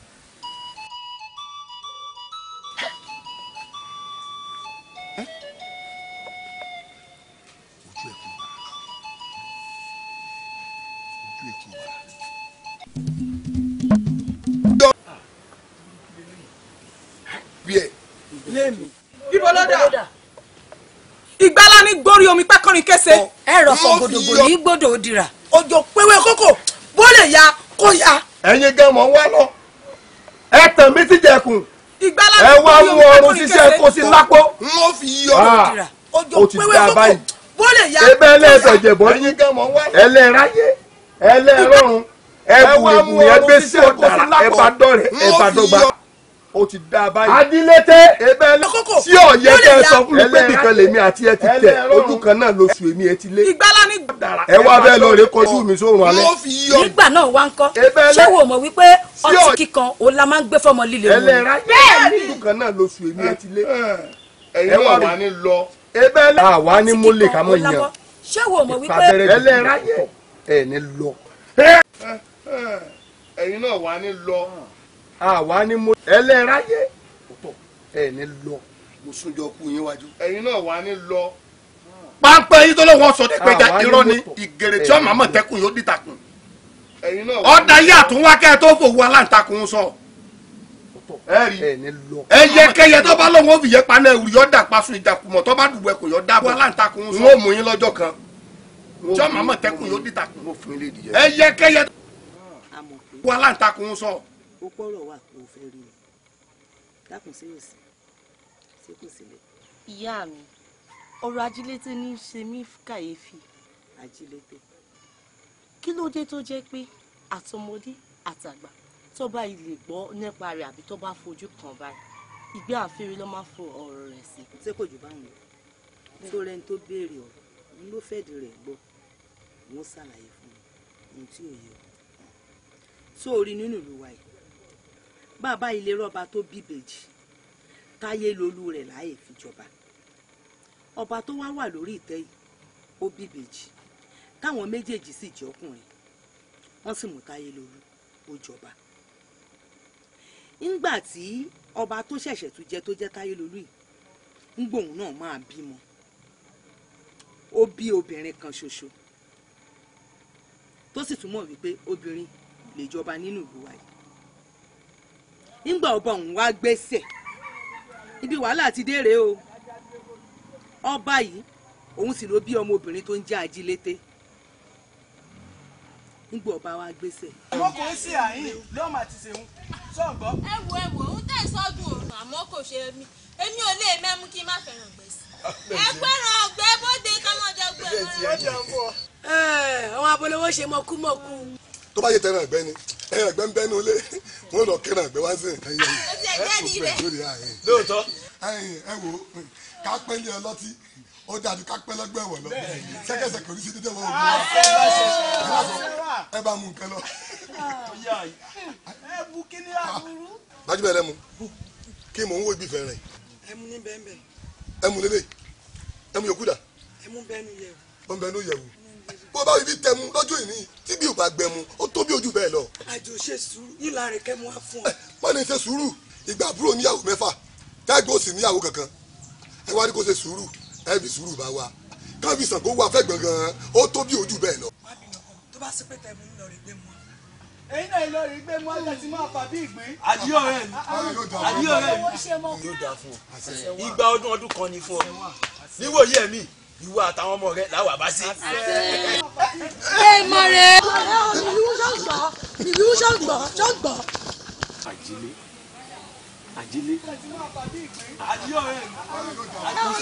bí ẹ. ibo ló dà ìgbàlá ní gbórí omi pẹ́kọ́rin kése. ẹ̀rọ kan gbòdògbò ní gbòdò òdìrà. òjò pẹ́wẹ́ kókò bó lè ya kó ya. ẹ̀yin gan mọ̀ ń wá lọ ẹ tàn mí sí jẹ̀kùn ẹ wá mú ọrùn ṣiṣẹ́ kó sí lápò. n ó fi yọ òdìrà òjò pẹ́wẹ́ kókò bó lè ya. ebe ẹlẹ́sẹ̀ jẹ̀bọ́ ẹ̀yin gan mọ̀ ń wá lọ. ẹlẹ́ráyé ẹlẹ́rọ̀rùn ẹ̀bùn ẹ̀bùn ẹgbẹ́sẹ̀ ó ti dá a báyìí. adilete. ebe ẹlẹ tí ọyẹ kẹ ẹ sọ fún mi pé nìkan lèmi àti ẹ ti tẹ ojú kan náà lóṣù èmi ẹ ti lé. ìgbàlá ni dara. ẹ wá bẹ́ẹ̀ lọ rẹ kọjú mi sórun alẹ́. nígbà náà wá ń kọ́ ṣé wo mọ̀ wípé ọtí kíkan òun la máa ń gbé fọmọ líle wọn. ẹlẹ́ra bẹ́ẹ̀ ni ojú kan náà lóṣù èmi ẹ ti lé. ẹ̀yin náà wà ní lọ. ebe ẹlẹ́ àwa ni mo lè ká mọ̀ yàn. ṣé wo mọ̀ wípé ẹlẹ́ra yẹ ẹ̀ ní lọ. ẹ̀yin náà wà ní lọ àwa ni mo ẹlẹ́ráyé ẹ̀ ní lọ mo súnjọ kú yín wájú. ẹ̀yin náà wà ní lọ. pápẹ́ yìí tó ló wọ́n sọ de péjà irọ́ ni ìgèrè tí ọmọ àmọ̀ tẹ́kùn yóò dìtàkùn. ọ̀dà yìí àtúnwákẹ́ tó fòwú aláǹtakùn sọ. ẹyẹ kẹyẹ tó bá lọ́wọ́ fìyẹ́ paná ẹ̀wù yọ dà paṣọ ìjàkùmọ̀ tó bá dùbọ̀ ẹ̀kọ́ yọ dà bọ̀ aláǹtakùn sọ. n ó mú yín lọ́jọ́ kan tí ọmọ àmọ̀ tẹ́kùn yóò dìtàkùn. ẹyẹ kẹyẹ tó bá lọ́wọ́ fìyẹ́ paná ẹ̀wù yọ dà paṣọ ìjàkùmọ̀ tó bá dùbọ̀ ẹ̀kọ́ yọ dà bọ̀ aláǹtakùn sọ ó pọ̀rọ̀ wà kó o fẹ́ rí mi dákun sí òsì sí kù sílẹ̀. ìyá mi ọ̀rọ̀ ajílété ní í ṣe mí kàyéfì. ajílété. kí ló dé tó jẹ́ pé àtọmọdé àtàgbà tó bá ilé gbọ́ nípa rẹ̀ àbí tó bá fojú kan báyìí ìgbé àfẹ́rẹ́ ló máa fọ ọ̀rọ̀ rẹ̀ sí. ṣé kò jù báwọn lọ tó rẹni tó béèrè ọ̀rọ̀ n ló fẹ́ẹ̀dì rẹ̀ gbọ́ wọn ṣàlàyé fún mi ohun tí ò yẹ o tó o rí nínú ìlú wa yìí bàbá ilé rọba tó bíbejì táyé lolú rẹ̀ láàyè fìjọba ọba tó wá wà lórí ìtẹ́ yìí ó bíbejì táwọn méjèèjì sì jẹ́ ọkùnrin wọ́n sì mú táyé lolú ó jọba ńgbà tí ọba tó ṣẹ̀ṣẹ̀ tún jẹ tó jẹ́ táyé lolú yìí ń gbòun náà máa bímọ ó bí obìnrin kan ṣoṣo tó sì túmọ̀ wípé obìnrin lè jọba nínú ìlú wa ńgbà ọba òun wá gbèsè ibi wàhálà ti dé rèé o ọba yìí òun sì ló bí ọmọbìnrin tó ń jẹ́ ajílété nígbà ọba wa gbèsè. àmọ́ kò ń àyìn lọ́ọ́ màá ti ṣeun sọ̀gbọ́. ẹ wo ẹ wo òun tẹ̀ sọ́dún òòrùn àmọ́ kò ṣe mí èmi ò lè mẹ́mú kí n má fẹ́ràn gbèsè. ẹ gbẹ́ràn ọ̀gbẹ́ bóde kámọ́jọ gbẹ́ràn. ẹ àwọn abolówó ṣe mọ̀kúmọ̀kú tó bá yẹ tẹ̀ràn ẹ̀gbẹ́ ni ẹ̀ràn ẹ̀gbẹ́ ń bẹ́ nu ilé wọn lọ kẹràn ẹ̀gbẹ́ wá sí ẹ̀yìn ẹ̀ wò kápẹ́ ilé ọlọ́tí ó dájú kápẹ́ lọ́gbẹ́ ẹ̀wọ̀ lọ sẹ́kẹ̀sẹ̀kẹ̀ orí sí dídé wọn ògùn wa ẹ bá mú nǹkan lọ. ẹ bu kíní àbúrú. bájúbẹ̀ rẹ mu kí mò ń wo ibi fẹ̀rẹ̀. ẹ mu ní bẹ́ẹ̀ bẹ́ẹ̀. ẹ mu lélẹ̀ ẹ mu yòókù dà. ẹ mu bẹ́ẹ̀ nu yẹ̀wò. ó ń bẹ́ẹ̀ nu yẹ̀wò bó bá ibi tẹmu lọ́jọ́ ìní tí bí ò bá gbẹmu ó tó bí ojú bẹ́ẹ̀ lọ. àjò ṣe sùúrù yìí láàrin kẹ́mu wá fún ọ. Eh, wọ́n ṣe sùúrù ìgbà àbúrò níyàwó mẹ́fà tẹ́gbẹ́ òsì níyàwó kankan ẹ wá ní kó ṣe sùúrù ẹ fi sùúrù bá wa káfí sàngó wà fẹ́ gbọ̀ngàn ó tó bí ojú bẹ́ẹ̀ lọ. tó bá sí pé tẹmu ń lọ rè gbé mu èyí náà lọ rí gbé mọ́lẹ̀ tí máa fà bí ìgbín. àdí ọ̀rẹ́ mi ah, ah. àdí ọ̀rẹ́ mi ìgbà ọdún ọdún kan ni fún ọ níwòye mi ìwọ àtàwọn ọmọ rẹ làwọn àbá sí ẹ mọ rẹ. ìlú ṣọ́gbọ̀ ìlú ṣọ́gbọ̀ ṣọ́gbọ̀. àjílé àjílé àjílé ọ̀rẹ́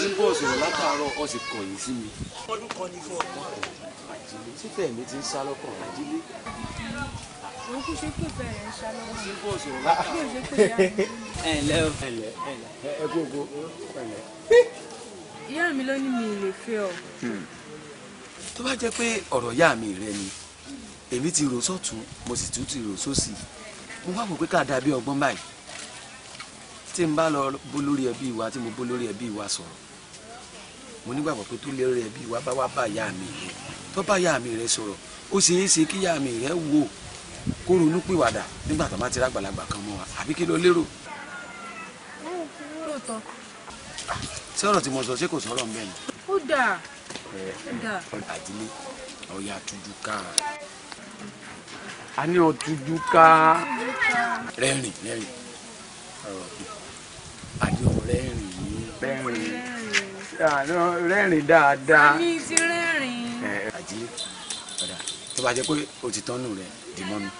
mi ti ń bọ̀ sọ̀rọ̀ látàárọ̀ ọ sì kọ̀yìn sí mi. ọdún kan ní fún ọdún. àjílé títẹ̀ mi ti ń sá lọ́kàn àjílé. òun kò ṣe pé bẹ́ẹ̀ ń sá lọ́kàn. ti ń bọ̀ sọ̀rọ̀ látàárọ̀. ẹ ǹlẹ́ o ẹ ǹlẹ́ ẹ ẹ gbogbo ẹ ǹlẹ́. ìyá mi ló ní mi ì lè fẹ́ ọ tó bá jẹ́ pé ọ̀rọ̀ ìyá mi rẹ ni èmi ti rò sọ́tún mo sì tún ti rò sósì mo wá wò pé ká dàbí ọgbọ́n báyìí tí n bá lọ bó lórí ẹbí wa tí mo bó lórí ẹbí wa sọ̀rọ̀ mo nígbàgbọ́ pé tó lórí ẹbí wa bá wá bá ìyá mi rẹ tó bá ìyá mi rẹ sọ̀rọ̀ ó ṣe ṣe kí ìyá mi rẹ wò kó ronú pìwàdà nígbà tó bá ti rágbàlagbà kan mọ́ wa àbí kí ló lérò. ṣé tí mo sọ ṣé kò sọ̀rọ̀ mbẹ́ ni. ó dáa àdílé ọ̀yà tujuka a ní ọ̀tujuka rẹ́rìn rẹ́rìn àjọ rẹ́rìn yìí rẹ́rìn rẹ́rìn dáadáa àdílé padà tó bá jẹ́ pé o ti tán nù rẹ̀ dì mọ́ mi.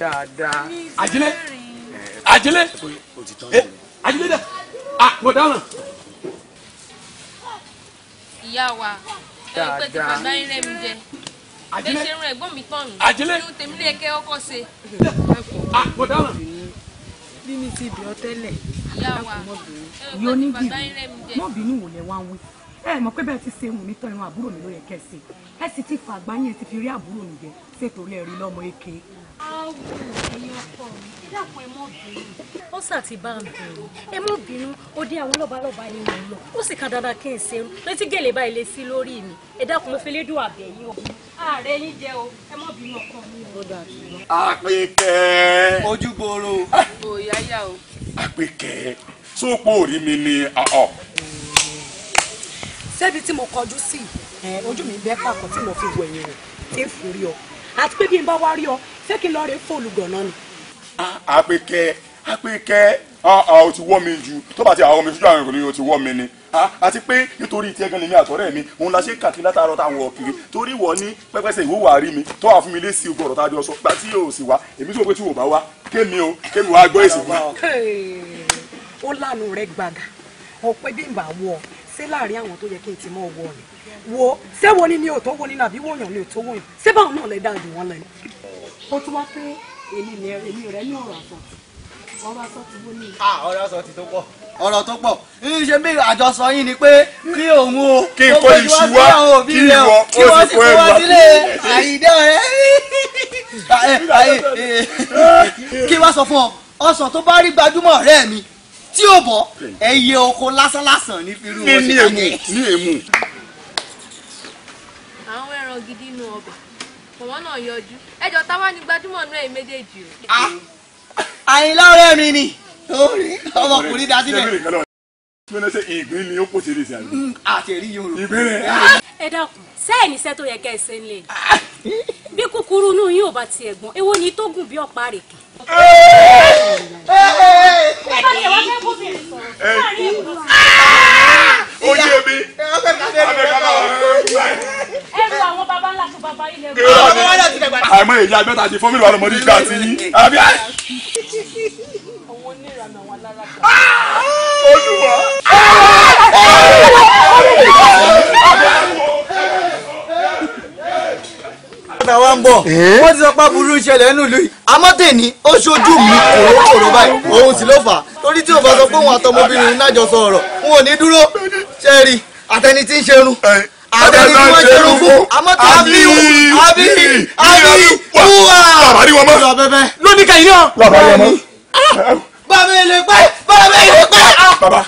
dáadáa àjílé àjílé àjílé dá ah mo dáná. ìyá wa ẹ pé tí bàbá yín rẹ̀ mi jẹ bẹ́ẹ̀ ṣe rún ẹ̀gbọ́n mi tán mi inú tèmi lè kẹ́ ọkọ ṣe. ah mo dáná. bí mi ti bì ọ tẹ́lẹ̀ yóò ní bí mọ́ bínú wò lẹ́ wá wí ẹ mọ̀ pé bẹ́ẹ̀ ti ṣe wù mí tán ìran àbúrò mi ló yẹ kẹ́ ṣe ẹ sì ti fàgbá yín ẹ ti fi rí àbúrò mi jẹ ṣètò lẹ́ẹ̀rí lọ́mọ èké áwù ẹ̀yin ọkọ mi ẹ dákun ẹ mọ́ bínú. ó sàti bá ń bẹ̀rù ẹ mọ́ bínú ó dé àwọn lọ́balọ́ba ni mò ń lọ ó sì kan dandan kí n ṣe létí gèlè báyìí lè sí lórí mi ẹ dákun mo fi lédùn àbẹ̀ yìí o. ààrẹ yín jẹ o ẹ mọ́ bínú ọkọ mi o. àpèkẹ́. ojúgboro. òòyà yá o. àpèkẹ́ sóòpò orí mi ni ọ̀. Ah, ah. ṣebí tí mo kọjú sí ojú mi bẹ́ẹ̀ pàkó tí mo fi wẹ̀yìn rẹ̀ tí èfúrí ọkọ àti pé bí n bá wá rí ọ ṣé kí n lọ rè fóònù ni. àpèkẹ́ àpèkẹ́ o ti wọ́ mi jù tó bá ti àwọn ọmọ ìṣújú àwọn ìròyìn o ti wọ́ mi ni àti pé nítorí tí ẹgan lèmi àtọ̀rẹ́ mi òun la ṣe kàkiri látàárọ̀ táwọn ọ̀kiri torí wọ́n ní pẹ́pẹ́sẹ̀ ìwúwà rí mi tó wà fún mi lé sí ogun ọ̀rọ̀ tájọ sọ gbà tí yóò sì wá èmi tó pé tí wò bá wá kémi o kémi wàá gbọ́ èsì fún mi. ó lànà rẹ gbàgà ọpẹ bí n bá wọ ọ ṣé láàrin àwọn tó yẹ kí n ti mọ owó ọ̀nà wo ṣé wo ni ni òótọ́ wo ni nàbí wo yàn ni òótọ́ wo yàn ṣé báwọn náà lè dá ìdùn wọn lẹ́nu. ó tún wá pé èmi ni èmi rẹ ní ọ̀rọ̀ àsọ ọ̀rọ̀ àsọ ti wó ní. ọ̀rọ̀ àsọ ti tó pọ̀. ọ̀rọ̀ tó pọ̀ ṣe bí àjọsọ yín ni pé kí òun o kí n kó iṣu wá kí ìwọ ó sì kó ẹrù wá. kí wá sọ fún ọ ọsàn tó bá rí gbajúmọ̀ ọ̀rẹ́ mi tí ò bọ̀ ẹyẹ oko lásán ní firu ọ̀sẹ̀ kàkẹ́. ní ní èmu ẹran gidi inú ọbẹ̀ mọ̀mọ́ náà yọjú ẹjọ́ táwa ni gbajúmọ̀ nú ẹ̀yìn méjèèjì o. àyìnlá ọ̀rẹ́ mi ni ọmọkùnrin dá síbẹ̀ mẹ́lẹ́ sẹ́ ìgbín ni ó pò sí ìrìnsì àná. àtẹ̀rí yóò rò. ìgbín rẹ̀. ẹ dákun sẹ́ẹ̀ ní sẹ́ tó yẹ kẹ́ ẹ sẹ́ ń lè. bí kúkúrú inú yín ò bá tiẹ̀ gbọ́n èwo ni tó gùn bí ọ̀pá rèké ó yé mi ẹrù àwọn baba ńlá tó baba ilẹ̀ rẹ̀. àìmọ èyí àgbẹ̀ta ti fọ́nmìlì wà lọ́mọdé gbà tí yín. àwọn onírànà wà lára kan. olúwa. ọ̀nà wa ń bọ̀ eh? wọ́n ti sọ pé burú ìṣẹ̀lẹ̀ nínú ìlú yìí. amọ́tẹ̀ni ó ṣojú mi kòrókòró báyìí òun sì ló fà á torí tí o sọ pé òun àtọmọbìnrin náà jọ sọ ọ̀rọ̀ wọn ò ní dúró ṣe rí àtẹni tí ń ṣerun eh, àtẹni tí wọ́n ṣerun fún amọ́tẹ̀ni àbí àbí wúwa lọ lónìí kàyí náà. bàbá ilé pẹ́ ah, bàbá ilé pẹ́.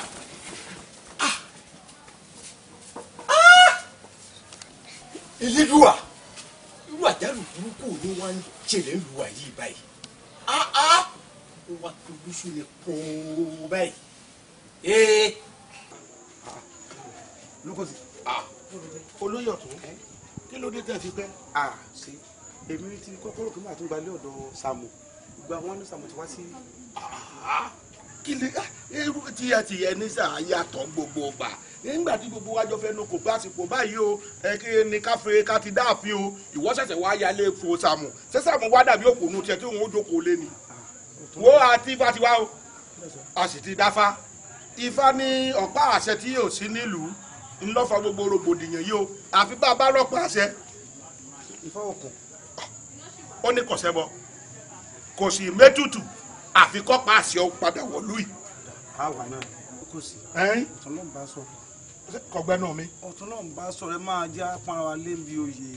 Ìlídùúwà irú àjálù burúkú ni wọ́n ń ṣẹlẹ̀ lu àyè báyìí áá ó wá tolúṣu ni pọ́ọ́ báyìí ee. lukosi olóyè ọ̀tún kí ló dé tẹ̀ fi pẹ́. èmi ti kọ́kọ́rọ́ kí n bá tún gbalẹ̀ ọ̀dọ̀ Sàámú gba wọn ní Sàámú ti wá sí kí ni ah, irú tí ẹ ti yẹ ní sáà yàtọ̀ gbogbo gbà nígbà tí gbogbo wájọ fẹ́ nu kò bá àsìkò báyìí o ẹ kí ni ká fi ká ti dáàfin o ìwọ ṣẹ̀ṣẹ̀ wá yálé fo sàmù sẹ́sàmù wá dàbí òpònú tiẹ̀ tí òun ó jókòó lé ni wo àti ifá ti wá o a sì ti dáfá ifá ní ọ̀pá àṣẹ tí yóò sí nílùú ńlọ́fà gbogbo rògbòdìyàn yìí o àfi bá a bá rọ́pò àṣẹ. ìfọwọ́kùn. ó ní kò sẹ́bọ kò sì métùtù àfi kọ́ paasi ọ padà wọ̀lú yìí. àwa náà kò sí. ọ̀tún náà ń bá sọ̀rọ̀. kọgbẹ́ náà mi. ọ̀tún náà ń bá sọ̀rọ̀ ẹ máa já panra lébi oyè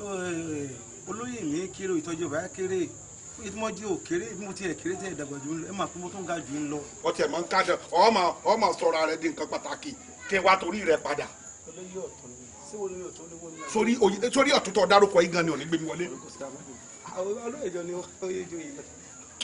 eh, olóyè mi kéré ìtọ́jú ọ̀bá kéré ìtumọ̀jì ò kéré mo tiẹ̀ kéré tẹ̀ dàgbà jù ẹ máa fún mo tó ń ga jù ń lọ. ó tiẹ̀ máa ń kájọ ọmọ ọmọ sọ̀rọ̀ rẹ di nǹkan pàtàkì kí wàá torí rẹ padà. olóyè ọ̀tún sí olóyè ọ̀tún ni wọ́n ní. sórí ọ̀tún tó dárúkọ yìí gan ni ò ní gbé mi wọlé. olóyè jọ ni oyè jọ yìí lọ.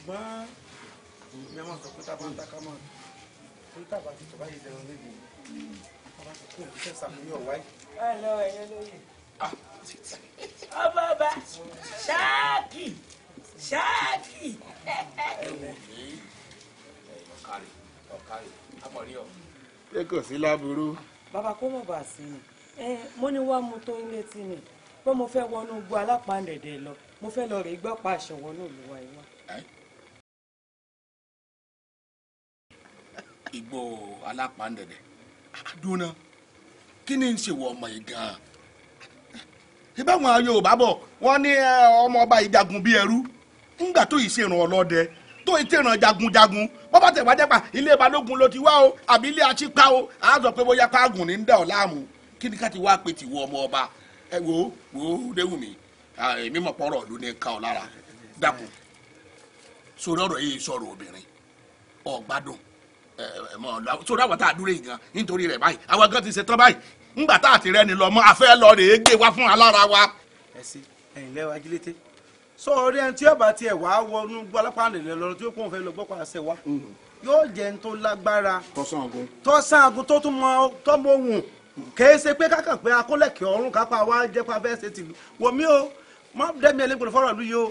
ṣùgbọ́n ìyá máa sọ pé tá a bá ń taká mọ́ torí tá a bá ti tọ́ báyìí dẹrùn lébi a bá ti kó òkú tẹ̀sà mi yọ̀ wáyé. ẹ lọ ẹyẹ lóye. ọba ọba ṣáàkì ṣáàkì. ọ̀kàrì ọ̀kàrì àpọ̀rí ọ̀. ṣé kò sí láburú. bàbá kó mọ̀ bá sí i mo ní wàá mu tó ilé tí mi pé mo fẹ́ wọnú igbó alápàǹdẹ̀dẹ̀ lọ mo fẹ́ lọ rè é gbọ́ pa àṣẹ wọnú ìlú wa yìí wá. igbó alápàndẹ̀dẹ̀ àdúná kí ni ń ṣe wọ ọmọ yìí gan-an ibà wọn Yorùbá ọmọọba wọ́n ní ọmọ ọba ìjagun ise ẹrú ńgbà tó to ṣèrànwọ́ lọ́dẹ jagunjagun bọ́bá tẹ̀wá jẹ́pà ilé balógun ló ti o àbí o àá sọ pé bóyá páàgùn ní ń dà ọ́ ni ti wá ẹ mọ sórí àwọn tá a dúró yìí gan nítorí rẹ báyìí àwọn gan ti ṣe tán báyìí ńgbà tá a ti rẹ́ni lọ mọ́ àfẹ́ lọ rèé gbé wá fún alára wa. ẹ sí ẹ̀yin lẹwà ajílété sọ orí ẹni tí ọba tiẹ̀ wàá wọnú gbọ alápáàlẹ lọ tí ó kún fẹ́ lọ gbọ pàṣẹ wa yóò jẹ n tó lágbára tọ́sán agun tó tún mọ tọ́mọ ohun kèé ṣe pé kákan pé akólẹ̀kẹ̀ ọ̀run kápá wa jẹ́ pa fẹ́ ṣe tìlú wọ̀mí o mọ́ dẹ́mi ẹlẹ́gbẹ̀rún fọ́rọ̀ lóye o.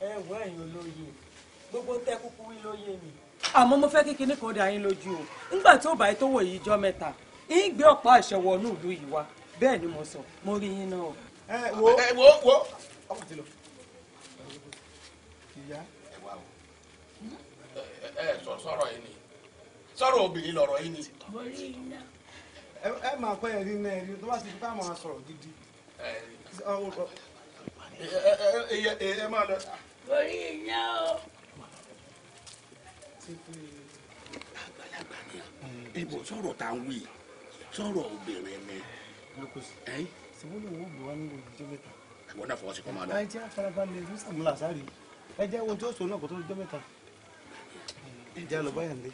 ẹ wọ ẹ̀yin olóye gbogbo tẹ kúkú wí lóye mi àmọ́ mo fẹ́ kí kinní kan dá yín lójú o nígbà tí ó bá yín tó jọ mẹ́ta yín gbé ọ̀pá àṣẹ wọnú ìlú yìí wá bẹ́ẹ̀ ni mo sọ mo rí yín ẹ wo ẹ wo wo sọ̀rọ̀ obìnrin lọ̀rọ̀ yìí ni. sọ̀rọ̀ tá ń wí sọ̀rọ̀ obìnrin ni. sèwọ́n ló wọ́n bí wá nínú ìjọ mẹ́ta. àwọn náà fọwọ́ sí kọ́ máa lọ. ẹ jẹ́ àfarabalẹ̀ ní sàmúlà sáré ẹ jẹ́ ohun tí ó sọ náà kó tó ìjọ mẹ́ta. ẹ jẹ́ àlọ́ báyà ń dé.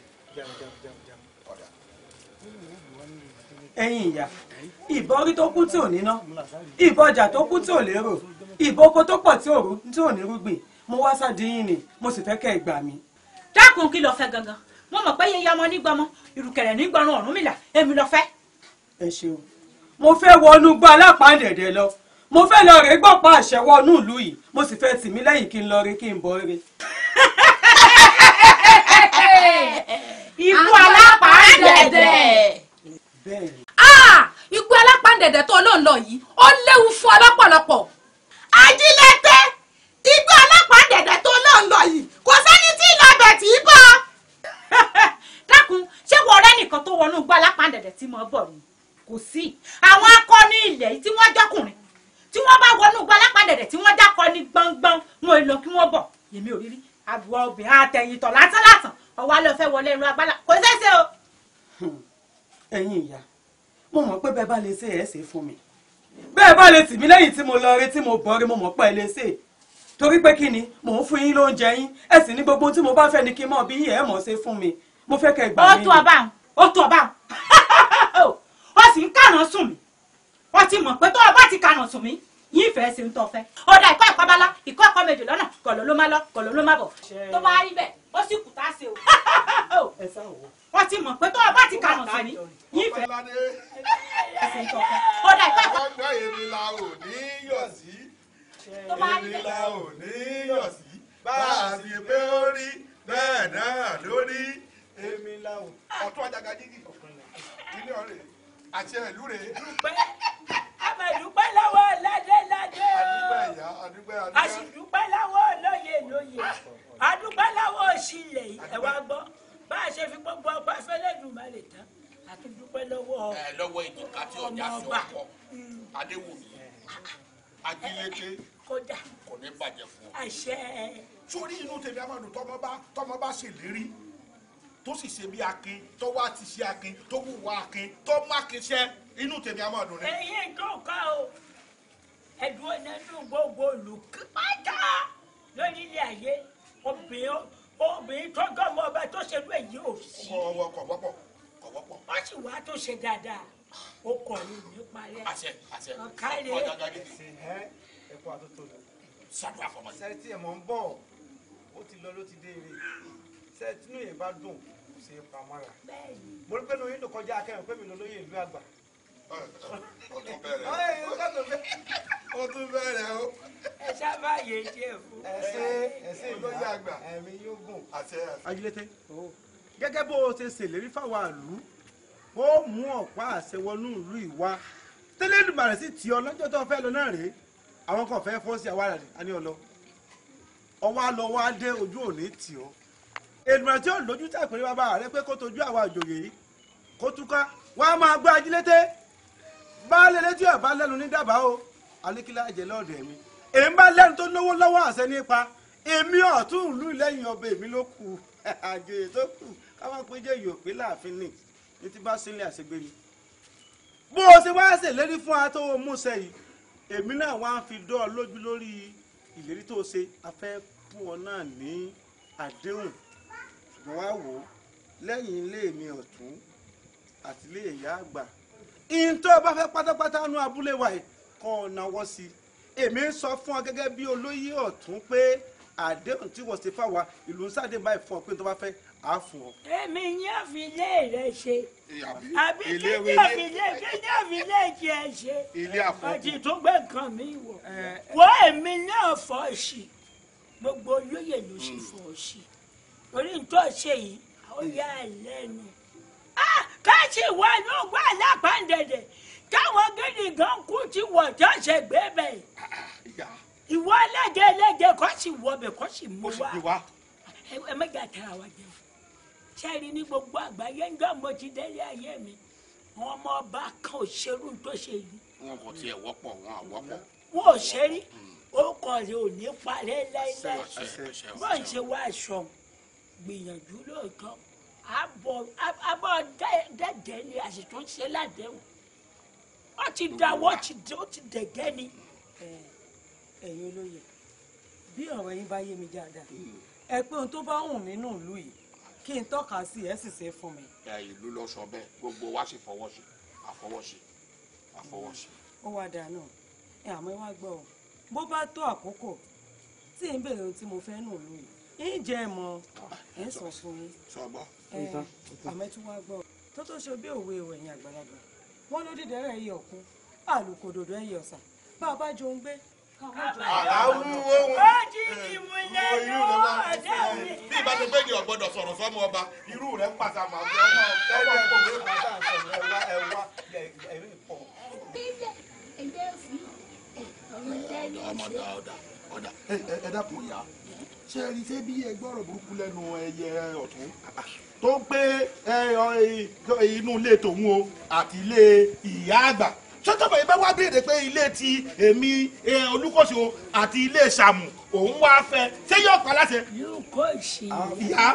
ẹ̀yin ìyá ìbọn orí tó kú tí ò níná ìbọn ọjà tó kú tí ò lérò ìbọn oko tó pọ̀ tí ò nírúgbìn mo wá sáà dín yín ni mo sì fẹ́ kẹ́ ẹ gbà mí dákun kí ló fẹ́ gangan mo mọ̀ pé yeye ọmọ nígbọmọ ìrùkẹ̀rẹ̀ nígbọràn Ọ̀rúnmìlà èmi ló fẹ́. ẹ ṣeun mo fẹ́ wọnú gbọ́ alápàdẹ̀dẹ̀ lọ mo fẹ́ lọ rè gbọ́pọ̀ àṣẹ wọnú ìlú yìí mo sì fẹ́ tì mí lẹ́yìn kí n lọ rè kí n bọ́ rè. ikú alápàdẹ̀dẹ̀. ikú ah! alápàdẹ̀dẹ̀ tó ló ń lọ yìí ó léwu fún ọ lọ́pọ̀lọpọ̀. ajílẹ̀ tẹ́ ikú alápàdẹ̀dẹ̀ tó ló ń lọ yìí kò sẹ́ni tí ìlọbẹ̀ tí í bọ́. dákun ṣé wọ́n rẹ́ nìkan tó wọnú gbọ́ alápàdẹ̀dẹ̀ tí mo bọ̀ ni kò sí àwọn akọni ilẹ̀ tí wọ́n jọ́kùnrin tí wọ́n bá wọnú gbọ́ alápàdẹ̀dẹ̀ tí wọ́n dákọ ní gbọ̀ngbọ̀n wọn èlò kí wọ́n bọ̀ yèmí òrírí àbúrò obìnrin àtẹ̀yìntọ̀ lásán lásán ọwọ́ alẹ́ fẹ́ wọlé irun agbálá kò sẹ́sẹ́ o. Hmm. ẹ̀yin ìyá mo mọ̀ pé bẹ́ẹ̀ bá lè ṣe ẹ̀ ṣe fún mi bẹ́ẹ̀ bá lè tì mí lẹ́yìn tí mo lọ rí tí mo bọ̀ rí mo mọ̀ pé ẹ lè ṣe torí pé kí ni mò ń fún yín lóúnjẹ yín ẹ sì ní gbogbo tí mo bá fẹ́ ni kí n mọ̀ bí ẹ mọ̀ ṣe fún mi mo fẹ́ kẹ́ gbà mí. ó tó ọba ó tó ọba ó sì ń kànáà sùn mí wọ́n ti mọ̀ pé tó ọba ti kànáà sùn mí yín fẹ́ ṣe ń tọ́ fẹ́ ó dá ìkọ́ ẹ̀kọ́ bá lá ìkọ́ ẹ̀kọ́ méjì lọ́nà kọ̀lọ́ ló má lọ kọ̀lọ́ ló má bọ̀ tó bá rí bẹ́ẹ̀ ó sì kù tá a ṣe o wọ́n ti mọ̀ pé tó ọba ti kànáà sùn mí yín fẹ́ ṣe ń tọ́ fẹ́ ó dá ìkọ́ ẹ̀kọ́. ọgbẹ́ èmi la ò ní yọ̀ sí tó bá rí bẹ́ẹ̀. èmi la ò ní yọ̀ sí bá a sì pé ó rí bẹ́ẹ̀ náà lórí èmi la ò. ọ̀tún àjàgà jíjì ilé ọ̀rẹ́ àti ẹ̀lú rèé. dúpẹ́ àmọ̀dúpẹ́ lọ́wọ́ ládé ládé o. àdúpẹ́ ìyá àdúpẹ́ àdúpẹ́. àṣìdúpẹ́ lọ́wọ́ lóye lóye àdúpẹ́ lọ́wọ́ òṣìlẹ̀ yìí ẹ̀ wá gbọ́ bá lọ́wọ́ ọmọ tí ọjà fi ọkọ adéwòmí. Mm ajíléké kódà kò ní bàjẹ́ fún ọ. àṣẹ. sórí inú tèmi a máa dùn tọmọ bá tọmọ bá ṣèlérí tó sì ṣe bí akin tó wá ti ṣe akin tó wùwà akin tó má kíṣẹ́ inú tèmi a máa dùn ni. ẹyin tó kọ o ẹdùn ọ̀nà inú gbogbo olùkípàtà lórílẹ̀ ayé obìnrin obìnrin tó gọ́mọ ọba tó ṣe lú èyí ò sí. ọwọ́ kọ̀ wọ́pọ̀ kọ̀ wọ́pọ̀. wọ́n sì wá tó ṣe dáadáa ó kọ̀ ní ìlú parí ẹ̀. àṣẹ àṣẹ ọkàlẹ ẹ ẹkọ àtúntò lọ. sàdúrà fọmọ ni. sẹ́ẹ̀tì ẹ̀ mọ̀ ń bọ̀ ó ti lọ ló ti dé eré sẹ́ẹ̀tì inú yẹn bá dùn kò ṣe é pamọ́ ra. mo rí pé lóyún ló kọjá akẹ́rùn pé mi ló lóyún ìlú àgbà. ó tún bẹ̀rẹ̀ ó tún bẹ̀rẹ̀ ó. ẹ sábà yé jẹ́ fún. ẹsẹ ẹsẹ ìlú àgbà ẹ̀mí yóò gùn. àṣẹ àṣẹ. ajílẹ̀ tẹ́ gẹ́gẹ́ bó o ṣe ṣèlérí fáwọn àlù ó mú ọ̀pá àṣẹ wọnú ìlú ìwá tẹ́lẹ̀ ìdùbàrẹ̀ sí tí ọlọ́jọ́ tó fẹ́ lọ náà rèé àwọn kan fẹ́ fọ́ sí àwa rẹ̀ á ní ọlọ ọwọ́ á lọ wá dé ojú òní tì ọ́ èdùbàrẹ̀ tí ó lójú tà pé bàbá rẹ pé kó tojú àwa àjòyè yìí kó túká wá máa gbá ajílété baálé létí ẹ̀ bá lẹ́nu ní dábàá o alékílá ẹ̀jẹ̀ lọ́ọ̀dẹ̀ mi èyí ń bá lẹ́nu tó lówó lọ́wọ́ àṣẹ nípa èmi ọ̀tún ìlú ìlẹ́yìn ọbẹ̀ mi ló kù àjòyè tó kù káwọn péjọ yòókè láàfin nìyí ní ti bá sílẹ̀ àṣegbè mi bó o ṣe wá ṣèlérí fún wa tó o mú ṣe yìí èmi náà wá ń fi dọ́ ọ lójú lórí ìlérí tó o ṣe afẹ́ fún ọ náà ní àdéhùn ṣùgbọ́n wá wò ó lẹ́yìn ilé mi ọ̀tún àti ilé ìyá àgbà ihun tó o bá fẹ́ pátápátá nú abúlé wa yìí kọ́ ọ náwọ́ sí i èmi ń sọ fún ọ gẹ́gẹ́ bí olóyè ọ̀tún pé àdéhùn tí wọ́n ṣe fáwa ìlú ń sáde báyìí fún ọ pé tó bá fẹ́ á fún ọ. èmi yóò fi ilé rẹ ṣe eh, àbí kéèyàn fi ilé kéèyàn fi ilé jẹ ṣe àti tó gbé nǹkan mi wọ eh, eh. wọ èmi náà fọ sí gbogbo olóyè ló sì fọ sí torí n tó ṣe yìí ó yà á lẹ́nu káṣí wa ló wà lápàndẹ̀dẹ̀ táwọn gidi gan kú ti wọ̀ tó ṣe gbé bẹ́ẹ̀ ìwọ ẹlẹ́jẹ̀ kọ́ sì wọ bẹ̀ kọ́ sì mú wa ẹ mẹ́jà tara wa jẹun ṣẹ́ẹ̀rí ní gbogbo àgbáyé ńgbà mo ti délé ayé mi wọn ọmọ ọba kan ò ṣerú tó ṣe yìí. wọn kò tiẹ̀ wọ́pọ̀ wọn àwọ́pọ̀. wọn ò ṣe rí ó kàn lè ò ní parẹ́ láíláí bọ́n ṣe wá aṣọ gbìyànjú lóòótọ́ abọ́ dẹ́dẹ́ ni àṣetò ń ṣe ládẹ́wọ̀n ó ti dáwọ́ ó ti dẹ̀gẹ́ ni. ẹ̀yin olóye bí ọ̀rọ̀ yín bá yé mi dáadáa hmm. ẹ pé ohun tó bá wù mí nù yìí kí n tọ́ka sí ẹ sì ṣe fún mi. ìlú lọ sọ bẹ́ẹ̀ gbogbo wa sì fọwọ́ sí àfọwọ́ sí àfọwọ́ sí. ó wá dànù ẹ àmọ́ ẹ wá gbọ́ ọ bó bá tó àkókò tí ń bèrè ohun tí mo fẹ́ nù lóyún ń jẹ́ ẹ mọ ẹ sọ fún yín. sọgbọ́. àmọ́ ẹ tún wá gbọ́ ọ tó tó ṣe bí òwe ìwẹ̀yìn àgbàlagbà wọ́n ló dídẹ́rẹ́ ẹyẹ ọ̀kú àlùkò dòdò ẹyẹ ọ̀sà bá a bá jọ ń gbé àwọn ohun irú rẹ wá bí ìbá ṣe pé ọ̀gbọ́dọ̀ sọ̀rọ̀ sọ́mọ ọba irú rẹ ń pàṣẹ àmọ́ àti ọmọ ọmọ ọmọ ìwé bàtà sọ̀rọ̀ ẹwà ẹwà ẹrí pọ̀. ọmọdé ọ̀dà ọ̀dà ẹ dákun ìyá ṣe rí ṣé bí ẹgbọ́rọ̀ burúkú lẹ́nu ẹyẹ ọ̀tún tó ń pé inú ilé tòun o àti ilé ìyá àgbà sọ́tọ̀bọ̀ yìí bá wá béèrè pé ilé ti èmi olúkòso àti ilé ìsàmù òun wá fẹ́ ṣé yóò pa láṣẹ. yóò kọ́ ìṣe. ìyá.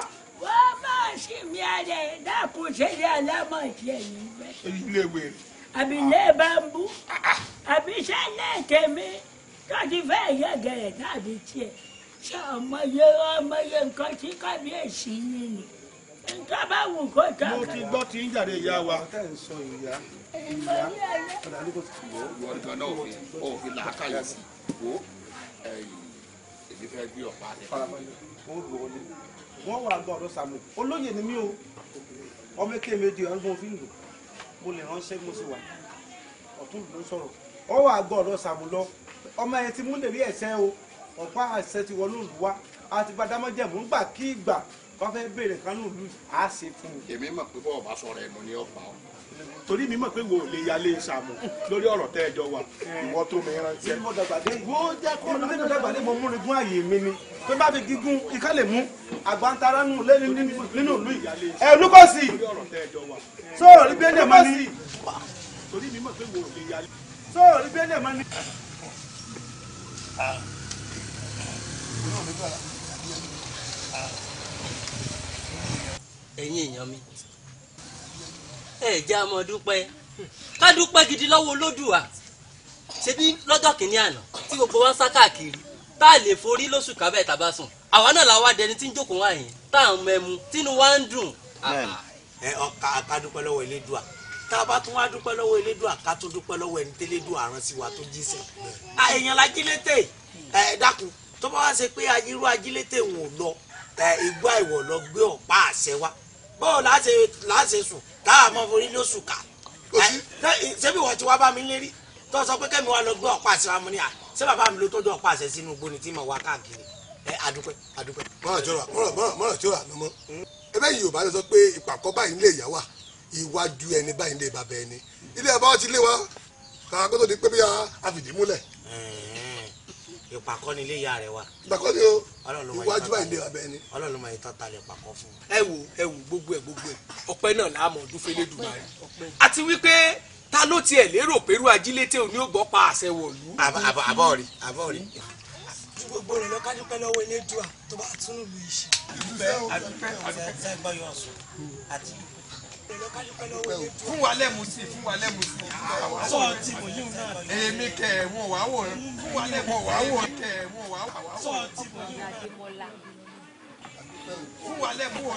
wọ́n máa ṣì mí àlẹ́ dákun ṣe ilé alámọ̀ ìṣẹ́ yìí bẹ́ẹ̀. ilé wèrè. àbí ilé ah. bambú ah, ah, àbí iṣẹ́ ilé tọ́jú fẹ́ yẹ gẹ̀rẹ̀ tàbí tiẹ̀ ṣé ọmọ yẹ nǹkan tí kábíyèsí yìí ni nǹkan bá wù kó ìka. mo ti gbọ́ ti ń jàre ìyá wa. wọ́n wà gbọ́ sàmù olóyè ni mí o ọmọ èké méjì ọ̀rọ̀ mo fi mo lè ránṣẹ́ mo sì wà ọ̀tún ló sọ̀rọ̀ ọ wà gbọ́ sàmù lọ ọmọ ẹ̀ ti mú lè rí ẹ̀sẹ̀ o ọ̀pá àṣẹ ti wọnú ìlú wa àti gbadamájẹ̀mú gbà kí ìgbà bá fẹ́ béèrè kánú ìlú á ṣe fún un. èmi mọ̀ pé bọ́ọ̀ bá sọ̀rọ̀ ẹ̀mọ ni ọ̀pá ọ. torí mi mọ̀ pé wo lè yálé Sàámú lórí ọ̀rọ̀ tẹ́ ẹjọ́ wa ìwọ tó mi rántí. ìmọ̀ dàgbàdé wo jẹ́ kó mi nínú dàgbàdé mo múni gún àyè mi ni pé bá fi gígùn ikán lè mú àgbàntara nù lé nínú ìlú ìyálé. ẹ lúkọ̀sì sọ̀rọ̀ rí bẹ́ẹ̀ mọ́ ni torí mi mọ̀ pé wo lè yálé sọ̀rọ̀ rí bẹ́ẹ̀ mọ́ ni. Ah. ẹ̀yin èèyàn mi ẹ jẹ́ àmọ́ dúpẹ́ ká dúpẹ́ gidi lọ́wọ́ olódùà ṣebí lọ́jọ́ kìíní àná tí gbogbo wa ń sá káàkiri tá a lè forí lóṣù kábẹ́ tàbá sùn àwa náà làwa dẹni tí ń jókòó wá yẹn tá à ń mẹmu tínú wa ń dùn. ẹ ọkà ká dúpẹ́ lọ́wọ́ elédùà tá a bá tún wá dúpẹ́ lọ́wọ́ elédùà ká tún dúpẹ́ lọ́wọ́ ẹni télédùà rán sí wa tó jíṣẹ́. èèyàn la jí létè ẹ dákun tó bá wá ṣe pé ayírú ajílétè wọn ò lọ igbá ìwọ̀ lọ gbé ọ̀pá àṣẹ wa bọ́ọ̀ láṣẹ láṣẹ sùn táà mọ́ forí ló sùn ká ṣebí wọ́n ti wá bá mi lérí tó sọ pé kẹ́mi wá lọ gbé ọ̀pá àṣẹ wa mo ní à ṣé bàbá mi ló tọ́jú ọ̀pá àṣẹ sínú igbó ni tí mo wá káàkiri ẹ àdúpẹ́ àdúpẹ́. mọ̀rọ̀ tí ó rà mọ̀rọ̀ tí ó rà lọ́mọ. Hmm? ẹbẹ́ yìí ò bá lọ sọ pé ìpàkọ́ báyìí ń lè yá wà ìwájú ẹni báyìí ń lè bàbá ẹni ilé ẹ̀ bá wọ́n ti lé wọn kàkó tó pé bí a fìdí múlẹ̀ ìpàkọ́ ni ilé ìyá rẹ wà. ìpàkọ́ ni o iwájú àìlè abẹ ni. ọlọ́run ló máa yẹ tọ́ta lè pàkọ́ fún un. ẹ wo ẹ wo gbogbo ẹ gbogbo ẹ ọpẹ́ náà láàmú ọdún fẹlẹ dùnmá rẹ àti wípé ta ló tiẹ̀ lérò pẹ̀lú ajílété òní ògbọ́ pa àṣẹ wọ̀lú. àbọ̀ rí àbọ̀ rí. gbogbo rẹ̀ lọ́ka dúpẹ́ lọ́wọ́ elédùà tó bá tún lù ú iṣẹ́. àdúpẹ́ àdúpẹ́ àdúpẹ́ fún wa lẹ́mu sí fún wa lẹ́mu sí. sọ ti mò yíw náà. èmi kẹ wọn wà wò fún wa lẹ́mu wà wò kẹ wọn wà wò. sọ ti mò yíw náà. fún wa lẹ́mu wò.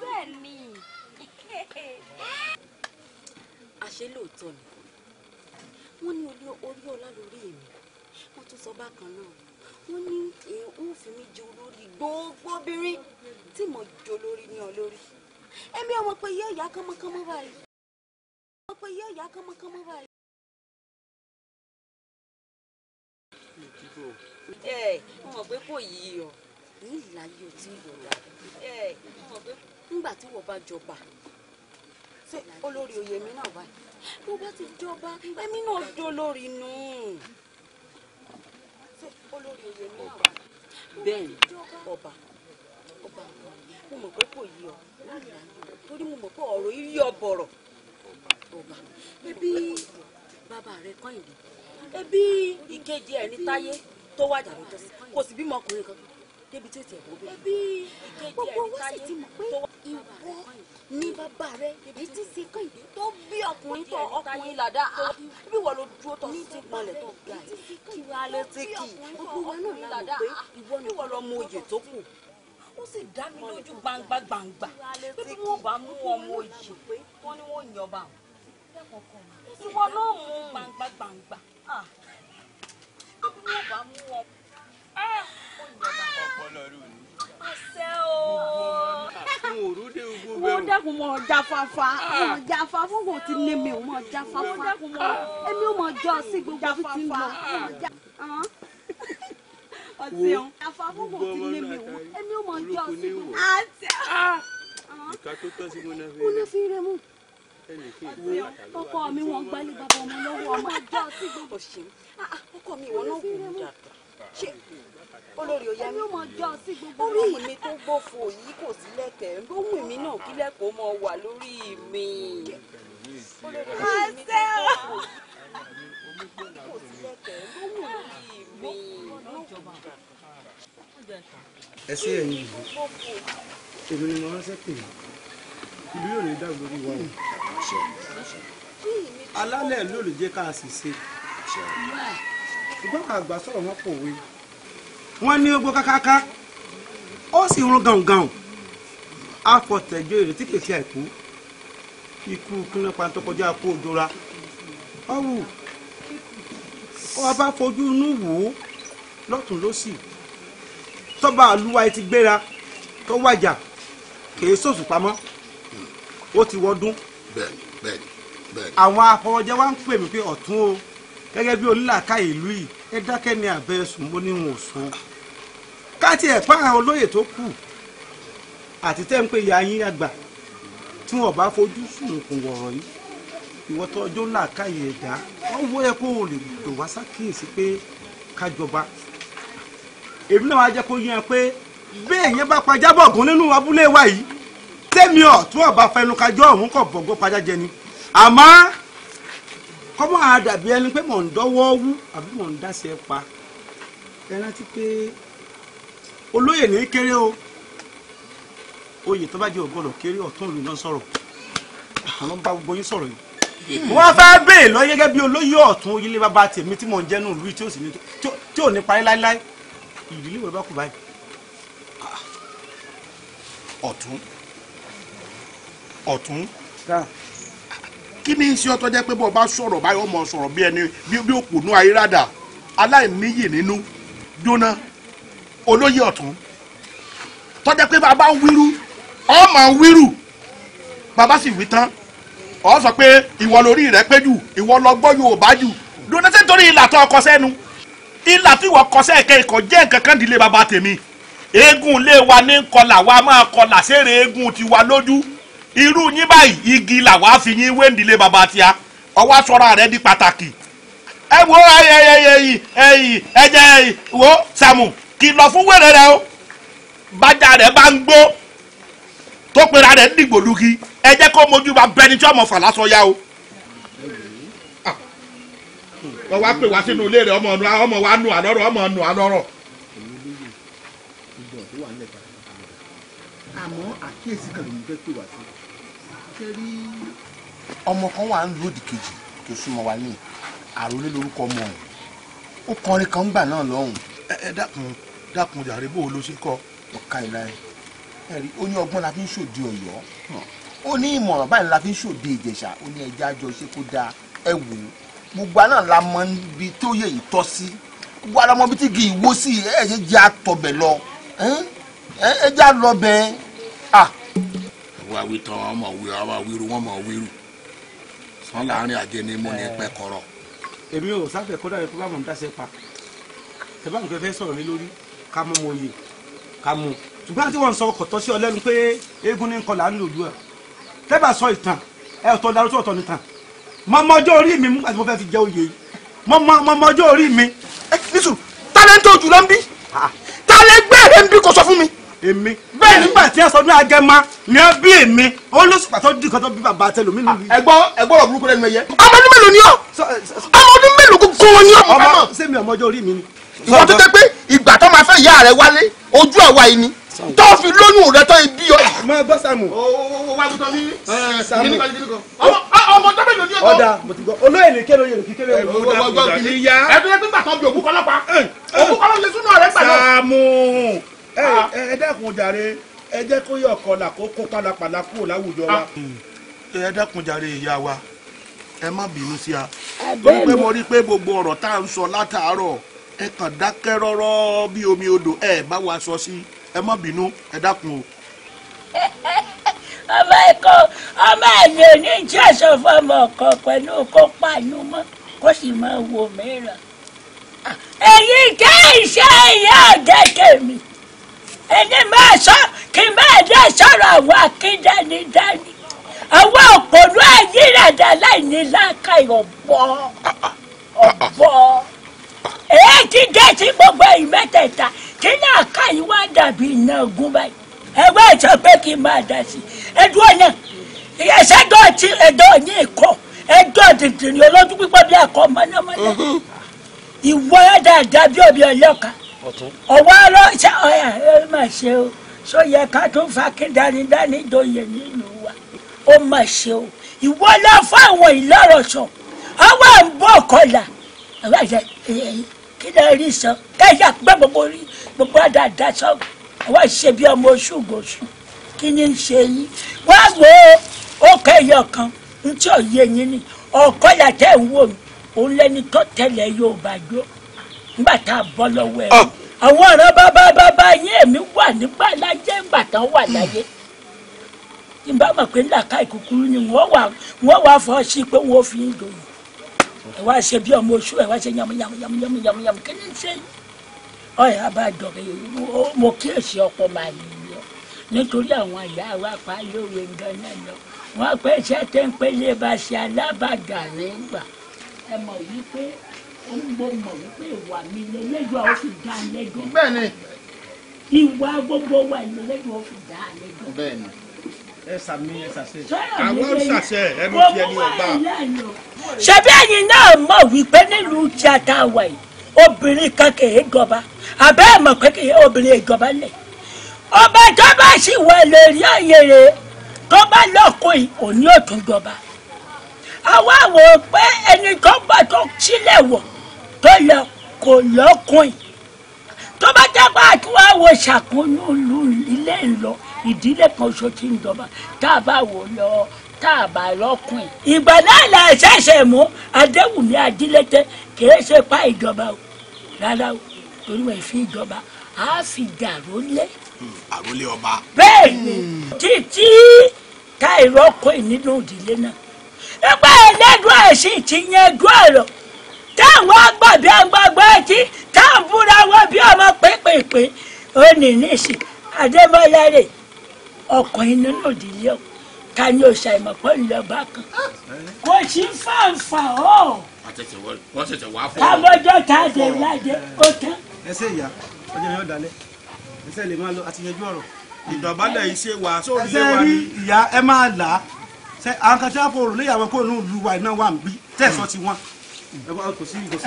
bẹ́ẹ̀ ni àṣé lóòótọ́ ni wọ́n ní orí ọlá lórí mi wọ́n tún sọ bákan náà wọ́n ní èèyàn ń fi mí jẹ olórí gbogbo obìnrin tí mo jọ lórí ní olórí ẹ̀mí ọmọ pé yóò yá kánmọ́kánmọ́ báyìí ọmọ pé yóò yá kánmọ́kánmọ́ báyìí. ẹ ẹ mọ̀ pé kò yí ọ ní ìlàyé ò tí ì yọ̀ọ̀dà ẹ mọ̀ pé ńgbà tí wọ́n bá jọba ṣé olórí oyè mi náà wà mo bá ti jọba èmi náà dolórí nù ṣé olórí oyè mi náà wà bẹ́ẹ̀ ni ọba ọba mo mọ̀ pé kò yí ọ torí mo mọ̀ pé ọ̀rọ̀ yìí yọ bọ̀rọ̀ ọba ẹbí bàbá rẹ kọ́ ìdí ẹbí ìkejì ẹni táyé tó wájà lọ́jọ́sí kò sì bímọ ọkùnrin kankan débi tí ó ti ẹ̀dọ́ bẹ́ẹ̀. ẹbí gbogbo wa sì ti mọ̀ pé ìwọ ni bàbá rẹ èyí ti ṣe kàn yìí tó bí ọkùnrin tó ọkùnrin làdá ah, bí wọ́n ló dúró tó sí ìpalẹ̀ tó ga yìí kí wàá ló ti kì í gbogbo wa náà la mọ̀ pé ìwọ ni wọ́n lọ mọ oyè tó kù ó sì dá mi lójú gbangba gbangba pé bí ah. wọ́n bá mú ọmọ oyè wọ́n ní wọ́n yàn bá wọn ìwọ náà mú gbangba gbangba bí wọ́n bá mú ọmọ àṣẹ o. mo dákun mọ jáfáfá mọ jáfáfá ah. wò ti ní mi ò mọ jáfáfá èmi ò mọ jọ sí gbogbo bí ti lọ ah. mo náà ah. fi rẹ̀ mo ọkọ mi wọn gbálẹ̀ bàbá ọmọ lọ́wọ́ ọmọ ẹjọ́ sí gbogbo ṣe ọkọ mi ìwọ náà kò ní dàgbà ṣe olórí ó mi orí mi tó gbófo yìí kò sí lẹ́kẹ̀ lóhùn mi náà kí lẹ́kọ̀ọ́ mọ wà lórí mi. ẹ sí ẹ̀yin ìlú èmi ni mo ránṣẹ́ pè é ìlú yóò ní dàgbò wa o alálẹ̀ ló lè jẹ́ ká a sì ṣe ṣùgbọ́n àgbà sọ̀rọ̀ wọn pòwe wọ́n ní ogbó kákáká ó sì ń rún gàùngàùn afọ̀tẹ̀jọ èrè tí kìí ṣe àìkú ikú kíná pantọ́kọjá kó o jọra ọ̀wù ọba fojú inú wò ó lọ́tún lọ́sì tọ́ba àlúwa ti gbéra tó wàjà kìí sòsù pamọ́ ó ti wọ́dún àwọn afọwọ́jẹ́ wa ń pè mí pé ọ̀tún o gẹ́gẹ́ bí onílàkà ìlú yìí ẹ dákẹ́ ni àbẹ̀sùn mo ní wọn sùn káàtì ẹ̀ pa àwọn olóyè tó kù àti tẹ́ ń pè ya yín àgbà tí wọn bá fojú sùnùkùn wọ̀rọ̀ yìí ìwọ tó ọjọ́ ńlá káyè ẹ̀dá wọ́n wọ́ ẹ kó o lè lò wá sákìyèsí pé kájọba èmi náà wá jẹ́ kó yẹn pé bẹ́ẹ̀ yẹn bá pajá bọ̀gùn nínú abúlé wa yìí tẹ́mi ọ̀ tí wọ́n bá fẹnu kájọ́ ọ̀hún kọ̀ bọ̀gùn pajá jẹ ni àmọ́ kọ́mọ́ àdàbí ẹni pé mò ń dọ́wọ́ wú àbí mò ń dá pa ẹ rántí pé olóyè ní kéré o oyè tó bá jẹ ògbọ́dọ̀ kéré ọ̀tún ìlú náà sọ̀rọ̀ àwọn bá gbogbo yín sọ̀rọ̀ yìí wọ́n fẹ́ béè lọ gẹ́gẹ́ bí olóyè ọ̀tún ilé bàbá tèmi tí mò ń jẹ́nu ìlú tí ò sì ní tí ò ní parí láíláí ìdílé ìwé bá kù báyìí. ọ̀tún ọ̀tún kí ni iṣẹ́ ọtọ́ jẹ́ pé bó o bá sọ̀rọ̀ báyìí ó mọ̀ sọ̀rọ̀ bí ẹni bí òpònú ayé rádà aláìníyè nínú jóná olóyè ọ̀tún tọ́jà pé bàbá ń wíru ọmọ ń wíru bàbá sì wí tán ọ sọ pé ìwọ lórí rẹ pé jù ìwọ lọ gbọ́ Yorùbá jù donate torí ìlà tó ọkọ sẹ́nu ìlà tí ìwọ kọ sẹ́ẹ̀kẹ́ ikọ̀ jẹ́ nǹkan kan dìlé bàbá tèmi eégún lé wa ní kọlà wa máa kọlà sẹ́rẹ̀ eégún ti wa lójú irú yín báyìí igi là wá fi yín wé ńdílé bàbá tíá ọwọ́ sọ́ra rẹ di pàtàkì ẹ wo ẹyẹ ẹyẹ ẹyẹ ẹyẹ ẹyẹ wo Sàámù kìlọ̀ fún wẹ̀rẹ̀ rẹ o bájà rẹ bá ń gbó tó pera rẹ ń dìgbò lugi ẹ jẹ́ kó mojú ba bẹni tí ọmọ fàlásọ ya o. wọ́n wá pè wá sínú ilé rẹ̀ ọmọ ọ̀nù ọmọ wa nù àlọ́rọ̀ ọmọ ọ̀nù àlọ́rọ̀. àmọ́ àkíyèsí kan ló ń fẹ́ pè wá sí kẹ́rí ọmọ kan wà ń lòdì kejì tó súnmọ́ wa ní àròlé lórúkọ ọmọ ọ̀hún ó kọrin kan gbà náà lọ́hùn-ún ẹ dákun dákun jàre bó o ló ṣe kọ́. ọ̀ka ìlà ẹ̀ rí ó ní ọgbọ́n la fi ń ṣòdi ọ̀yọ́ ó ní ìmọ̀ràn báyìí la fi ń ṣòdi ìjẹ̀ṣà ó ní ẹja jọ ṣe kó dáa ẹ wò ó gbogbo àná la mọ ibi tó yẹ ìtọ́ sí gbogbo àná mọ ibi tí kì sí ẹ ṣe jẹ́ àtọ̀bẹ̀ lọ ẹ já lọ bẹ́ẹ̀ à. àwọn awitọ wọn mọ wíru àwọn awiru wọn mọ wíru sàn láàrin àjẹni mú ní pẹkọrọ. èmi ò sáfẹ́ kódà yẹn kó bá mọ̀ ń dáṣẹ́ pa ẹ bá nǹkan fẹ́ sọ̀rọ̀ lé lórí ká mọ́ mọ́ yìí ká mú ṣùgbọ́n tí wọ́n sọ ọkọ̀ tọ́ sí ọ lẹ́nu pé eégún ní nǹkan là ń lòlú ẹ̀ tẹ́bà sọ ìtàn ẹ ọ̀tọ̀ darúgbó ọ̀tọ̀ nìtàn mọ́mọ́ ọjọ́ orí mi mú àti mo fẹ́ fi jẹ oyè yìí mọ́mọ́ ọjọ́ orí mi. ẹ nísù tálẹ̀ ń tó jù lọ ń bí tálẹ̀ gbẹ̀rẹ̀ ń bí kò sọ fún mi. èmi bẹ́ẹ̀ nígbà tí ẹ sọ ní agẹ́mà ni ẹ bí èmi olóṣùpá tó dì kọ́tọ́ bí bàbá tẹlomi lórí. ẹgbọ́ ẹgbọ́ ọ̀rọ̀ burúkú lẹ́nu ẹyẹ. ọmọdún mélòó ni ọ ọmọdún mélòó gbogbo ni ọ. ọmọ sẹ́mi ọmọ ọjọ́ orí mi ni ìwọ tó tẹ́ pé ìgbà tó máa fẹ́ ìyá rẹ wálé ojú àwa yìí ni tó fi lóyún rẹ tó ibi ọ. mọ bọ Sàámù. wà á gbọdọ mi mi nìkan nìkan ọmọ dábẹ́ lòdì ọ̀tọ̀. ọ̀dà olóyè ní kéde oyè lòdì kéde oyè. ọ̀dà ọ̀dà ti ya. ẹ̀dùn ẹgbẹ́ gbà tán bí òkú kọlọ́pàá eh, eh. òkú kọlọ́ lè súnú ọ̀rẹ́ gbà lọ. Sàámù eh, ah. ẹ dákun jàre ẹ jẹ́ kó yọ ọkọ là kó kó palapàla kúrò láwùjọ wa. Ah. ẹ dákun jàre ìyá wa ẹ má bínú sí a. torí pé mo rí i pé gbogbo ọ̀rọ̀ tá à ń sọ látàárọ̀ ẹ kàn dákẹ́ rọ́rọ́ bí omi odò ẹ bá wa sọ sí ẹ má bínú ẹ dákun o. ọmọ ẹ̀kọ́ ọmọ ẹ̀mí ò ní jẹ́ àṣọfọ́ ọmọ ọ̀kan pẹ̀lú kó pàánú mọ́ kó sì máa wo mìíràn. èyí jẹ́ ìṣe ìyá ọ̀dẹ́ tèmi ẹni máa sọ kí n máa dé sọ̀rọ̀ àwọn akíndánidání àwọn òpònú àyíradà láì ní láàka ìrọ̀bọ ọ̀bọ. Ah, ah, ah, èyí ti jẹ́ sí gbogbo ẹ̀yìn mẹ́tẹ̀ẹ̀ta tí náà ká yín wá dàbí iná ogun báyìí ẹgbẹ́ ìsọ pé kí n máa dà sí ẹdúró náà ìyẹsẹ́dọ̀ tí ẹ̀dọ̀ ní ìkọ́ ẹjọ́ dìndìnrín olójú pípọ́ bí ẹ̀kọ́ mọ́nàmọ́ná ìwọ dáadáa bí òbí ọlọ́ka ọwọ́ ọlọ́ṣẹ́ ọ̀yà ẹ mà ṣe o sọ yẹ ká tún fa kíndánidání dòye nílùú wa ó mà ṣe o ìwọ lọ fún àwọn ìlọ́rọ̀ṣọ̀ ọwọ́ ń bọ̀ kọlà àwọn àṣà eh, eh, kí náà rí sọ káyà gbọ́ gbogbo rí gbogbo àdáadáa sọ àwọn àṣẹ bí ọmọ oṣù gòṣù kí ni ń ṣe yín wá wo ọkọ ẹyọ kan ń tí ni ọkọ yàtọ̀ ẹ̀ ń wò mí òun lẹni tó tẹ̀lé Yorùbá jó nígbà tá a bọ́ lọ́wọ́ ẹ̀ ah! àwọn ọ̀rọ̀ yín èmi wà nígbà ẹ wá ṣe bí ọmọ oṣù ẹ wá ṣe yàmù yàmù yàmù yàmù yàmù yàmù kí ni ṣe ọyà abájọkẹ mo kíyèsí ọ̀pọ̀ màá yìí yọ nítorí àwọn ìyá wa pa lóore nǹkan náà lọ wọn pẹ ṣe tẹ ń pẹ lè bá ṣe alábàgà rẹ ẹ mọ̀ wípé ó ń gbọ́ mọ̀ wípé ìwà mi lẹlẹgbẹ ó fi dá lẹ́jọ́ bẹ́ẹ̀ni ìwà gbogbo wa lẹlẹgbẹ ó fi dá lẹ́jọ́ bẹ́ẹ̀ni ẹ sàmì ẹ sàṣẹ àwọn sàṣẹ ẹnu tí ẹni ọba. ṣebí ẹ̀yin náà mọ̀ wípé nílùú tí a ta wà yìí obìnrin kan kì í jọba àbẹ́ ẹ̀ mọ̀ pé kì í obìnrin ìjọba lẹ̀ ọba tó bá sì wà lórí ayèrè tó bá lọ́kọ̀ yìí òní òtún jọba àwa wò ó pé ẹni tó gbà tó sílẹ̀ wọ̀ tó lọ kò lọ́kùn yìí tó bá dábàá tí wàá wo ṣàkóyún ìlú ilé ńlọ ìdílé kan ṣo tí ń jọba tá a bá wò lọ tá a bá lọ́kùn. ìgbà náà la ṣẹ̀ṣẹ̀ mú adéwùmí adílẹ́tẹ̀ kìí ṣe pa ìjọba o rárá o torí wọn fi ìjọba a fi dàrú lé. Hmm, àrólé ọba. bẹ́ẹ̀ ni títí hmm. táìrọ́kọ̀ nínú ìdílé náà nígbà ẹlẹ́dùn àṣì ti yẹn dùn ọ̀rọ̀ táwọn agbọ̀bí agbọ̀gbọ̀ ẹtí táwọn búra wọn bí ọmọ pépèpé ó ní ìsìn àdébọ́lá rèé ọkọ̀ iná náà délé ọ̀ ká ní òṣà ìmọ̀pọ̀ ńlọba kan kò sí fàǹfà ọ̀ kábọ́jọ́ tá a dé ládé ó tán. ẹsẹ̀ ìyá ọjọ́ yóò dalẹ̀ ẹsẹ̀ lè máa lọ àti yanjú ọ̀rọ̀ ìdọ̀bálẹ̀ iṣẹ́ wa sórí ilé wa ni. ẹsẹ̀ rí ìyá ẹ máa là á àwọn kan tí wọ́n fọ̀rọ̀ léyàwó kó nù lù wa iná wà ń bí tẹ̀sán ti wọ́n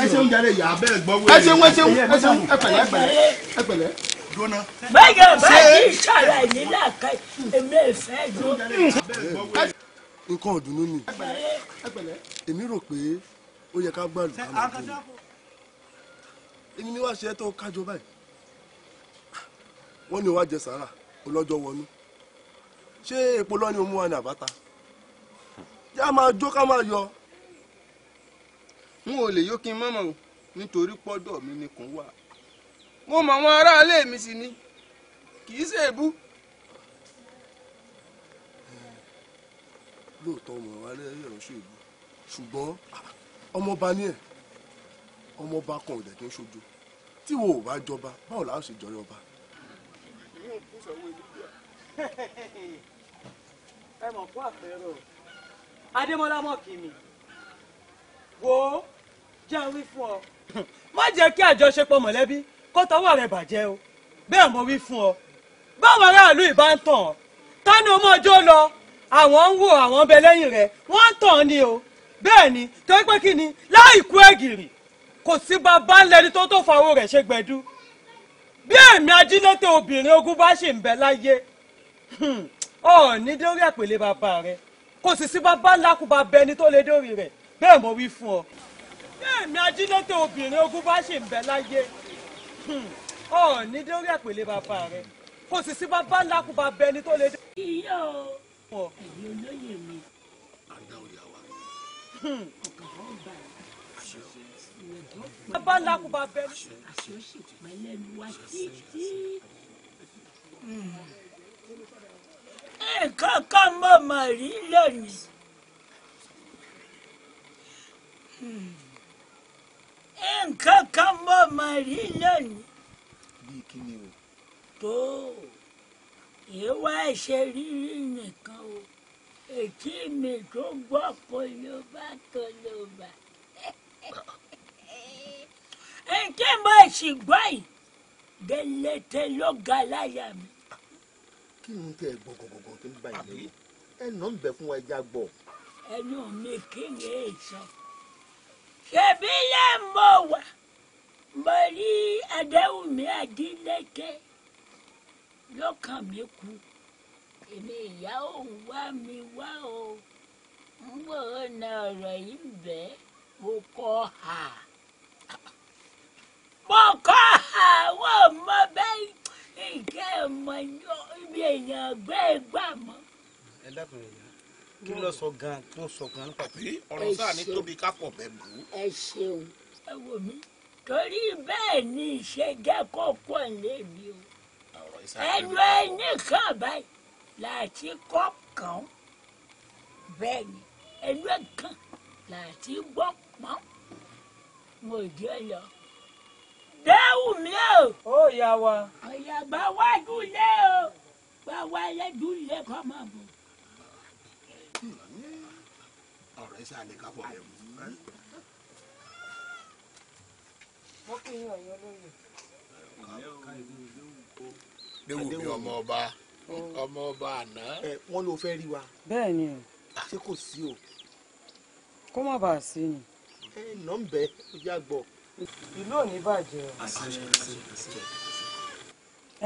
ẹ ṣeun jàre yà á bẹ́ẹ̀ gbọ́ wẹ́ẹ́ ẹ ṣeun ẹ ṣeun ẹ pẹ̀lẹ́ ẹ pẹ̀lẹ́ ẹ pẹ̀lẹ́. jóná. báyọ̀ báyìí sọ̀rọ̀ nílà ká èmi ìfẹ́ jó. nǹkan ọ̀dùnnú ni èmi rò pé ó yẹ ká gbàlù ká máa bọ̀ èmi ni wàá ṣe tó kájọ báyìí jẹ sàrà wọnú ṣé epo mú wa yọ. n ò lè o mo mọ àwọn aráalé mi sì ni kì í ṣe èébú. lóòótọ́ ọmọ wa lẹ́yìn ọ̀rọ̀ ṣe èébú ṣùgbọ́n ọmọọba ni ẹ̀ ọmọọba kan ò dẹ̀ kí n ṣojo tí wo ò bá jọba báwo la ó ṣe jọyọ̀ ọba. ẹ mọ̀ fún àpẹẹrẹ o adémọlá mọ̀ kì mí wo jẹ́ wí fún ọ má jẹ́ kí àjọṣepọ̀ mọ̀lẹ́bí kó tọwọ́ rẹ bàjẹ́ o bẹ́ẹ̀ mo wí fún ọ báwo aráàlú ìbá ń tàn ọ́ tánú ọmọ ọjọ́ lọ àwọn ń wò àwọn ń lẹ́yìn rẹ wọ́n ń tàn ni o bẹ́ẹ̀ ni torí pé kí ni láì kú ẹ̀gìrì kò sí bàbá ńlẹ́ni tó tó fàwọ́ rẹ̀ ṣe gbẹ̀dú bí èmi ajílẹ́tẹ̀ obìnrin ogun bá ṣì ń bẹ láyé hmm, ọ̀ọ́ni dórí àpèlé bàbá rẹ kò sì sí bàbá ńlá kú bá bẹni tó lè dórí rẹ̀ bẹ́ẹ̀ mo wí fún ọ bí èmi ajílẹ́tẹ̀ obìnrin ogun bá ṣì ń bẹ láyé ọ hmm. oh, ní dórí àpèlé bàbá rẹ kò sì sí bàbá ńlá kó bá bẹni tó lè dé. ìyá o ẹ̀yin olóyè mi. àdá òyà hmm. wa. ọkàn a. bàbá ńlá kó bá bẹni. àṣẹ ó sì pẹ́ lẹ́nu wa títí. nǹkan hmm. kan mọ̀ mọ̀ rí lónìí. Hmm nǹkan kan mọ̀ mọ̀ rí lónìí. bíi kí ni o. tó ìwà ẹ̀ṣẹ̀ rírí nìkan o ètí mi tó gbọ́ kólóbá kólóbá. ètí mo sì gbọ́ yìí gẹ́lẹ́tẹ́ ló ga láyà mi. kí n tẹ gbọ̀ngàngàn tó ń bá yìí lẹ́yìn ẹ̀ nà ń bẹ fún wa ẹja gbọ̀. ẹnu mi kí ni èyí kedu ihe mgbe ụwa mgberi adewumi adileke lọ́kàn mi kú èmi ìyá wá mi wá o ń wò na ọ̀rọ̀ ha mo ha wọ́n mọ kí ló sọ gan tó sọ gan nípa pé ọ̀rọ̀ sáà ní tóbi kápọ̀ bẹ́ẹ̀ bù ú. ẹ ṣeun ẹ wò mí torí bẹ́ẹ̀ ni ìṣèjẹ́ kọ́kọ́ lèmi o ẹnu ẹni kan báyìí láti kọ́ kàn bẹ́ẹ̀ ni ẹnu kan láti gbọ́ pọ́n mo jẹ́ lọ. Déhùn mi o. Ó yà wá. Ọ̀yà bá wájú lé o. Bá wá lẹ́jú lé kọ́ máa bọ̀ ọ̀rọ̀ ẹ̀sẹ̀ àlè kábọ̀ rẹ̀ mú. mo kí yín ọ̀yọ́ lóye. léwu mi ọmọ ọba ọmọ ọba àná. wọ́n ló fẹ́ rí wa. bẹ́ẹ̀ ni o. Ah, ṣé kò sí o. kó má bàa sí ni. ẹ nà ń bẹ ojú àgbọ̀. ìlú ò bàjẹ́ o.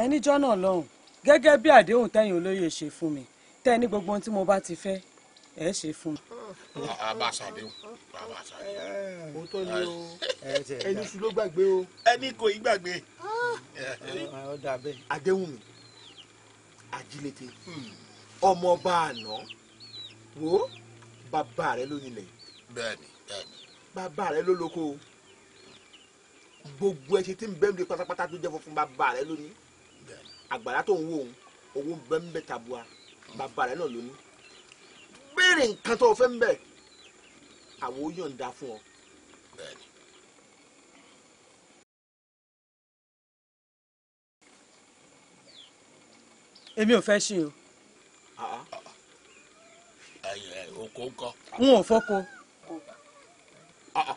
ẹni jọ́nà lọ́hùn gẹ́gẹ́ bí àdéhùn tẹ̀yìn olóye ṣe fún mi tẹ́ ní gbogbo ohun tí mo bá ti fẹ́ ẹ ṣe fún mi àbàṣàdéhùn àbàṣàdéhùn. ó tọ́ ni o ẹni sùn ló gbàgbé o. ẹni kò í gbàgbé. ọ̀dà ah, bẹ́ẹ̀ adéhùn mi ajílété ọmọọba àná wo bàbá rẹ ló nílẹ̀. bẹ́ẹ̀ni bẹ́ẹ̀ni. bàbá rẹ ló lóko gbogbo ẹṣin tí ń bẹ́ẹ̀ mi pátápátá tó jẹ́ funfun bàbá rẹ lónìí àgbàlá tó ń wò òun owó ń bẹ́ẹ̀ mi tabua bàbá rẹ náà lónìí béèrè nǹkan tó o fẹ́ ń bẹ̀ àwọn ó yọ̀ǹda fún ọ. bẹ́ẹ̀ni. èmi ò fẹ́ ṣe o. Ah, ah. oko ń kọ́. n ò fọ́ko. Ah,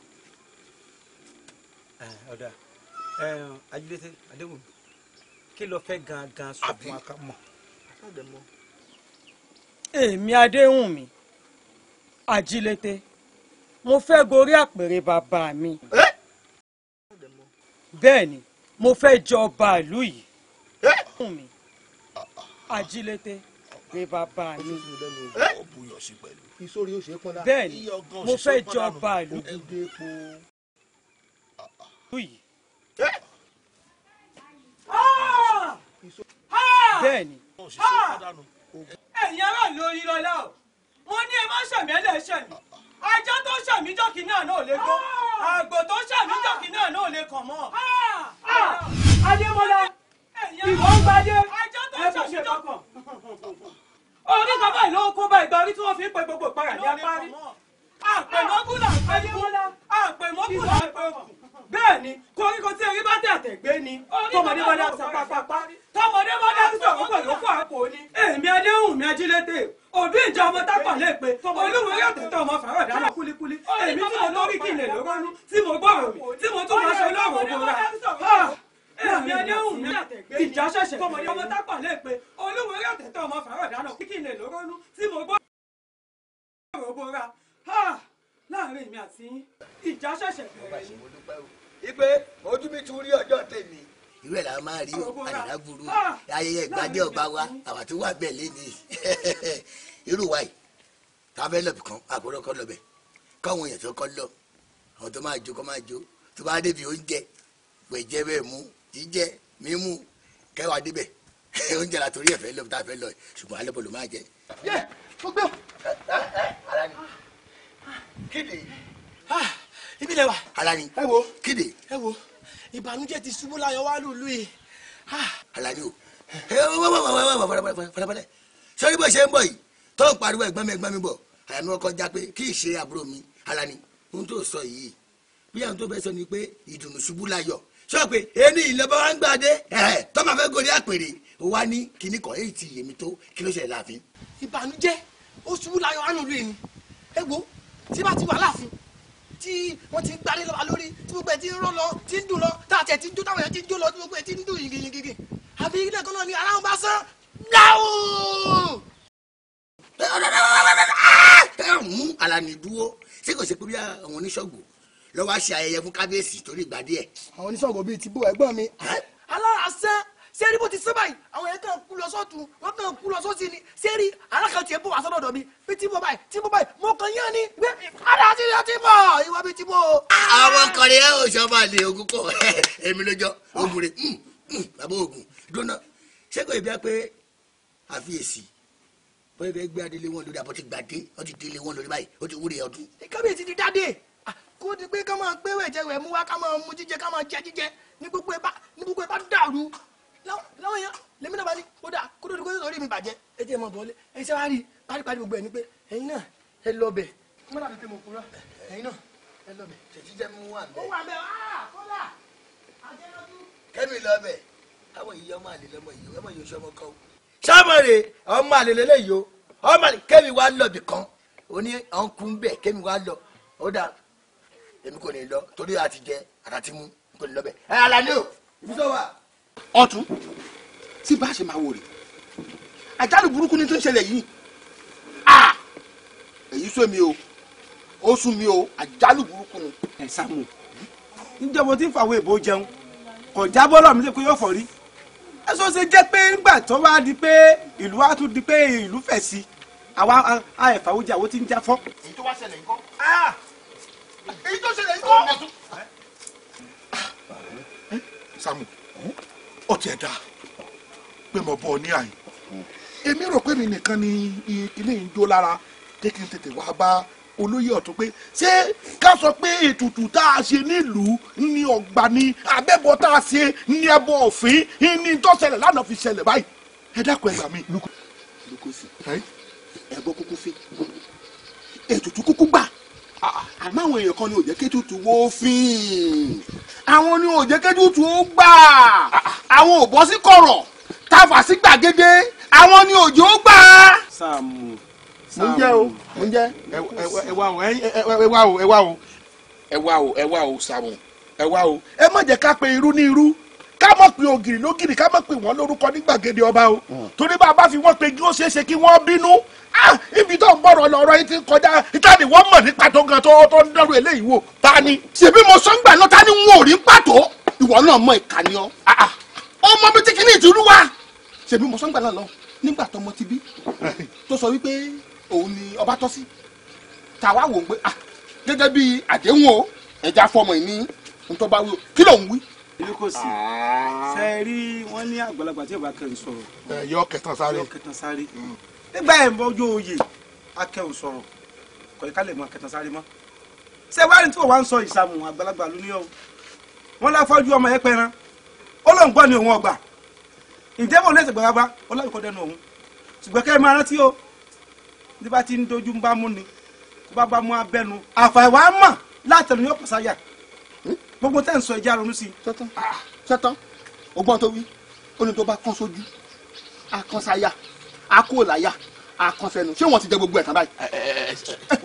eh, ọ̀dà eh, ajídẹ́sẹ̀ adéwòmí kí ló fẹ́ gan-an gan-an sọ̀rọ̀ fún akamọ̀ èmi adéhùnmí ajílété mo fẹ́ gorí àpèrè bàbá mi bẹ́ẹ̀ mo fẹ́ jẹ ọba ìlú yìí adéhùnmí ajílété pé bàbá mi. bẹ́ẹ̀ mo fẹ́ jẹ ọba ìlú yìí. bẹ́ẹ̀ ẹ̀yin aráàlú orí lọ́lá o mo ní ẹ má ṣàmì ẹlẹ́ṣẹ̀ mi ajá tó ṣàmì jọ́kì náà náà lè kó àgbò tó ṣàmì jọ́kì náà náà lè kàn mọ́. Ah! Ah! adémọlá ìwọ ń gbadé ẹ kò ṣe kankan. orí kan báyìí ló kó bá ìgbà orí tí wọ́n fi ń pe gbogbo ìpara ní apárí àpèmọ́kùlà àpèmọ́kùlà àpèmọ́kùlà àpèmọ́kùlà bẹ́ẹ̀ ni koríko tí erí bá tẹ̀tẹ̀ gbé ni tọmọdé bá dáhùn sapapapa tọmọdé bá dáhùn sọ̀rọ̀ pẹ̀lú òkú àpò ni. èmi Adéwùnmí Ajílété òbí ìjà ọmọ tápà lè olúwo yóò tẹ̀tẹ̀ ọmọ fàárọ̀ dáná kúlíkúlí èmi tí mo lórí kí n lè lórọ́nú tí mo gbọ́rọ̀ mi tí mo tún máa ṣe olóòrùn òbúra èmi Adéwùnmí ìjà ṣẹ̀ṣẹ̀ tọmọdé ọmọ tápà lè olúwo yóò tẹ̀tẹ̀ ọmọ fàárọ̀ dáná kí n lè lórọ́nú tí mo gbọ́rọ̀ òbúra láàrin èmi àti yín ìjà ṣẹ̀ṣẹ̀ bẹ̀rẹ̀ ni. ipe ojú mi ti rí ọjọ́ tèmi. irú ẹ̀ la máa rí o àdìrà burú ayẹyẹ ìgbàdé ọba wa àwọn tó wà bẹ́ẹ̀ lẹ́ni irú wa yìí tábẹ́ lọ́bì kan àkúrò kọ́ lọ́bẹ̀ káwọn èèyàn tó kọ́ lọ àwọn tó máa jó kọ́ máa jó tó bá débi oúnjẹ wẹ̀jẹ bẹ́ẹ̀ mú jíjẹ mímú kẹwàá débẹ̀ oúnjẹ la torí ẹ̀fẹ́ lọ́bì tá a fẹ́ lọ ṣùgbọ́n alẹ́ bọ̀ ló máa jẹ. yẹ gbogbo. ara ni kéde. ibi lẹ wa. Alani ẹ wo kéde. ẹ wo ìbànújẹ́ ti ṣubú láyọ̀ wá lùlù yìí. Alani o farabalẹ̀ sọ́ni bó ṣe ń bọ̀ yìí tó ń pariwo ẹ̀gbọ́n mi ẹ̀gbọ́n mi bọ̀ àyàmí ọkọ já pé kí ì ṣe àbúrò mi Alani ohun tó sọ yìí bí àwọn tó fẹ́ sọ ni pé ìdùnnú ṣubú láyọ̀ sọ pé ẹni ìlọba wa ń gbàdé tọ́mà fẹ́ gòrí àpèrè wa ní kíní kan èyí ti yèmí tó kí ló ṣe láàfin. ìbànújẹ́ ó ṣubú láyọ̀ ánú lóye ni ẹ wo tí bá ti wà láàfin tí wọ́n ti ń gbárí lọ́wọ́ lórí tí gbogbo ẹ̀ ti ń rán lọ tí ń dùn lọ tá a tẹ̀ ti ń jó táwọn èèyàn ti ń jó lọ tí gbogbo ẹ̀ ti ń dùn yìngìyìngì àfi ilé kan náà ni aláwọn bá sán náwó. mú alani dúró ṣé kò ṣe pé bí àwọn oníṣòwò lọ́wọ́ á ṣe ayẹyẹ fún kábíyèsí torí ìgbà díẹ̀. àwọn oníṣòwò bíi ti bú ẹ̀gbọ́n mi. alára sẹ́ sẹ́rí bó ti sẹ́ báyìí àwọn yẹn kàn kú lọ sọ́tún wọ́n kàn kú lọ sọ́sì ni sẹ́rí alákàtì ẹ̀ bọ̀ wá sọ́dọ̀ mi bí tí mo báyìí tí mo báyìí mo kàn yán ni bí ara ti lọ ti bọ̀ ìwọ bí ti bọ̀. àwọn kọrin ẹ ò sọ máa lè ogun kọ èmi lójọ ogun rẹ hmm, hmm, bàbá ogun dúnà ṣẹ́gun ìbí pé àfiyèsí bóyá bẹ́ẹ̀ gbé adélé wọn lórí àbọ̀tí gbàdé ó ti délé wọn lórí báyìí ó ti wúre ọdún. kábíyèsí ti dáadé kó o ti pé ká máa gbé wẹ̀jẹ̀ wẹ̀ mú wa ká máa mu jíjẹ ká máa jẹ jíjẹ ní gbogbo ẹ bá dàrú láwọn yẹn lèmi náà bá ní kódà kódà kódà orí mi bàjẹ́ ẹ jẹ́ ẹ mọ̀ bọ́lé ẹ̀yin sẹ́wá rí paríparí gbogbo ẹ̀ ni pé ẹ̀yin náà ẹ lọ bẹ̀ mọ́nà àti tèmi òkúra ẹ̀yin náà ẹ lọ bẹ̀ tètè jẹ́ mú wà bẹ́ẹ̀. ó wà bẹ́ẹ̀ wá kódà àjẹlọ́dún. kẹ́mi lọ bẹ̀ káwọn ìyá ọmọ àlè lọmọ yìí ọmọ yìí ọmọ kan o. sábàrè ọmọ àlè lélẹ́yìí o ọmọ àlè kẹ́mi wá lọ bì kan òní ọ̀nkú ń bẹ̀ kẹ́mi wá lọ ó dà èmi kò ní lọ torí àtijẹ àtàtìmú kò ní lọ bẹ̀ ẹ̀ àlàní o ibi tó wà ọ̀tún tí bá ṣe máa wò rè àjálù burúkú ni tó ń ṣẹlẹ̀ yìí èyí sọ mi o ó sún mi o àjálù burúkú ni. ẹ Sáàmù níjẹ́ mo ti ń fàwọn èbó jẹun kò jábọ́ lọ́ọ̀ mi lè kó yóò fọ̀ rí ẹ sọ ṣe jẹ́ pé ńgbà tó wá di pé ìlú wa tún di pé ìlú fẹ̀ sí i àwa àìfàwọ́jà wo ti ń jáfọ́. èyí tó wá ṣẹlẹ̀ ńkọ́. èyí tó ṣẹlẹ̀ ńkọ́. Sáàmù ọtí ẹ̀dá pé mo bọ̀ ní àyè èmi rò pé mi nìkan ni ilé yìí ń jó lára jẹ́ kí n tètè wá bá olóyè ọ̀tún pé ṣé ká sọ pé ètùtù tá a ṣe nílùú ní ọgbà ni abẹ́bọ tá a ṣe ní ẹbọ òfin ní tó ṣẹlẹ̀ lánàá fi ṣẹlẹ̀ báyìí ẹ dákun ẹ gbà mí. lukosi ẹbọ kúkú fi ètùtù kúkú gbà àmọ́ àwọn èèyàn kan ni ò jẹ́ kétùtù wó fín àwọn ni ò jẹ́ kétùtù ó gbà àwọn ò bọ́ sí kọ̀rọ̀ táfà sí gbàgede àwọn ni òjò ó gbà. Sáàmù mo ń jẹ o mo ń jẹ. ẹ wá o ẹ wá o ẹ wá o ẹ wá o ẹ wá o Sáàmù ẹ wá o ẹ má jẹ́ ká pe irú ní irú ká mọ̀ pé ògiri lógiri ká mọ̀ pé wọ́n lórúkọ ní gbàgede ọba o hmm. torí bá a bá fi wọ́n pe kí ó ṣeé ṣe kí wọ́n bínú ah, ibi tó ń bọ̀rọ̀ lọ́rọ̀ yìí ti kọjá ìta ni wọ́n mọ̀ ní pàtó gan tó tó ń dọ́rọ̀ eléyìí wò ta ni. ṣèbí mo sọ ń gbà lọ ta ni n ò rí pàtó ìwọ náà mọ ìkànnì ọ ah, ah. ọmọ mi ti kíní ìtìrú wa ṣèbí mo sọ ń gbà lọ nígbà tọmọ ti bí tó sọ wípé òun ni ọba tọ́ sí tàwa wò ń pé gẹ́gẹ́ bí àdéhùn o ẹ̀já fọmọ ìní ntọ́ba wí kí ló ń wí èmi kò sí ah. ṣe é rí wọ́n ní àgbàlagbà tí ìbá kẹrin sọ̀rọ̀ eh, yọ kẹtàn sáré yọ kẹtàn sáré hmm. nígbà yẹn bọ́jú oyè akẹrin sọ̀rọ̀ kọ̀yí kálẹ̀ mọ́ kẹtàn sáré mọ́ ṣe wá ní tí wọ́n ń sọ ìsàmù àgbàlagbà ló ní ọ́ wọ́n láfọ́jú ọmọ yẹn pẹran ó lóun gbọ́ ni òun ọgbà ǹjẹ́ wọn lè ṣègbàgbà ó láyìí kọ́ dẹnu òun ṣùgbọ́n kẹ́ ẹ máa rántí o bí bá ti ń dojú ń bá mú ni bá bá mú abẹ́nu àfàìwá mọ̀ látẹnu yóò gbogbo tẹ́ ń sọ ẹja ronú sí i. sẹ́tán sẹ́tán ọgbọ́n tó wí ó ní tó bá kán sójú akánsáyà akóòláyà akọ́sẹ́nu ṣé wọ́n ti jẹ gbogbo ẹ̀ tán báyìí eh, eh, eh,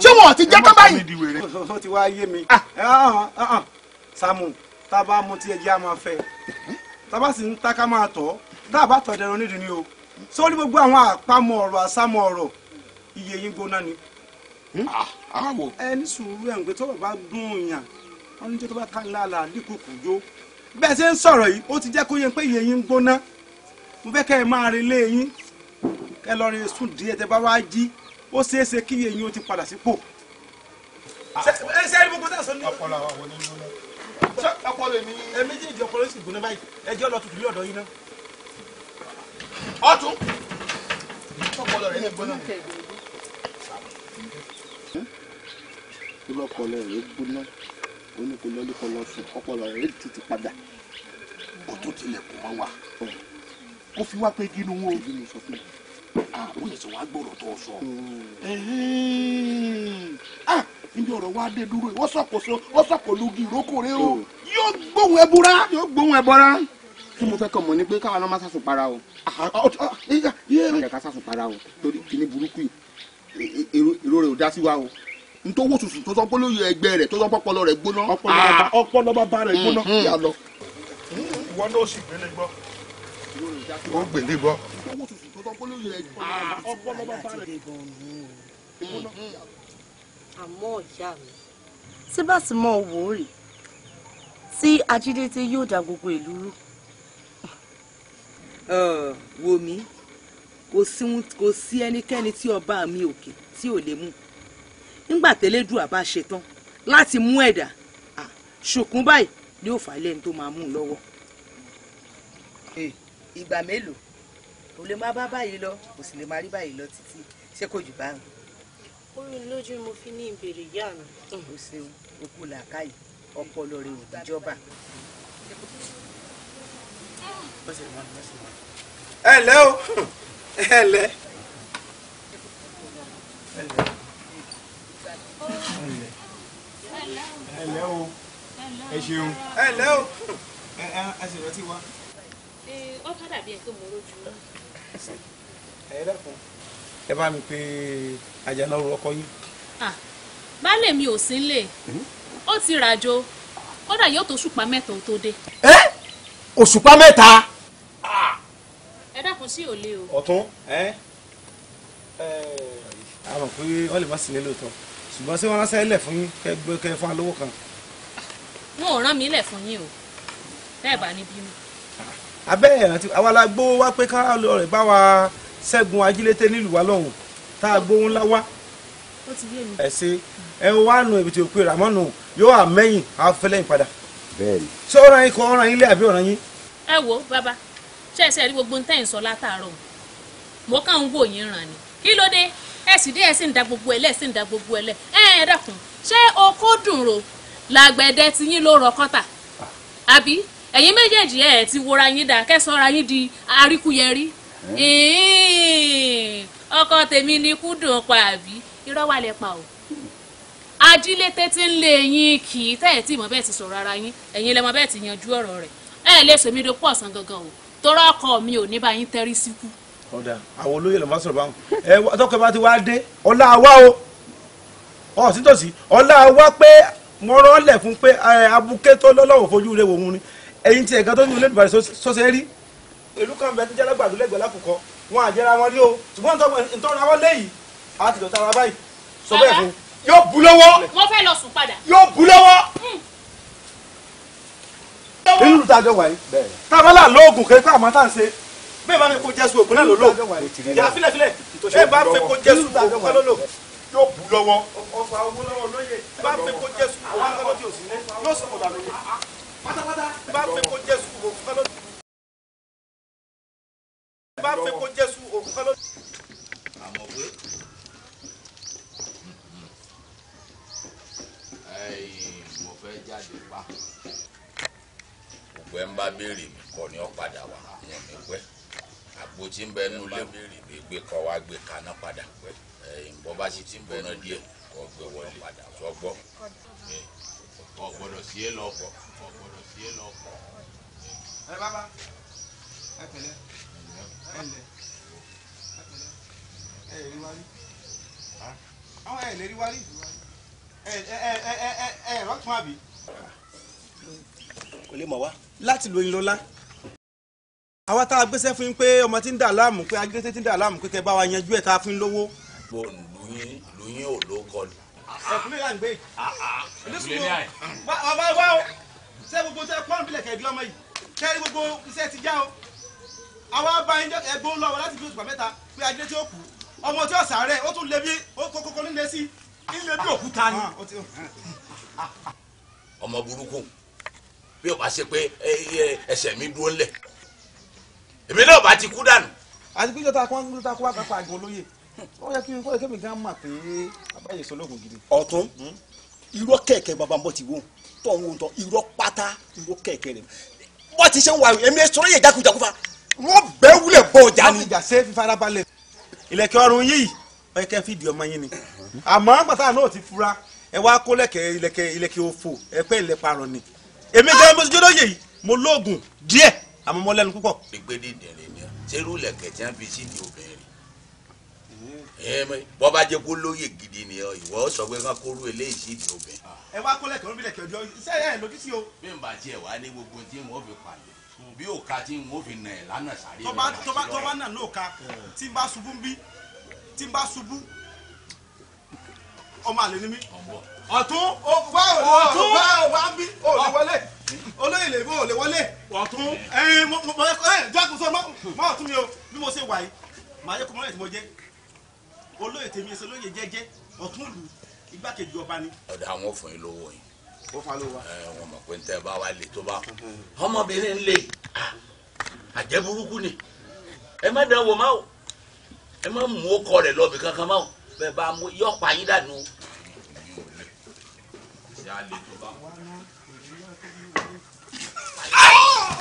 ṣé wọ́n ti jẹ tán báyìí. ó ti wá yé mi Sàámù tá a bá mu tí ẹjẹ́ a máa fẹ́ tá a bá sì ń ta ká máa tọ̀ tá a bá tọ̀ dẹrun nídìí ni o sórí gbogbo àwọn àpamọ́ ọ̀rọ̀ àsámọ́ ọ̀rọ̀ iye yín gbóná ni. Hmm? Ah, ẹ ní sùúrù ẹ̀ ń pé tó bá gún yàn wọ́n ní tí tó bá ká ńlá là níkùkù jó bẹ́ẹ̀ ṣe ń sọ̀rọ̀ yìí ó ti jẹ́ kó yẹ pé iye ń gbóná mo fẹ́ kẹ́ ẹ máa rin lé yín lọ rin sùn díẹ̀ tẹ́ bá wá jí ó ṣeé ṣe kí iye ó ti padà sípò. ṣé ẹni tẹ̀sán ní. ọpọlọ àwọn wo ni ń gbóná. ọpọlọ èmi èmi jí ìdí ọpọlọ sì gbóná báyìí ẹjọ́ lọ tutù lé ọ̀dọ̀ yín náà. ọtún ọpọlọ rẹ gbóná mi. ọpọlọ rẹ gbóná ó ní kó lọ́lé kọ́ lọ sùn ọpọlọ rẹ̀ lè tètè padà kó tó tilẹ̀kùn mọ́ wa kó fi wá pé gínú wo àwọn èso wa gbọ́dọ̀ tó sọ níbi ọ̀rọ̀ wa dé dúró wọ́n sọ̀kòso wọ́n sọ̀kòlugi ìrókòrè o yóò gbóhùn ẹbúra. yóò gbóhùn ẹbọra tí mo fẹ́ kàn mọ̀ ni pé káwọn náà má sàsùn para o àjàká sàsùn para o torí kíní burúkú yìí èrò rẹ̀ ò dá sí wa o ntọ́ wò sùsù tó sọ pé lóye ẹgbẹ́ rẹ̀ tó sọ pé ọpọlọ rẹ̀ gbóná. Ah, ọpọlọ bàbá rẹ̀ gbóná. Mm-hmm. yà lọ. wọn ló sì gbélé gbọ́. ó gbélé gbọ́. ntọ́ wò sùsù tó ah, gbóná. Mm-hmm. àmọ́ ìyá mi tí bá sì mọ òwò rè tí ajídété yóò da gbogbo ìlú rú. wò mí kò sí ẹnikẹ́ni tí ọba mi òkè tí ò lè mú nígbà tẹ́lẹ́dùn àbá ṣetán láti mú ẹ̀dá ṣùkún báyìí ni ó fà á lẹ́ni tó máa mú un lọ́wọ́. ìgbà mélòó o lè má bá báyìí lọ kò sì lè má rí báyìí lọ títí ṣé kò jù bá ń. ó lójú mo fi ní ìbéèrè ìyá mi. o ṣeun o kú làákàyè ọpọlọ rẹ ò díjọba. ẹ ǹlẹ́ o ẹ ǹlẹ́ ẹ lẹ́ Hello. ẹ ṣeun ẹ lẹ́ o ẹ sì rántí wa. ó ká dàbí ẹ pé mo rojú. ẹ dẹ́kun ẹ bá mi pé Àjàná ru ọkọ yín. Ah, baálé mi ò sí nílé hmm? ó ti ràjò kódà yóò tó ṣùpá mẹ́ta ó tó dé. ẹ òṣùpá mẹ́ta. Ah! ẹ dákun sí òlé o. ọ̀tún ẹ ẹ a mọ̀ pé wọ́n lè má sí nílé òótọ́ ṣùgbọ́n ṣé wọ́n ránṣẹ́ ilẹ̀ fún yín kẹ́ gbé kẹ́ fún alówó kan. wọn ò rán mi ilẹ̀ fún yín o bẹ́ẹ̀ bá ní bínú. abẹ́ ìrántí àwa la gbó wá pé ká lọ rẹ̀ bá wa ṣẹ́gun ajílété nílùú wa lọ́hùn tá a gbóhùn ńlá wá. ó ti yé mi. ẹ ṣe ẹ wá nu ibi tí o pe ramọ́nù yóò wà mẹ́yìn àwọn yìí padà. bẹ́ẹ̀ni. ṣé ọ̀ràn yín kọ ọ̀ràn yín lé àbí ọ̀ràn yín. ẹ wo bàbá ṣe é ṣe rí gbogbo ní sọ látàárọ̀ mo kàn ń wò yín ràn ni kí ló dé ẹ sì dé ẹ sì ń da gbogbo ẹlẹ ẹ sì ń da gbogbo ẹlẹ ẹ ẹ dákun ṣé okó dùn ro làgbẹ̀dẹ ti yín ló rọ kọ́tà àbí ẹ̀yin méjèèjì ẹ̀ ti wora yín dà kẹsànra yín di aríkúyẹrí ọkọ tèmi ni kú dùn pa àbí irọ́ wà lẹ pa o ajílété tí ń lé yín kì í tẹ̀ tí mọ̀ bẹ́ẹ̀ ti sọ̀rọ̀ ara yín ẹ̀yin lẹ́mọ̀ bẹ́ẹ̀ ti yanjú ọ̀rọ̀ rẹ̀ ẹ̀ lè sèmi do pọ̀ sàn gangan o torọ́ ọkọ mi ò ní bá yín tẹ́rí síkú ọ̀dà àwọn olóyè lọ́mọ sọ̀rọ̀ báwọn ẹ tọkọ bá ti wá dé ọlá wa o ọ̀ sítòsí ọlá wa pé mo rọ́ọ̀lẹ̀ fún pé abuké tó lọ́lọ́wọ́ fojú rẹ̀ wòun ni ẹ̀yin tí ẹ̀ka tó ní olóòdì bàrẹ̀ sọ́sẹ̀ rí. ìlú kan bẹ tíjẹ́ lágbàdo lẹ́gbẹ̀ẹ́ lákòókò wọn àjẹra wọn rí o ṣùgbọ́n ntọ́ra wọn léyìí a ti dọ̀tara báyìí sọ bẹ́ẹ̀ fún. yóò bu lọ́wọ́. wọ́n fẹ́ lọ sùn padà. yóò bu lọ́wọ́. inú hmm. ìtajọ wà yìí. tábàlà lóògùn kẹ́kọ̀ọ́ àmọ́ tá à ń ṣe bẹ́ẹ̀ bá fẹ́ kó jésù ògùn náà ló lò yà fílẹ̀fílẹ̀ bẹ́ẹ̀ bá fẹ́ kó jésù ògùn náà ló lò yóò bù lọ́wọ́ ọ̀fà owó lọ́wọ́ lóye bá fẹ́ kó jésù ògùn náà lọ́wọ́ tí ò sí ní yóò sọ̀kọ̀ dà lóye pátápátá bá fẹ́ kó jésù ògùn náà ló bá fẹ́ kó jésù ògùn náà ló lò. àmọ̀wé mo fẹ́ jáde pa gbogbo ń bá béèrè mi kọ́ ni ó padà wá mi pẹ́ bó ti ń bẹ nú ilé gbégbé kọ wá gbé kaná padà nǹkan bá sì ti ń bẹ náà díẹ̀ kọ gbé wọlé tó gbọ́ kọ gbọ́dọ̀ sí é lọ́kọ̀ kọ gbọ́dọ̀ sí é lọ́kọ̀. ẹ bàbá ẹ pẹ̀lẹ́ ẹ lẹ ẹ pẹ̀lẹ́ ẹ yẹ ní wárí àwọn ẹ lè rí wárí ẹ ẹ ẹ ẹ ẹ rọtún àbí. kò lè mọ̀ wá láti lo ìlọlá àwa tá a gbéṣẹ́ fún yín pé ọmọ tí ń dà láàmú pé agbésẹ́ tí ń dà láàmú pé kẹ́ bá wa yanjú ẹ̀ ká fún yín lówó. gbo lóyún lóyún ò ló kọ ni. ẹ̀kúnlẹ̀ yà ń gbé. ẹ̀kúnlẹ̀ yà ń gbé. bàbá wa o ṣé gbogbo ṣe pọ́n bílẹ̀ kẹ́ gbọ́mọ yìí kẹ́rí gbogbo iṣẹ́ ti já o. àwa bá yín ẹgbẹ́ lọ́wọ́ láti fi oṣù mẹ́ta pé ajé tí ó kù ọmọ tí ọ̀sà rẹ̀ ó tún lé bí kókó nílé sí ilé bí òkúta ni. Ah, ọmọ burúkú bí ó bá ṣe pé ẹsẹ̀ mi dúró ńlẹ̀ èmi náà bá ti kú dànù. àti pé jọta kan ló ta kó wá kápá àgbọn olóye wọ́n yẹ kí n kọ́ kémi gan mà pé abáyé sọ lóògùn gidi. ọ̀tún irọ́ kẹ̀kẹ́ bàbá bọ́ ti wò tó ń wò tán irọ́ pátá irọ́ kẹ̀kẹ́ rẹ̀ bọ́ ti ṣe ń wà èmi sọ̀rọ̀ yẹ jákujàkufa wọ́n bẹ́ẹ̀ wúlẹ̀ bọ́ ọjà ni. wọ́n ti jà sẹ́ẹ̀fì farabalẹ̀. ìlẹ̀kẹ̀ ọrùn yìí wọ́n yẹ kẹ́ fìdí ọmọ yín ni àmọ́ gbàtà náà ti fura ẹ wá kó lẹ́kẹ̀ ìlẹ̀kẹ̀ ìlẹ̀kẹ̀ òfò ẹ pẹ́ ìlẹ̀parọ̀ ni èmi gan mo ti jẹ́ lóye yìí mo lóògùn díẹ̀ àmọ́ mọ́ lẹ́nu púpọ̀. ìgbé ni sẹ́rù lẹ̀kẹ̀ tí wọ́n fi sídìí obìnrin bọ́ bá jẹ́ kó lóye gidi ni ìwọ sọ pé ká kóró eléyìí sídìí obìnrin. Ah, ẹ wá kọ́lẹ̀ tó ń bilẹ̀ kẹjọ sẹ́yìn ẹ̀ lójú sí o. bí n bá tiẹ̀ wá ní gbogbo tí wọ́n fi pàdé bí òka tí wọ́n fi nà ẹ̀ lánà sáré. tó bá tó bá nà lóòka tí n bá ṣubú bí tí n bá ṣubú ọmọ àlè ni mí. ọ̀tún ọ̀tún ọ̀tún ọ̀tún ọ̀tún ọ̀tún ọ̀tún ọ̀tún olóyè lè mọ ò lè wọlé. ọ̀tún. ẹ mo mo ẹ jọ ọ̀tún mi o bí mo ṣe wà yìí màá yẹ kó mọ́lẹ̀ tí mo jẹ́ olóyè tèmi ẹsẹ̀ olóyè jẹ́jẹ́ ọ̀tún lù igbákejì ọba ni. ọ̀dà àwọn fún yín lówó yín. ó fa ló wa. ẹ wọn mọ̀ pé ń tẹ́ bá wa lè tó bá ọmọbìnrin ń lè àjẹ́ burúkú ni ẹ má dánwò má o ẹ má mú ọkọ rẹ lọ́ọ̀bì kankan má o bẹ́ẹ̀ bá yọ̀ pa yín dànù. ìyá lè tó bá wọn.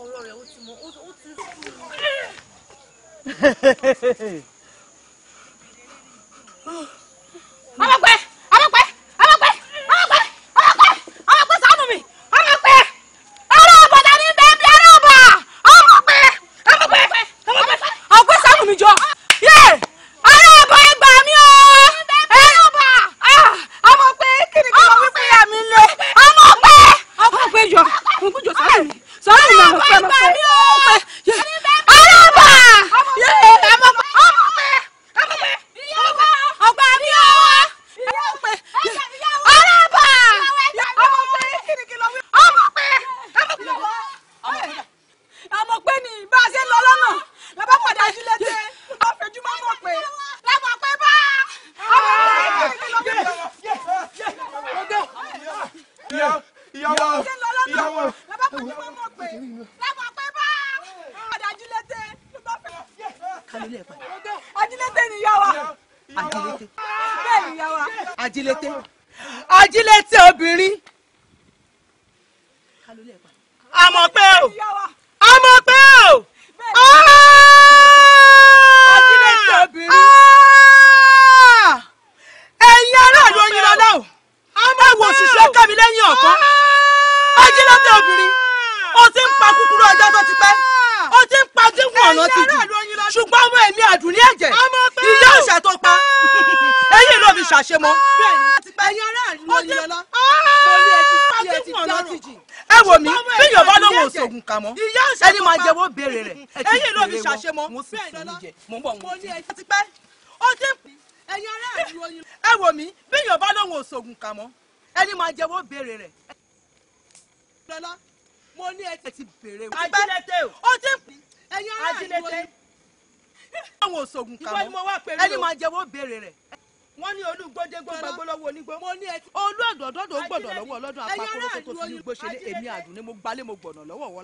ọ̀rọ̀ rẹ̀ ó ti mọ ó ti sú mi. ọmọ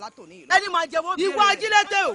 látòní. ẹni máa jẹ wọ́n bẹ̀rẹ̀ ìwọ ajílẹ̀tẹ̀ o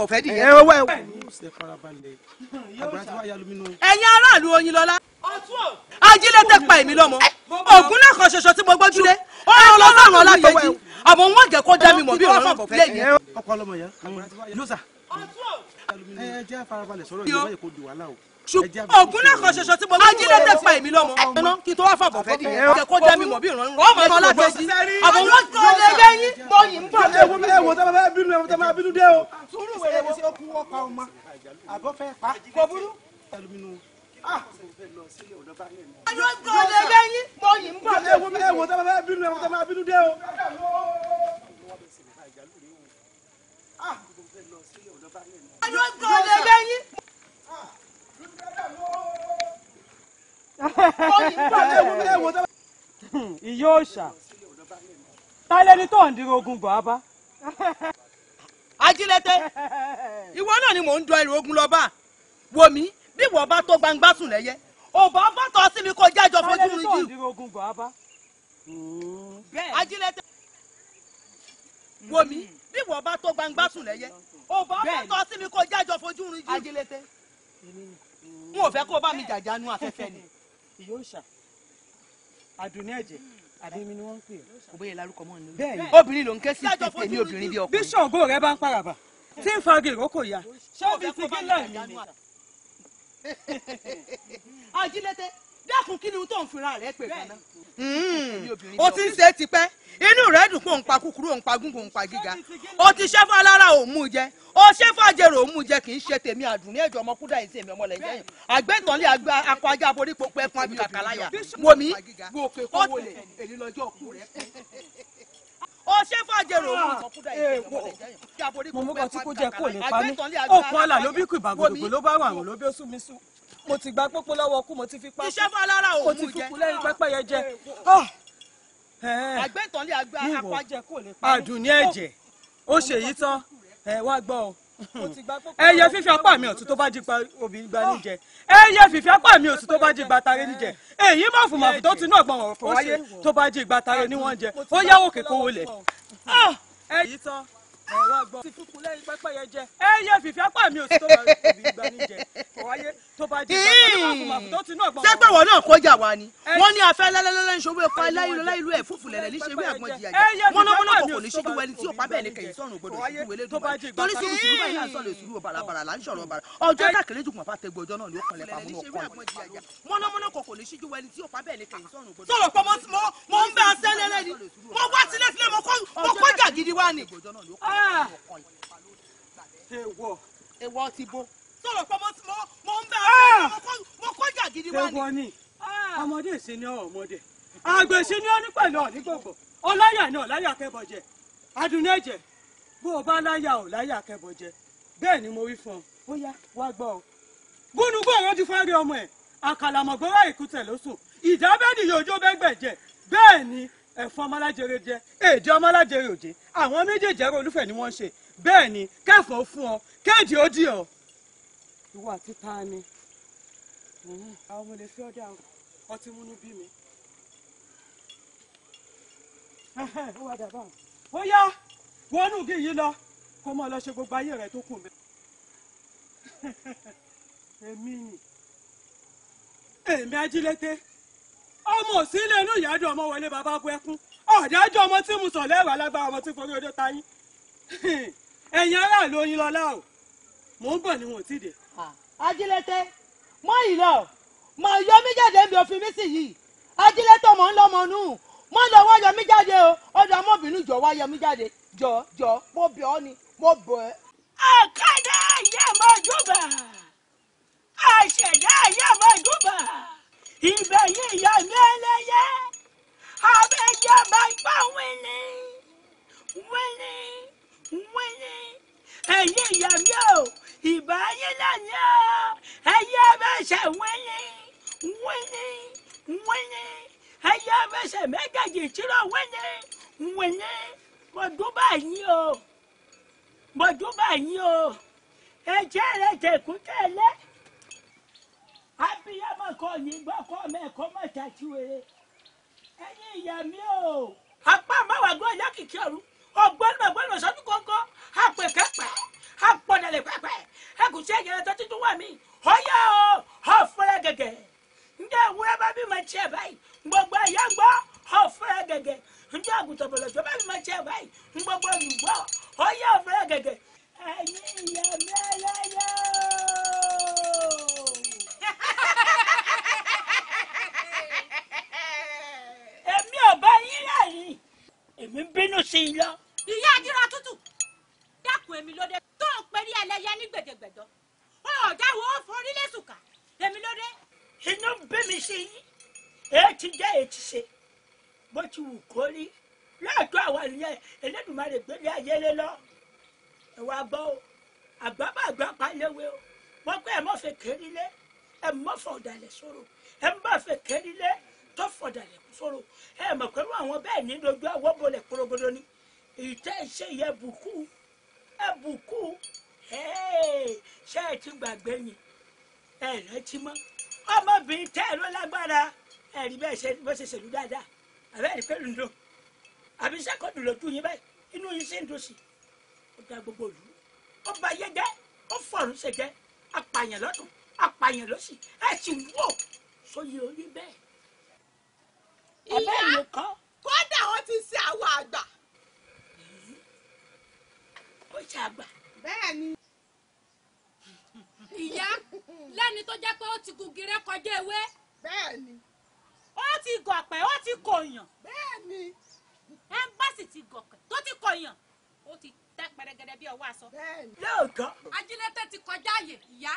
bọ̀ fẹ́ di yẹn. ẹ̀yin aráàlú Oyinlọ́lá ajílẹ̀ tẹ́ pa èmi lọ́mọ ògùn náà kan ṣoṣo tí mo gbójúlé ó rán ọlọ́run ọlábẹ́jì àmọ́ wọ́n jẹ́ kó dá mi mọ̀ bí ọ̀rọ̀ lẹ́yìn. ọkọ ọlọmọ yẹn ló sà ẹ jẹ́ farabalẹ̀ sọ̀rọ̀ ìyẹn báyìí kò dùn wàhálà o ògùn náà kan ṣoṣo tí mo wí ló lè fa èmi lọ́mọ. ẹnà kí n tó wá fún àbọ̀ fẹ́ẹ́ jẹ kó jẹ́ mi mọ̀ bí ìrànlọ́rùn ọmọ ọmọ láti ẹjí àbọ̀ wọn kọ́ lé lẹ́yìn mo yìí ń bọ̀ lé. ẹ wo tẹ́ bá bá bínú ẹ wo tẹ́ bá bá bínú dé o. sùúrù wẹ̀rẹ̀ wo ṣe kú ọ̀pá ọmọ àbọ̀ fẹ́ pa kò burú ẹlòmínú. ẹnà kọ́ lé lẹ́yìn mo yìí ń bọ̀ lé. ẹ wo tẹ́ bá bá bínú ẹ wo tẹ́ bá bá bínú dé o. ẹnà kọ́ lé lẹ́yìn ìyá òòṣà ta lẹni tó ogun bọ̀ náà ni mò ń dọ ẹrù ogun lọ bá wò mí bí ìwọ bá tó gbangba sùn lẹ́yẹ òbá bá tọ́ sí mi kó jájọ fojú mi jù. ta lẹni tó ogun bọ̀ ajílẹ̀tẹ̀ wò mí bí ìwọ bá gbangba sùn lẹ́yẹ bá tọ́ sí mi kó jájọ fojú mi jù. n ò ìyá òòṣà àdùnní ẹ̀jẹ̀ àdùnní ni wọ́n ń pè é. kò bóyá lárúkọ mọ́ ni. bẹ́ẹ̀ni obìnrin ló ń ké sí èmi obìnrin bí ọkùnrin. bí Ṣàngó rẹ bá ń paraba tí ń fa gèrò kò yá ṣé òbí ti kí láì ní dákun kí ni ohun tó ń fira rẹ pè ganan. Hmm. o ti ń ṣe tipẹ́ inú rẹ dùn kó ń pa kúkúrú ò pa gúngùn ò pa gíga o ti ṣe fún alára ò mú jẹ o ṣe fún àjèrò ò mú jẹ kì í ṣe tèmi àdùn ní ẹjọ ọmọkúdà yìí sí èmi ọmọ lẹ́yìn ẹyìn lé akọ ajá aborí pọpẹ fún abìkà kàláyà wò mí o o ṣe fún àjèrò òun ìtọ́kúdà yìí kí ọmọ lẹ́yìn ẹyìn àgbẹtàn lé akọ ajá aborí pọpẹ fún abìkà kàláyà wò mí o ṣe fún àjèrò òun ìtọ́kúdà yìí kí ọmọ lẹ́yìn ẹyìn àgbẹtàn lé akọ ajá aborí pọpẹ fún abìkà kàláyà wò mí o ṣe fún àjèrò òun ìtọ́kúdà yìí kí ọmọ lẹ́yìn ẹyìn àgbẹtàn lé àgbà akọ ajá aborí pọpẹ fún abìkà kàláyà wò mí o ṣe fún àjèrò òun ìtọ́kúdà yìí kí ọmọ lẹ́yìn ẹyìn àgbẹtàn kàláyà wò mí o ṣe fún àjèrò òun ìtọ́kúdà yìí kí ọmọ lẹ́yìn ẹyìn àgbẹtàn lé àgbà akọ ajá aborí kàláyà wò mí o ṣe fún àjèrò òun ìtọ́kúdà yìí kí ọmọ lẹ́yìn ẹyìn àgbẹtàn lé àgbà akọ ajá aborí pọpẹ fún abìkà kàláyà wò mí o ṣe fún à mo ti gba pópó lọ́wọ́ kú mo ti fi pa iṣẹ́ fún alára òun jẹ mo ti fi kú lẹ́yìn pẹ́pẹ́yẹ jẹ àgbẹ̀ntànlé apájẹ kò lè pa àdùnní ẹ̀jẹ̀ ó ṣe èyí tán ẹ wá gbọ́ o ẹyẹ ah. fífi apá mi ọ̀tún tó bá jí obìnrin gba níjẹ ẹyẹ fífi apá mi ọ̀tún tó bá jí gbatare níjẹ èyí má fún màfún tó ti náà gbọ̀n ọ̀fọ̀ wáyé tó bá jí gbatare níwọ̀n jẹ ó yáwó kékeré lẹ̀. èyí tán ẹ wá gbọ́ ti fúnkun lẹ́yìn pẹ́pẹ́yẹ jẹ ẹ yẹ fìfì apá mi ò sí tó bá fi gbà ní jẹ tó bá di ìgbà tó ní àkùnmọ̀ tó ti náà gbọ́n. sẹ́gbẹ̀ wọ̀ náà kọjá wa ni wọ́n ní afẹ́ lẹ́lẹ́lẹ́lẹ́ ń ṣòwò ẹ̀kọ́ ẹláyìlú ẹ̀ fúfù lẹ̀lẹ̀ níṣẹ́ wí àgbọn jìyà jẹ mọ́nàmọ́nà kò kò ní ṣíjú wẹni tí òpá bẹ́ẹ̀ ni kẹ̀yìn sọ̀rùn gbọdọ̀ ewọ. ewọ ti bo. sọ̀rọ̀ pé mo ń bẹ ah! ọ̀sẹ̀ mo kọjá gidi wá ni. ewọ ni ah! ọmọdé sí ni ọmọdé àgbèsí ni ó ní pẹ̀lú ọ̀nígbògbò ọláyà ni ọ̀láyà kẹbọ̀jẹ adùnẹ́jẹ bó o bá láyà ọ̀láyà kẹbọ̀jẹ bẹ́ẹ̀ ni mo wí fún ọ ó yá wá gbọ́ ọ. gúnugún ọ̀rọ̀ ti fẹ́ rí ọmọ ẹ̀ àkàlàmọ̀gbọ́rọ̀ ìkútẹ̀ ló ìdábẹ́ni yòójó bẹ́gbẹ̀jẹ bẹ́ẹ̀ ni ẹ̀fọn ọmọlájẹrẹ jẹ èdè ọmọlájẹrẹ òjé àwọn méjèèjì ẹ̀rọ olúfẹ̀ ni wọ́n ń ṣe bẹ́ẹ̀ ni kẹ́fọ̀ọ́ fún ọ kéèdì ó dì ọ́. ìwọ àti ta ni àwọn ọmọ lè fi ọdẹ àwọn ọtí múnú bí mi. ó wà dàbà ó yá wọnú kí yìí lọ kó mọ lọ ṣe gbogbo ayé rẹ tó kù mẹ. èmi ni èmi ajílété ọmọ ò sí ilé inú ìyájọ́ ọmọ wọlé bàbá bu ẹkún ọ̀dájọ́ ọmọ tí mo sọ lẹ́wàá lágbára ọmọ tí forí odó tayín ẹ̀yin aráàlú oyin lọ́lá o mò ń bọ̀ ni wọn ò tí ì dé. ajílẹ̀tẹ̀ mọ ìlọ mọ ìyọ mi jáde mi ò fi mí sí yìí ajílẹ̀tẹ̀ mọ̀ ń lọ́mọ nù mọ lọ wọ́n yọ mí jáde o ọ̀dọ̀ ọmọbìnrin jọ wá yọ mí jáde jọ jọ mo bẹ̀ ọ́ ni mo bẹ̀ ẹ́. ọ̀kadà ayé mọ́júbà àṣẹ̀dá ayé mọ́júbà ibẹ̀ yìí yọ mí ẹlẹ́yẹ abẹ́jẹ́ máa gbọ́ wíní wíní wíní èyí yọ mí o ìbá yín lẹ́yìn o ẹ̀yẹ ẹ̀bẹ̀ṣẹ̀ wíní wíní wíní ẹ̀yẹ ẹ̀bẹ̀ṣẹ̀ méjèèjì tìrọ wíní wíní mo dúbà yín o mo dúbà yín o ẹ̀jẹ̀ rẹ̀ tẹ̀kú tẹ̀lé. abiyamọ kọ yìnbọn kọ mẹkọ mọta ìyá mi o. apá àmàwà gbọ́ ìyá kìkì ọ̀run ọgbọ́nà ọgbọ́nà sọ́dún kọ́ńkọ́ pẹ́pẹ́ tó títún wà mí ọyá o ọ̀fọ́rẹ́ gẹ̀gẹ̀ njẹ́ ìwúrẹ́ bá bí màá tiẹ̀ báyìí gbogbo ẹ̀yà ń gbọ́ ọ̀fọ́rẹ́ gẹ̀gẹ̀ njẹ́ àgùntàn bọ̀lọ̀jọ́ bá bí màá tiẹ̀ báyìí gbogbo gẹ̀gẹ̀ èmi ń bínú sí i lọ. ìyá àdìrà tútù dákun èmi lóde tó ń perí ẹlẹ́yẹ ní gbẹ̀dẹ̀gbẹ̀dọ̀ ọ̀ọ́dà wo ó forí lẹ́sùkà èmi lóde. inú ń bí mi sí i èyí ti jẹ́ èyí ti ṣe bó ti wù kó rí lóòótọ́ àwọn ènìyàn Elédùmarè gbélé ayé lé lọ ẹ̀wọ̀n àgbọ̀ o àgbàbà àgbàpá léwe o wọ́n pé ẹ̀ mọ́ fẹ́ kérí lé ẹ̀ mọ́ fọ̀ ọ̀dàlẹ̀ sọ̀rọ̀ ẹ̀ mọ́ fẹ́ kérí lé tó fọ̀dàlẹ̀ kú sóró ẹ mọ̀ pẹ̀lú àwọn bẹ́ẹ̀ ní dojú àwọ̀ bọ̀lẹ̀ porogodo ni èyí tẹ́ ẹ ṣe yẹ bùkú ẹ bùkú ṣé ẹ ti gbàgbé ni ẹ rántí mọ́ ọmọbìnrin tẹ́ ẹ ló lágbára ẹ rí bẹ́ẹ̀ ṣe bó ṣe ṣèlú dáadáa àbẹ́ rí pẹ̀lú ńdò àbí sẹ́kọ̀dù lójú yín báyìí inú yín sì ń dùn sí ó da gbogbo ìlú ó ba yé jẹ́ ó fọ̀rùn ṣe jẹ́ apààyàn lọ́tún apààyàn lọ́sì ẹ sì wò sóyè orí bẹ́ẹ̀ ìyá kódà wọn ti ṣe àwọn àgbà ó ṣe ìyá lẹ́ni tó jẹ́ pé ó ti gùngìrẹ́ kọjá ewé. ó ti gọ̀pẹ̀ ó ti kòyàn. bẹ́ẹ̀ ni. ẹ̀ńbàṣì ti gọ̀pẹ̀ tó ti kòyàn ó ti tẹ́ pẹ̀rẹ́gẹ́dẹ́ bí ọwọ́ aṣọ. lóòótọ́. ajílẹ̀tẹ̀ ti kọjá àyè ìyá.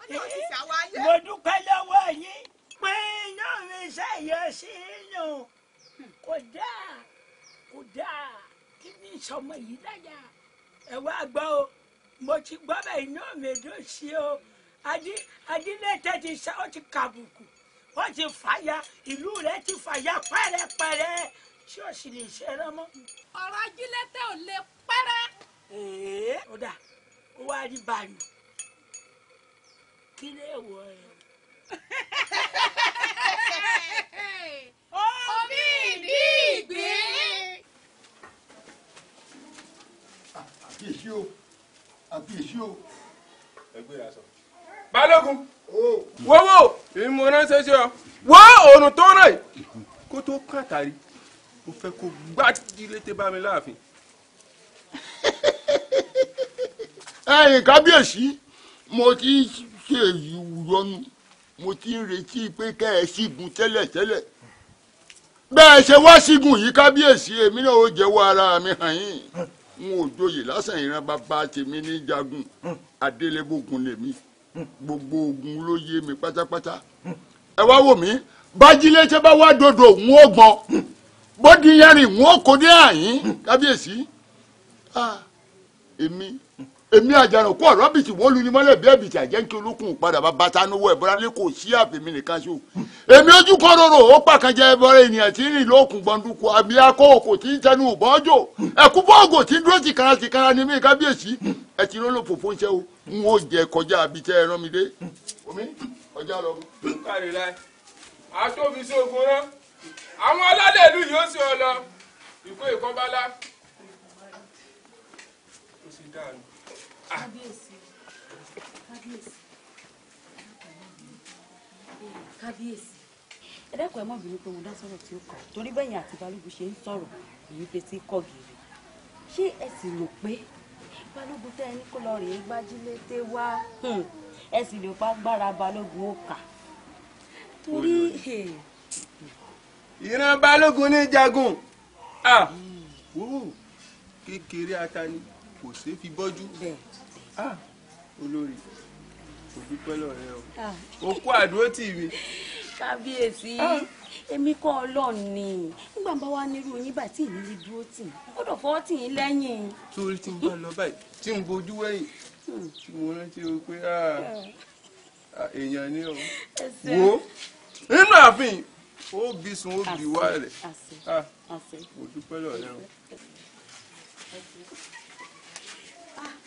ó ní òṣìṣẹ́ àwọn ayé. mo dúpẹ́ lọ́wọ́ yín pín iná mi sẹ́yọ sí inú kò dáa kò dáa kí ni sọmọ yìí dájà ẹ wá gbọ́ o mo ti gbọ́ bẹ́ẹ̀ iná mi dùn sí o adílé tẹ́tí sá ó ti kàbùkù ó ti fàya ìlú rẹ̀ ti fàya pẹ́rẹpẹ́rẹ tí ó sì lè ṣe rán mọ́. ọ̀rọ̀ ajílẹ̀ ò lè pẹ́rẹ́. ẹ̀ẹ́ ó wá rí báyìí kí lè wọ ẹ̀ omi ìdí ìgbín. àkíyèsí o àkíyèsí o. ẹgbẹ́ ìrasọ. balógun wọ́wọ́ ìmọ̀ránṣẹ́ sí ọ wọ́ òrùn tó rẹ̀ kó tó kàtàrí mo fẹ́ kó gbájú létí bá mi láàfin. ẹ̀yin kábíyèsí mo ti ṣe ìyọnu mo ti ń retí pé kẹ́ ẹ sígun tẹ́lẹ̀tẹ́lẹ̀ bẹ́ẹ̀ ṣe wá sígun yìí kábíyèsí èmi náà ó jẹ́wọ́ ara mi hàn yín n ò joyè lásán ìran bàbá tèmi ní jagun adélébógun lèmi gbogbo ogun ló yé mi pátápátá ẹ wá wò mí bájílé tẹ bá wá dodo ń ó gbọn bó di yẹrin ń ó kó dé àyín kábíyèsí ah, èmi èmi àjàrà kó ọ̀rọ̀ bìtì wọ́n lu ni mọ́lẹ̀ bí ẹ̀bìtì àjẹ́ kí olókùn padà bá bàtà nówó ẹ̀bọ́ra ní kò sí àfẹ́mi nìkan ṣó. èmi ojú kọ́rọ̀rọ̀ ó pàkànjẹ ẹbọra ènìyàn tí ń rìn lókun gbọ̀ndùkú àbí akọ́ kò tí ń tẹnu ìbọ́jọ́ ẹ̀kú bọ́ọ̀gù tí ń dúró tìkara tìkara ní mí kábíyèsí ẹ̀ ti rólò fòfó ṣẹ́ o n ó jẹ kọjá àbí tẹ́ ẹran mi dé. omi ọjà lọ. àwọn alálẹ̀ ìlú yìí ó sì ọ lọ ìkó ìkọ́bálá ó sì dáa kábíyèsí kábíyèsí kábíyèsí ẹ mo dá sọ̀rọ̀ tí ó kàn torí bẹ́yìn àti balógun ṣe ń sọ̀rọ̀ èyí fetí kọ̀ gèrè ṣé ẹ sì rò pé balógun tẹ́ ẹ ní kó lọ rèé gbájúlé tẹ́ wá hmm. ẹ sì lè pa gbára balógun ó kà torí. ìran balógun ní jagun ah, kékeré ata ni kò ṣeé fi bọ́jú. bẹ́ẹ̀ Ah, olórí kò dúpẹ́ lọ́rẹ́ o ó ah. kó àdúró tì mí. kábíyèsí ah. èmi kọ́ ni nígbà bá wà nírú yín bá tí ìní lè dúró tì í gbọ́dọ̀ fọ́ tì ti n bá lọ báyìí tí n wẹ̀yìn hmm. tí mo rántí o pé hmm. èèyàn ni o wo nínú ààfin ó bí sun ó bí wá rẹ̀ mo o.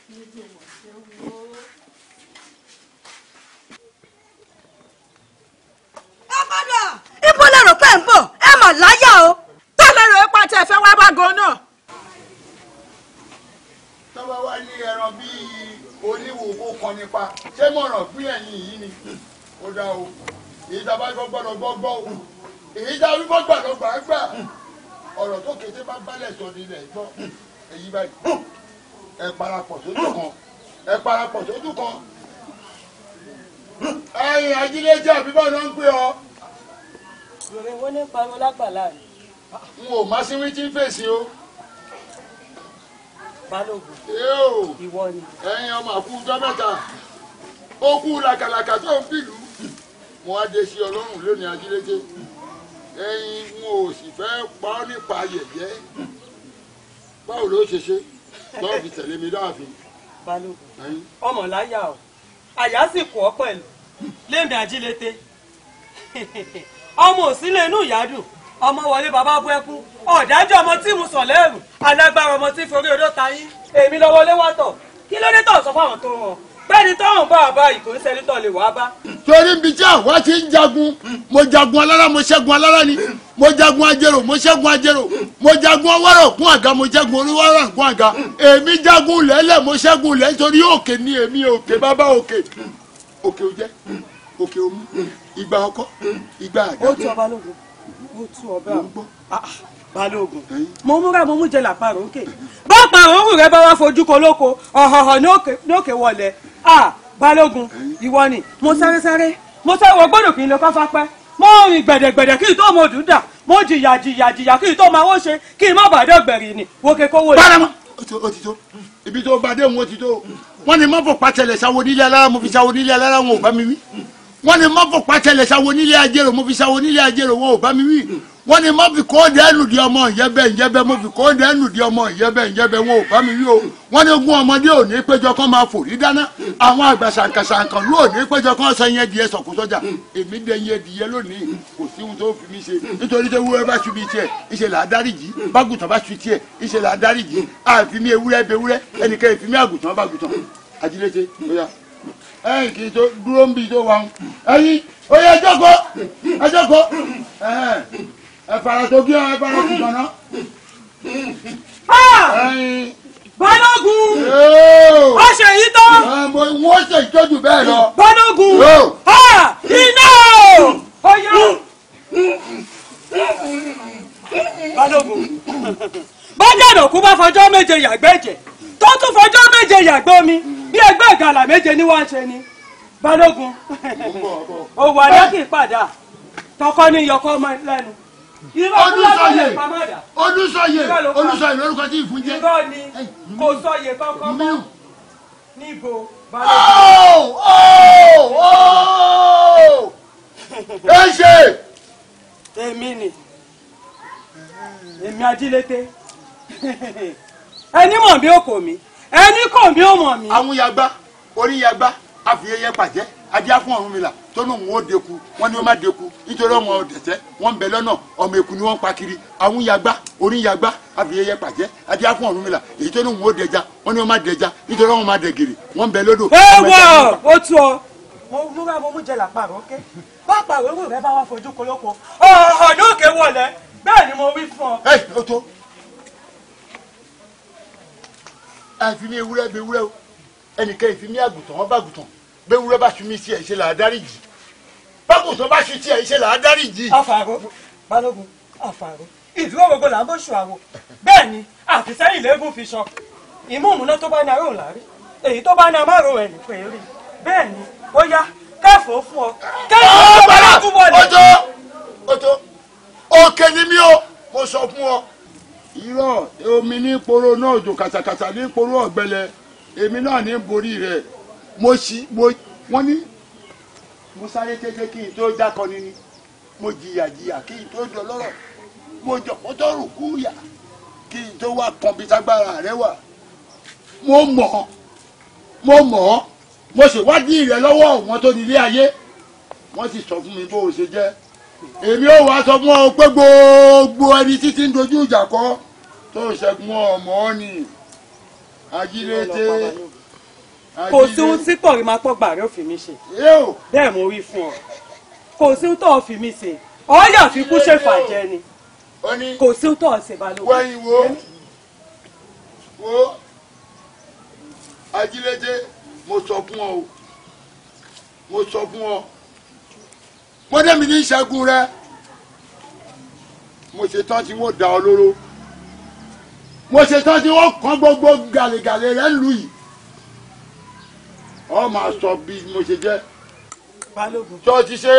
ibo lẹ́rọ pẹ́ ń bọ̀ ẹ mà láyà o. bẹ́ẹ̀ lẹ́rọ ipa tẹ̀ fẹ́ wá bá gan náà. tọ́wọ́ wá ní ẹran bíi oníwòwò kan nípa ṣé mọ̀ràn pín ẹ̀yìn yìí ni ó dá o èyí tá a bá gbọ́ gbọ́dọ̀ gbọ́ gbọ́ o èyí tá a wí gbọ́ gbàdọ̀ gbà gbà ọ̀rọ̀ tó kété bá balẹ̀ sọ nílẹ̀ gbọ́ èyí báyìí ẹ parapọ̀ sójú kan ẹ parapọ̀ sójú kan ẹyin ajílẹ̀jẹ́ àbíbọ̀ náà ń pè ọ́. Bèrè wo ní pariwo lágbàlá rẹ̀? N ò má sí wí tí ń fèsì o. Balógun. Yóò. Ìwọ ni. Ẹyin ọmọ àkú dọ́mẹ́ta. Ó kú làkàlàkà tó ń bìlú. Mo á de sí ọlọ́run lónìí ajílẹ̀jẹ́. Ẹyin n ò sì fẹ́ pa ọ́ nípa ayẹyẹ. Báwo ló ṣe ṣe? tọ́ fi tẹ̀lé mi dáàfin. balógun ọmọ láyà o àyà sì kọ́ ọ pẹ̀lú lẹ́mí ajílété ọmọ òsínlẹ̀ inú ìyádùn ọmọ wọlé bàbá bú ẹkún ọ̀dájú ọmọ tí mo sọ lẹ́rù alágbára ọmọ tí forí odó ta yín èmi lọ wọlé wá tọ̀ kí ló dé tọ̀ sọ fún àwọn tó rán ọ. bẹ́ẹ̀ni tọ́hún bá a bá ìkó sẹ́ni bá. torí ibi tí àwa ti ń jagun hmm. mo jagun alára mo ṣẹ́gun alára ni hmm. mo jagun ajero mo ṣẹ́gun ajérò hmm. mo jagun ọwọ́rọ̀ kún àga mo ṣẹ́gun oníwọ́rọ̀ jagun lẹ́lẹ̀ mo ṣẹ́gun lẹ́ torí òkè ni èmi òkè baba òkè òkè oje oke omi ìgbà ọkọ ìgbà àgbà. ó tu ọba lógun ó ah balógun ìwọ ni mo sáré sáré mo sáré wọ gbọ́dọ̀ kí n lọ káfá pẹ́ mo rìn gbẹ̀dẹ̀gbẹ̀dẹ̀ kí n tó mo dùn dà mo jìyà jìyà jìyà kí n tó máa wọ́n ṣe kí n má bàa dọ̀gbẹ̀rì ni wo ke kówó lọ. bára mọ o ti tó ibi tó bá dé òun o ti wọn ni mọ́fò pàtẹ́lẹ̀ sáwo nílé alára mo fi sáwo nílé alára wọn ò bá mi wí wọn ni mọ́fò pàtẹ́lẹ̀ sáwo nílé ajérò mo fi sáwo nílé ajérò wọn ò bá mi wí wọ́n ní má fi kóòdù ẹnu di ọmọ ìyẹ́bẹ̀ ìyẹ́bẹ̀ mo fi kóòdù ẹnu di ọmọ ìyẹ́bẹ̀ ìyẹ́bẹ̀ wọn ò bá mi wí o wọ́n ní ogún ọmọdé ò ní péjọ kán máa fòrí dáná àwọn àgbà ṣàǹkàṣàǹkàn ló ò ní péjọ kán sẹ́yìn ẹdìyẹ sọ̀kún sọ́jà èmi dẹ̀yìn ẹdìyẹ lónìí kò sí ohun tó fi mí ṣe nítorí pé wúrẹ́ bá ṣu bí tiẹ̀ ìṣe là á dáríjì bágùtàn bá ṣu tiẹ̀ ìṣe là á dáríjì àfi mi ewúrẹ́ bẹ ewúrẹ́ ẹnikẹ́ni fi mí àgùtàn bágùtàn àdílẹ́tẹ̀ bóyá ẹ̀yìn kì í tó dúró ń bí tó wà ń ẹ̀yìn ó yẹ ẹjọ́ kọ́ ẹjọ́ kọ́ ẹ fara tó bí ọ ẹ fara tó gbọ̀nà. Balógun ó ṣe èyí tán. wọ́n ṣe ìtọ́jú bẹ́ẹ̀ lọ. Balógun ah! iná ó yá. Balógun bájàdọ̀ kú bá fọjọ́ méje yàgbẹ́ ẹ̀jẹ̀ tó tún fọjọ́ méje yàgbẹ́ omi bí ẹgbẹ́ ìgalà méje ni wọ́n ṣe ni O òwò àdákì padà tọkọ ní yọkọ lẹ́nu olùsọyè olùsọyè olùsọyè lórúkọ tí ìfún jẹ. irọ́ ni kò sọyè kankan mọ́ níbo balẹ̀. Oh, oh, oh. ẹ ṣe. èmi ni èmi ajílété ẹni mọ̀ bí ó kò mí ẹni kò mí ó mọ̀ mí. àwọn yàgbá orí àfìyẹyẹ pàjẹ́ ajá fún ọ̀run mi là tónú wọn ò deku wọn ni wọn má deku nítorí ọmọ ọdẹtẹ wọn bẹ lọ́nà ọmọ èkú ni wọn pa kiri àwọn yagba orí yagba àfìyẹyẹ pàjẹ adíyá fún ọ̀run mìlá èyí tónú wọn ò dẹja wọn ni wọn má dẹja nítorí wọn má dẹgèrè wọn bẹ lódò. ó wọ ó tu ọ mo mú bá mo mú jẹ làpàrọ ok? bá pàrọ owó rẹ bá wà fojú kolóko ọ̀hún ní òkè wọlé bẹ́ẹ̀ ni mo wí fún ọ. ẹ o tó àfi mi ewúrẹ́ bẹ ewúrẹ́ o ẹnìkan ìfi mi àgùntàn ọ bá àgùntàn bẹ́wúrẹ́ bá sumi sí ẹ̀ ṣe là á dáríjì bákùsọ̀ bá su tí ẹ̀ ṣe là á dáríjì. àfààrọ̀ balógun àfààrọ̀ ìdúró gbogbo là ń bó ṣù àwò bẹ́ẹ̀ ni àfisẹ́yìn lẹ́gùn fi ṣan ìmúùmúná tó bá ní aró làárí èyí tó bá ní amáró ẹ̀ nìpẹ́ rí bẹ́ẹ̀ ni ó yá kẹ́fọ́ fún ọ kẹ́fọ́ tó bá ní túbọ̀ ní. ọjọ́ ọjọ́ òkè ni mí o mo sọ fún ọ. irọ́ omi ní poro náà jò kàtàkàtà ní poro ọ̀gbẹ́lẹ̀ èmi náà ní borí rẹ̀ mo ṣí mo wọ́n ní mo sáré tètè kí n tó dákọni ni mo jìyà jìyà kí n tó jọ lọ́rọ̀ mo jọ pọ́tọ́rù kú yà kí n tó wá kọ̀m̀pútàgbára rẹ wà mo mọ̀ mo mọ̀ mo ṣèwádìí rẹ lọ́wọ́ wọn tó nílé ayé wọ́n ti sọ fún mi bó o ṣe jẹ́ èmi ò wá sọ fún ọ pé gbogbo ẹni títí ń dojú ìjà kọ tó ṣẹ́gun ọmọ ni ajílété kò sí ohun tí pọ̀ rí máa pọ̀ gbà rẹ òfin mi ṣe bẹ́ẹ̀ mo wí fún ọ kò sí ohun tó ọ fi mi ṣe ọ̀ọ́yà fi kú ṣèfàjẹ́ ni kò sí ohun tó ọ ṣe balógun. wẹ́yìn wo wo ajílẹ́jẹ́ mo sọ fún ọ mo sọ fún ọ mọ́dẹ́mi ní ìṣẹ́gun rẹ mo ṣetán tí wọ́n da ọ lóró mo ṣetán tí wọ́n kàn gbogbo gàlẹ́gàlẹ́ rẹ lù yìí ọ máa sọ bí mo ṣe jẹ́ ṣọ́ọ̀tì ṣe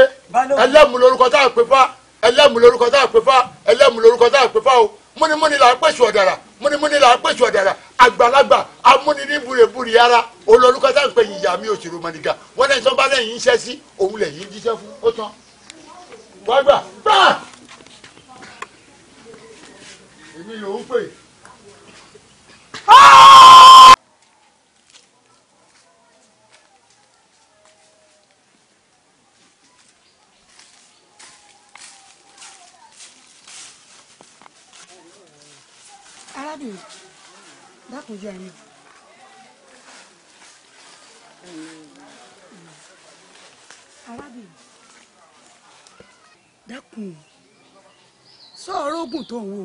ẹlẹ́mu lórúkọ tá a pè fá ẹlẹ́mu lórúkọ tá a pè fá ẹlẹ́mu lórúkọ tá a pè fá o múnimúni là á pèsè ọ̀dàrà múnimúni là á pèsè ọ̀dàrà àgbàlagbà amúniní búrebúre ara olórúkọ tá a pè yìnyà mi òṣèré mọ̀nìgà wọn náà sọ bá lẹ́yìn iṣẹ́ sí òun lẹ́yìn jíṣẹ́ fún ó tán wọ́n gbà èmi yòó pè. dáàdì dákun jẹ ẹni. arábìnrin dákun sọ̀rọ̀ ogun tó ń wò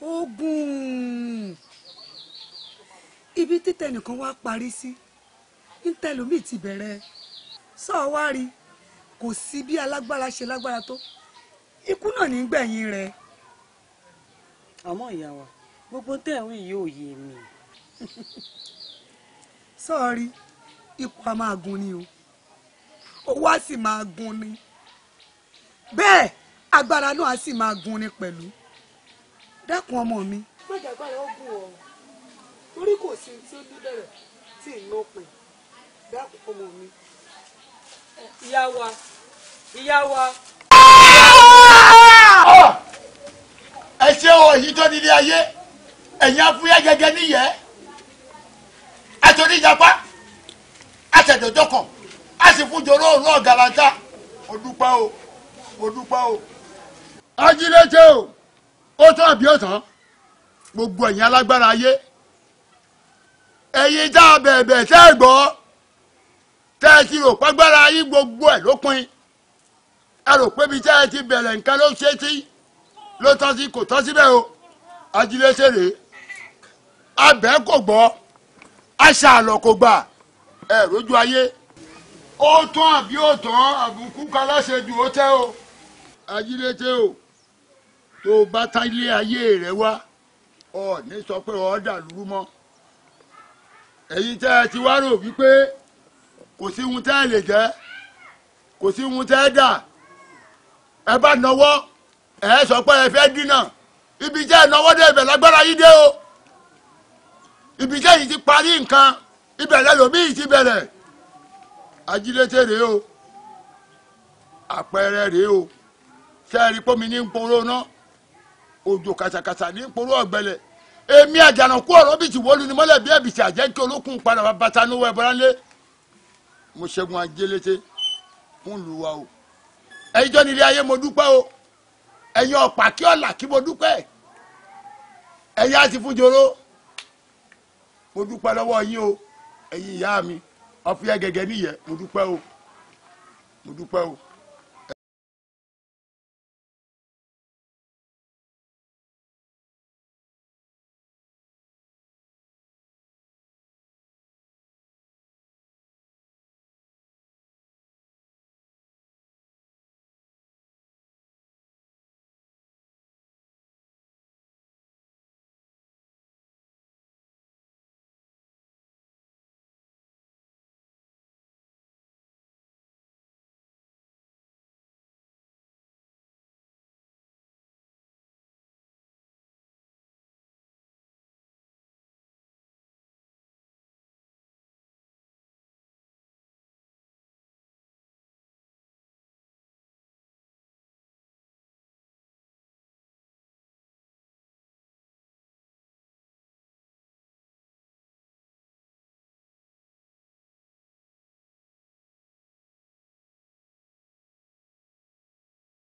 ogun ibi títẹ̀ nìkan wá parí sí ntẹlómìn ti bẹ̀rẹ̀ sọ̀ọ́ wá rí kò sí bí alágbára ṣe lágbára tó ikú náà ní gbẹ̀yìn rẹ̀. àmọ́ ìyá wa gbogbo tẹ̀wé yìí ò yé mi. sọ́ọ̀rí ipò a máa gun ni o owó a sì máa gun ni bẹ́ẹ̀ agbára náà a sì máa gun ni pẹ̀lú dákun ọmọ mi. gbọ́dọ̀gbọ́dọ̀ ó gùn ọ́ torí kò sí tí ó bẹ̀rẹ̀ tí ì lópin dákun ọmọ mi. ìyá wa ìyá wa. ẹ ṣe òyìn tó nílé ayé ẹ̀yin afúyẹ́ gẹ́gẹ́ níyẹ́ àtòrí ìjàpá àtẹ̀dọ̀jọ́ kan a sì fún jòrò òrùn ọ̀gàlàntà ó dúpẹ́ o ó dúpẹ́ o. ajínigbé o ó tán àbí ọ̀tán gbogbo ẹ̀yin alágbára ayé ẹ̀yin tá a bẹ̀ẹ̀bẹ̀ tẹ́ ẹ gbọ́ tẹ́ ẹ ti rò pàgbára yín gbogbo ẹ̀ ló pin ẹ rò pé ibi tẹ́ ẹ ti bẹ̀rẹ̀ nǹkan ló ṣe sí ló tán sí kò tán síbẹ̀ o ajínigbé rèé abẹ́ kò gbọ́ àṣà àlọ́ kò gbà ẹ̀ rójú ayé. ó tán àbí ó tán àbùkù kaláṣejù ó tẹ́ o ajílété o tó o bá táyé ayé rẹ wá ọ ní sọ pé ọ dàlúrú mọ́ ẹ̀yin tẹ́ ẹ ti wá rò wípé kò sí ohun tẹ́ ẹ lè jẹ́ kò sí ohun tẹ́ ẹ dà ẹ bá nọwọ́ ẹ sọ pé ẹ fẹ́ dínà ibi tẹ́ ẹ nọwọ́ dé ibẹ̀ lágbára yìí o ibi tẹ́yìn ti parí nǹkan ìbẹ̀rẹ̀ lòmíì ti bẹ̀rẹ̀ ajílété rèé o àpẹẹrẹ rèé o sẹ́ẹ̀rí pómi ní nporó náà òjò kàṣàkàṣà ní nporó ọ̀gbẹ́lẹ̀ èmi àjànàkú ọ̀rọ̀ bìtì wọ́lu ni mọ́lẹ̀ bí ẹ̀bìtì àjẹ́ kí olókùn padà bá bàtà ní owó ẹ̀bọ̀rán lé mo ṣẹ́gun ajílété fún ìlú wa o ẹ̀yin jọ́ nílé ayé mo dúpẹ́ o ẹ̀yin ọ̀pá kí ọ̀là kí mo dúpẹ́ ẹ̀yin á fún joro mo dúpẹ́ lọ́wọ́ yín o ẹ̀yin ìyá mi ọ̀fíà gẹ́gẹ́ níyẹn mo dúpẹ́ o mo dúpẹ́ o.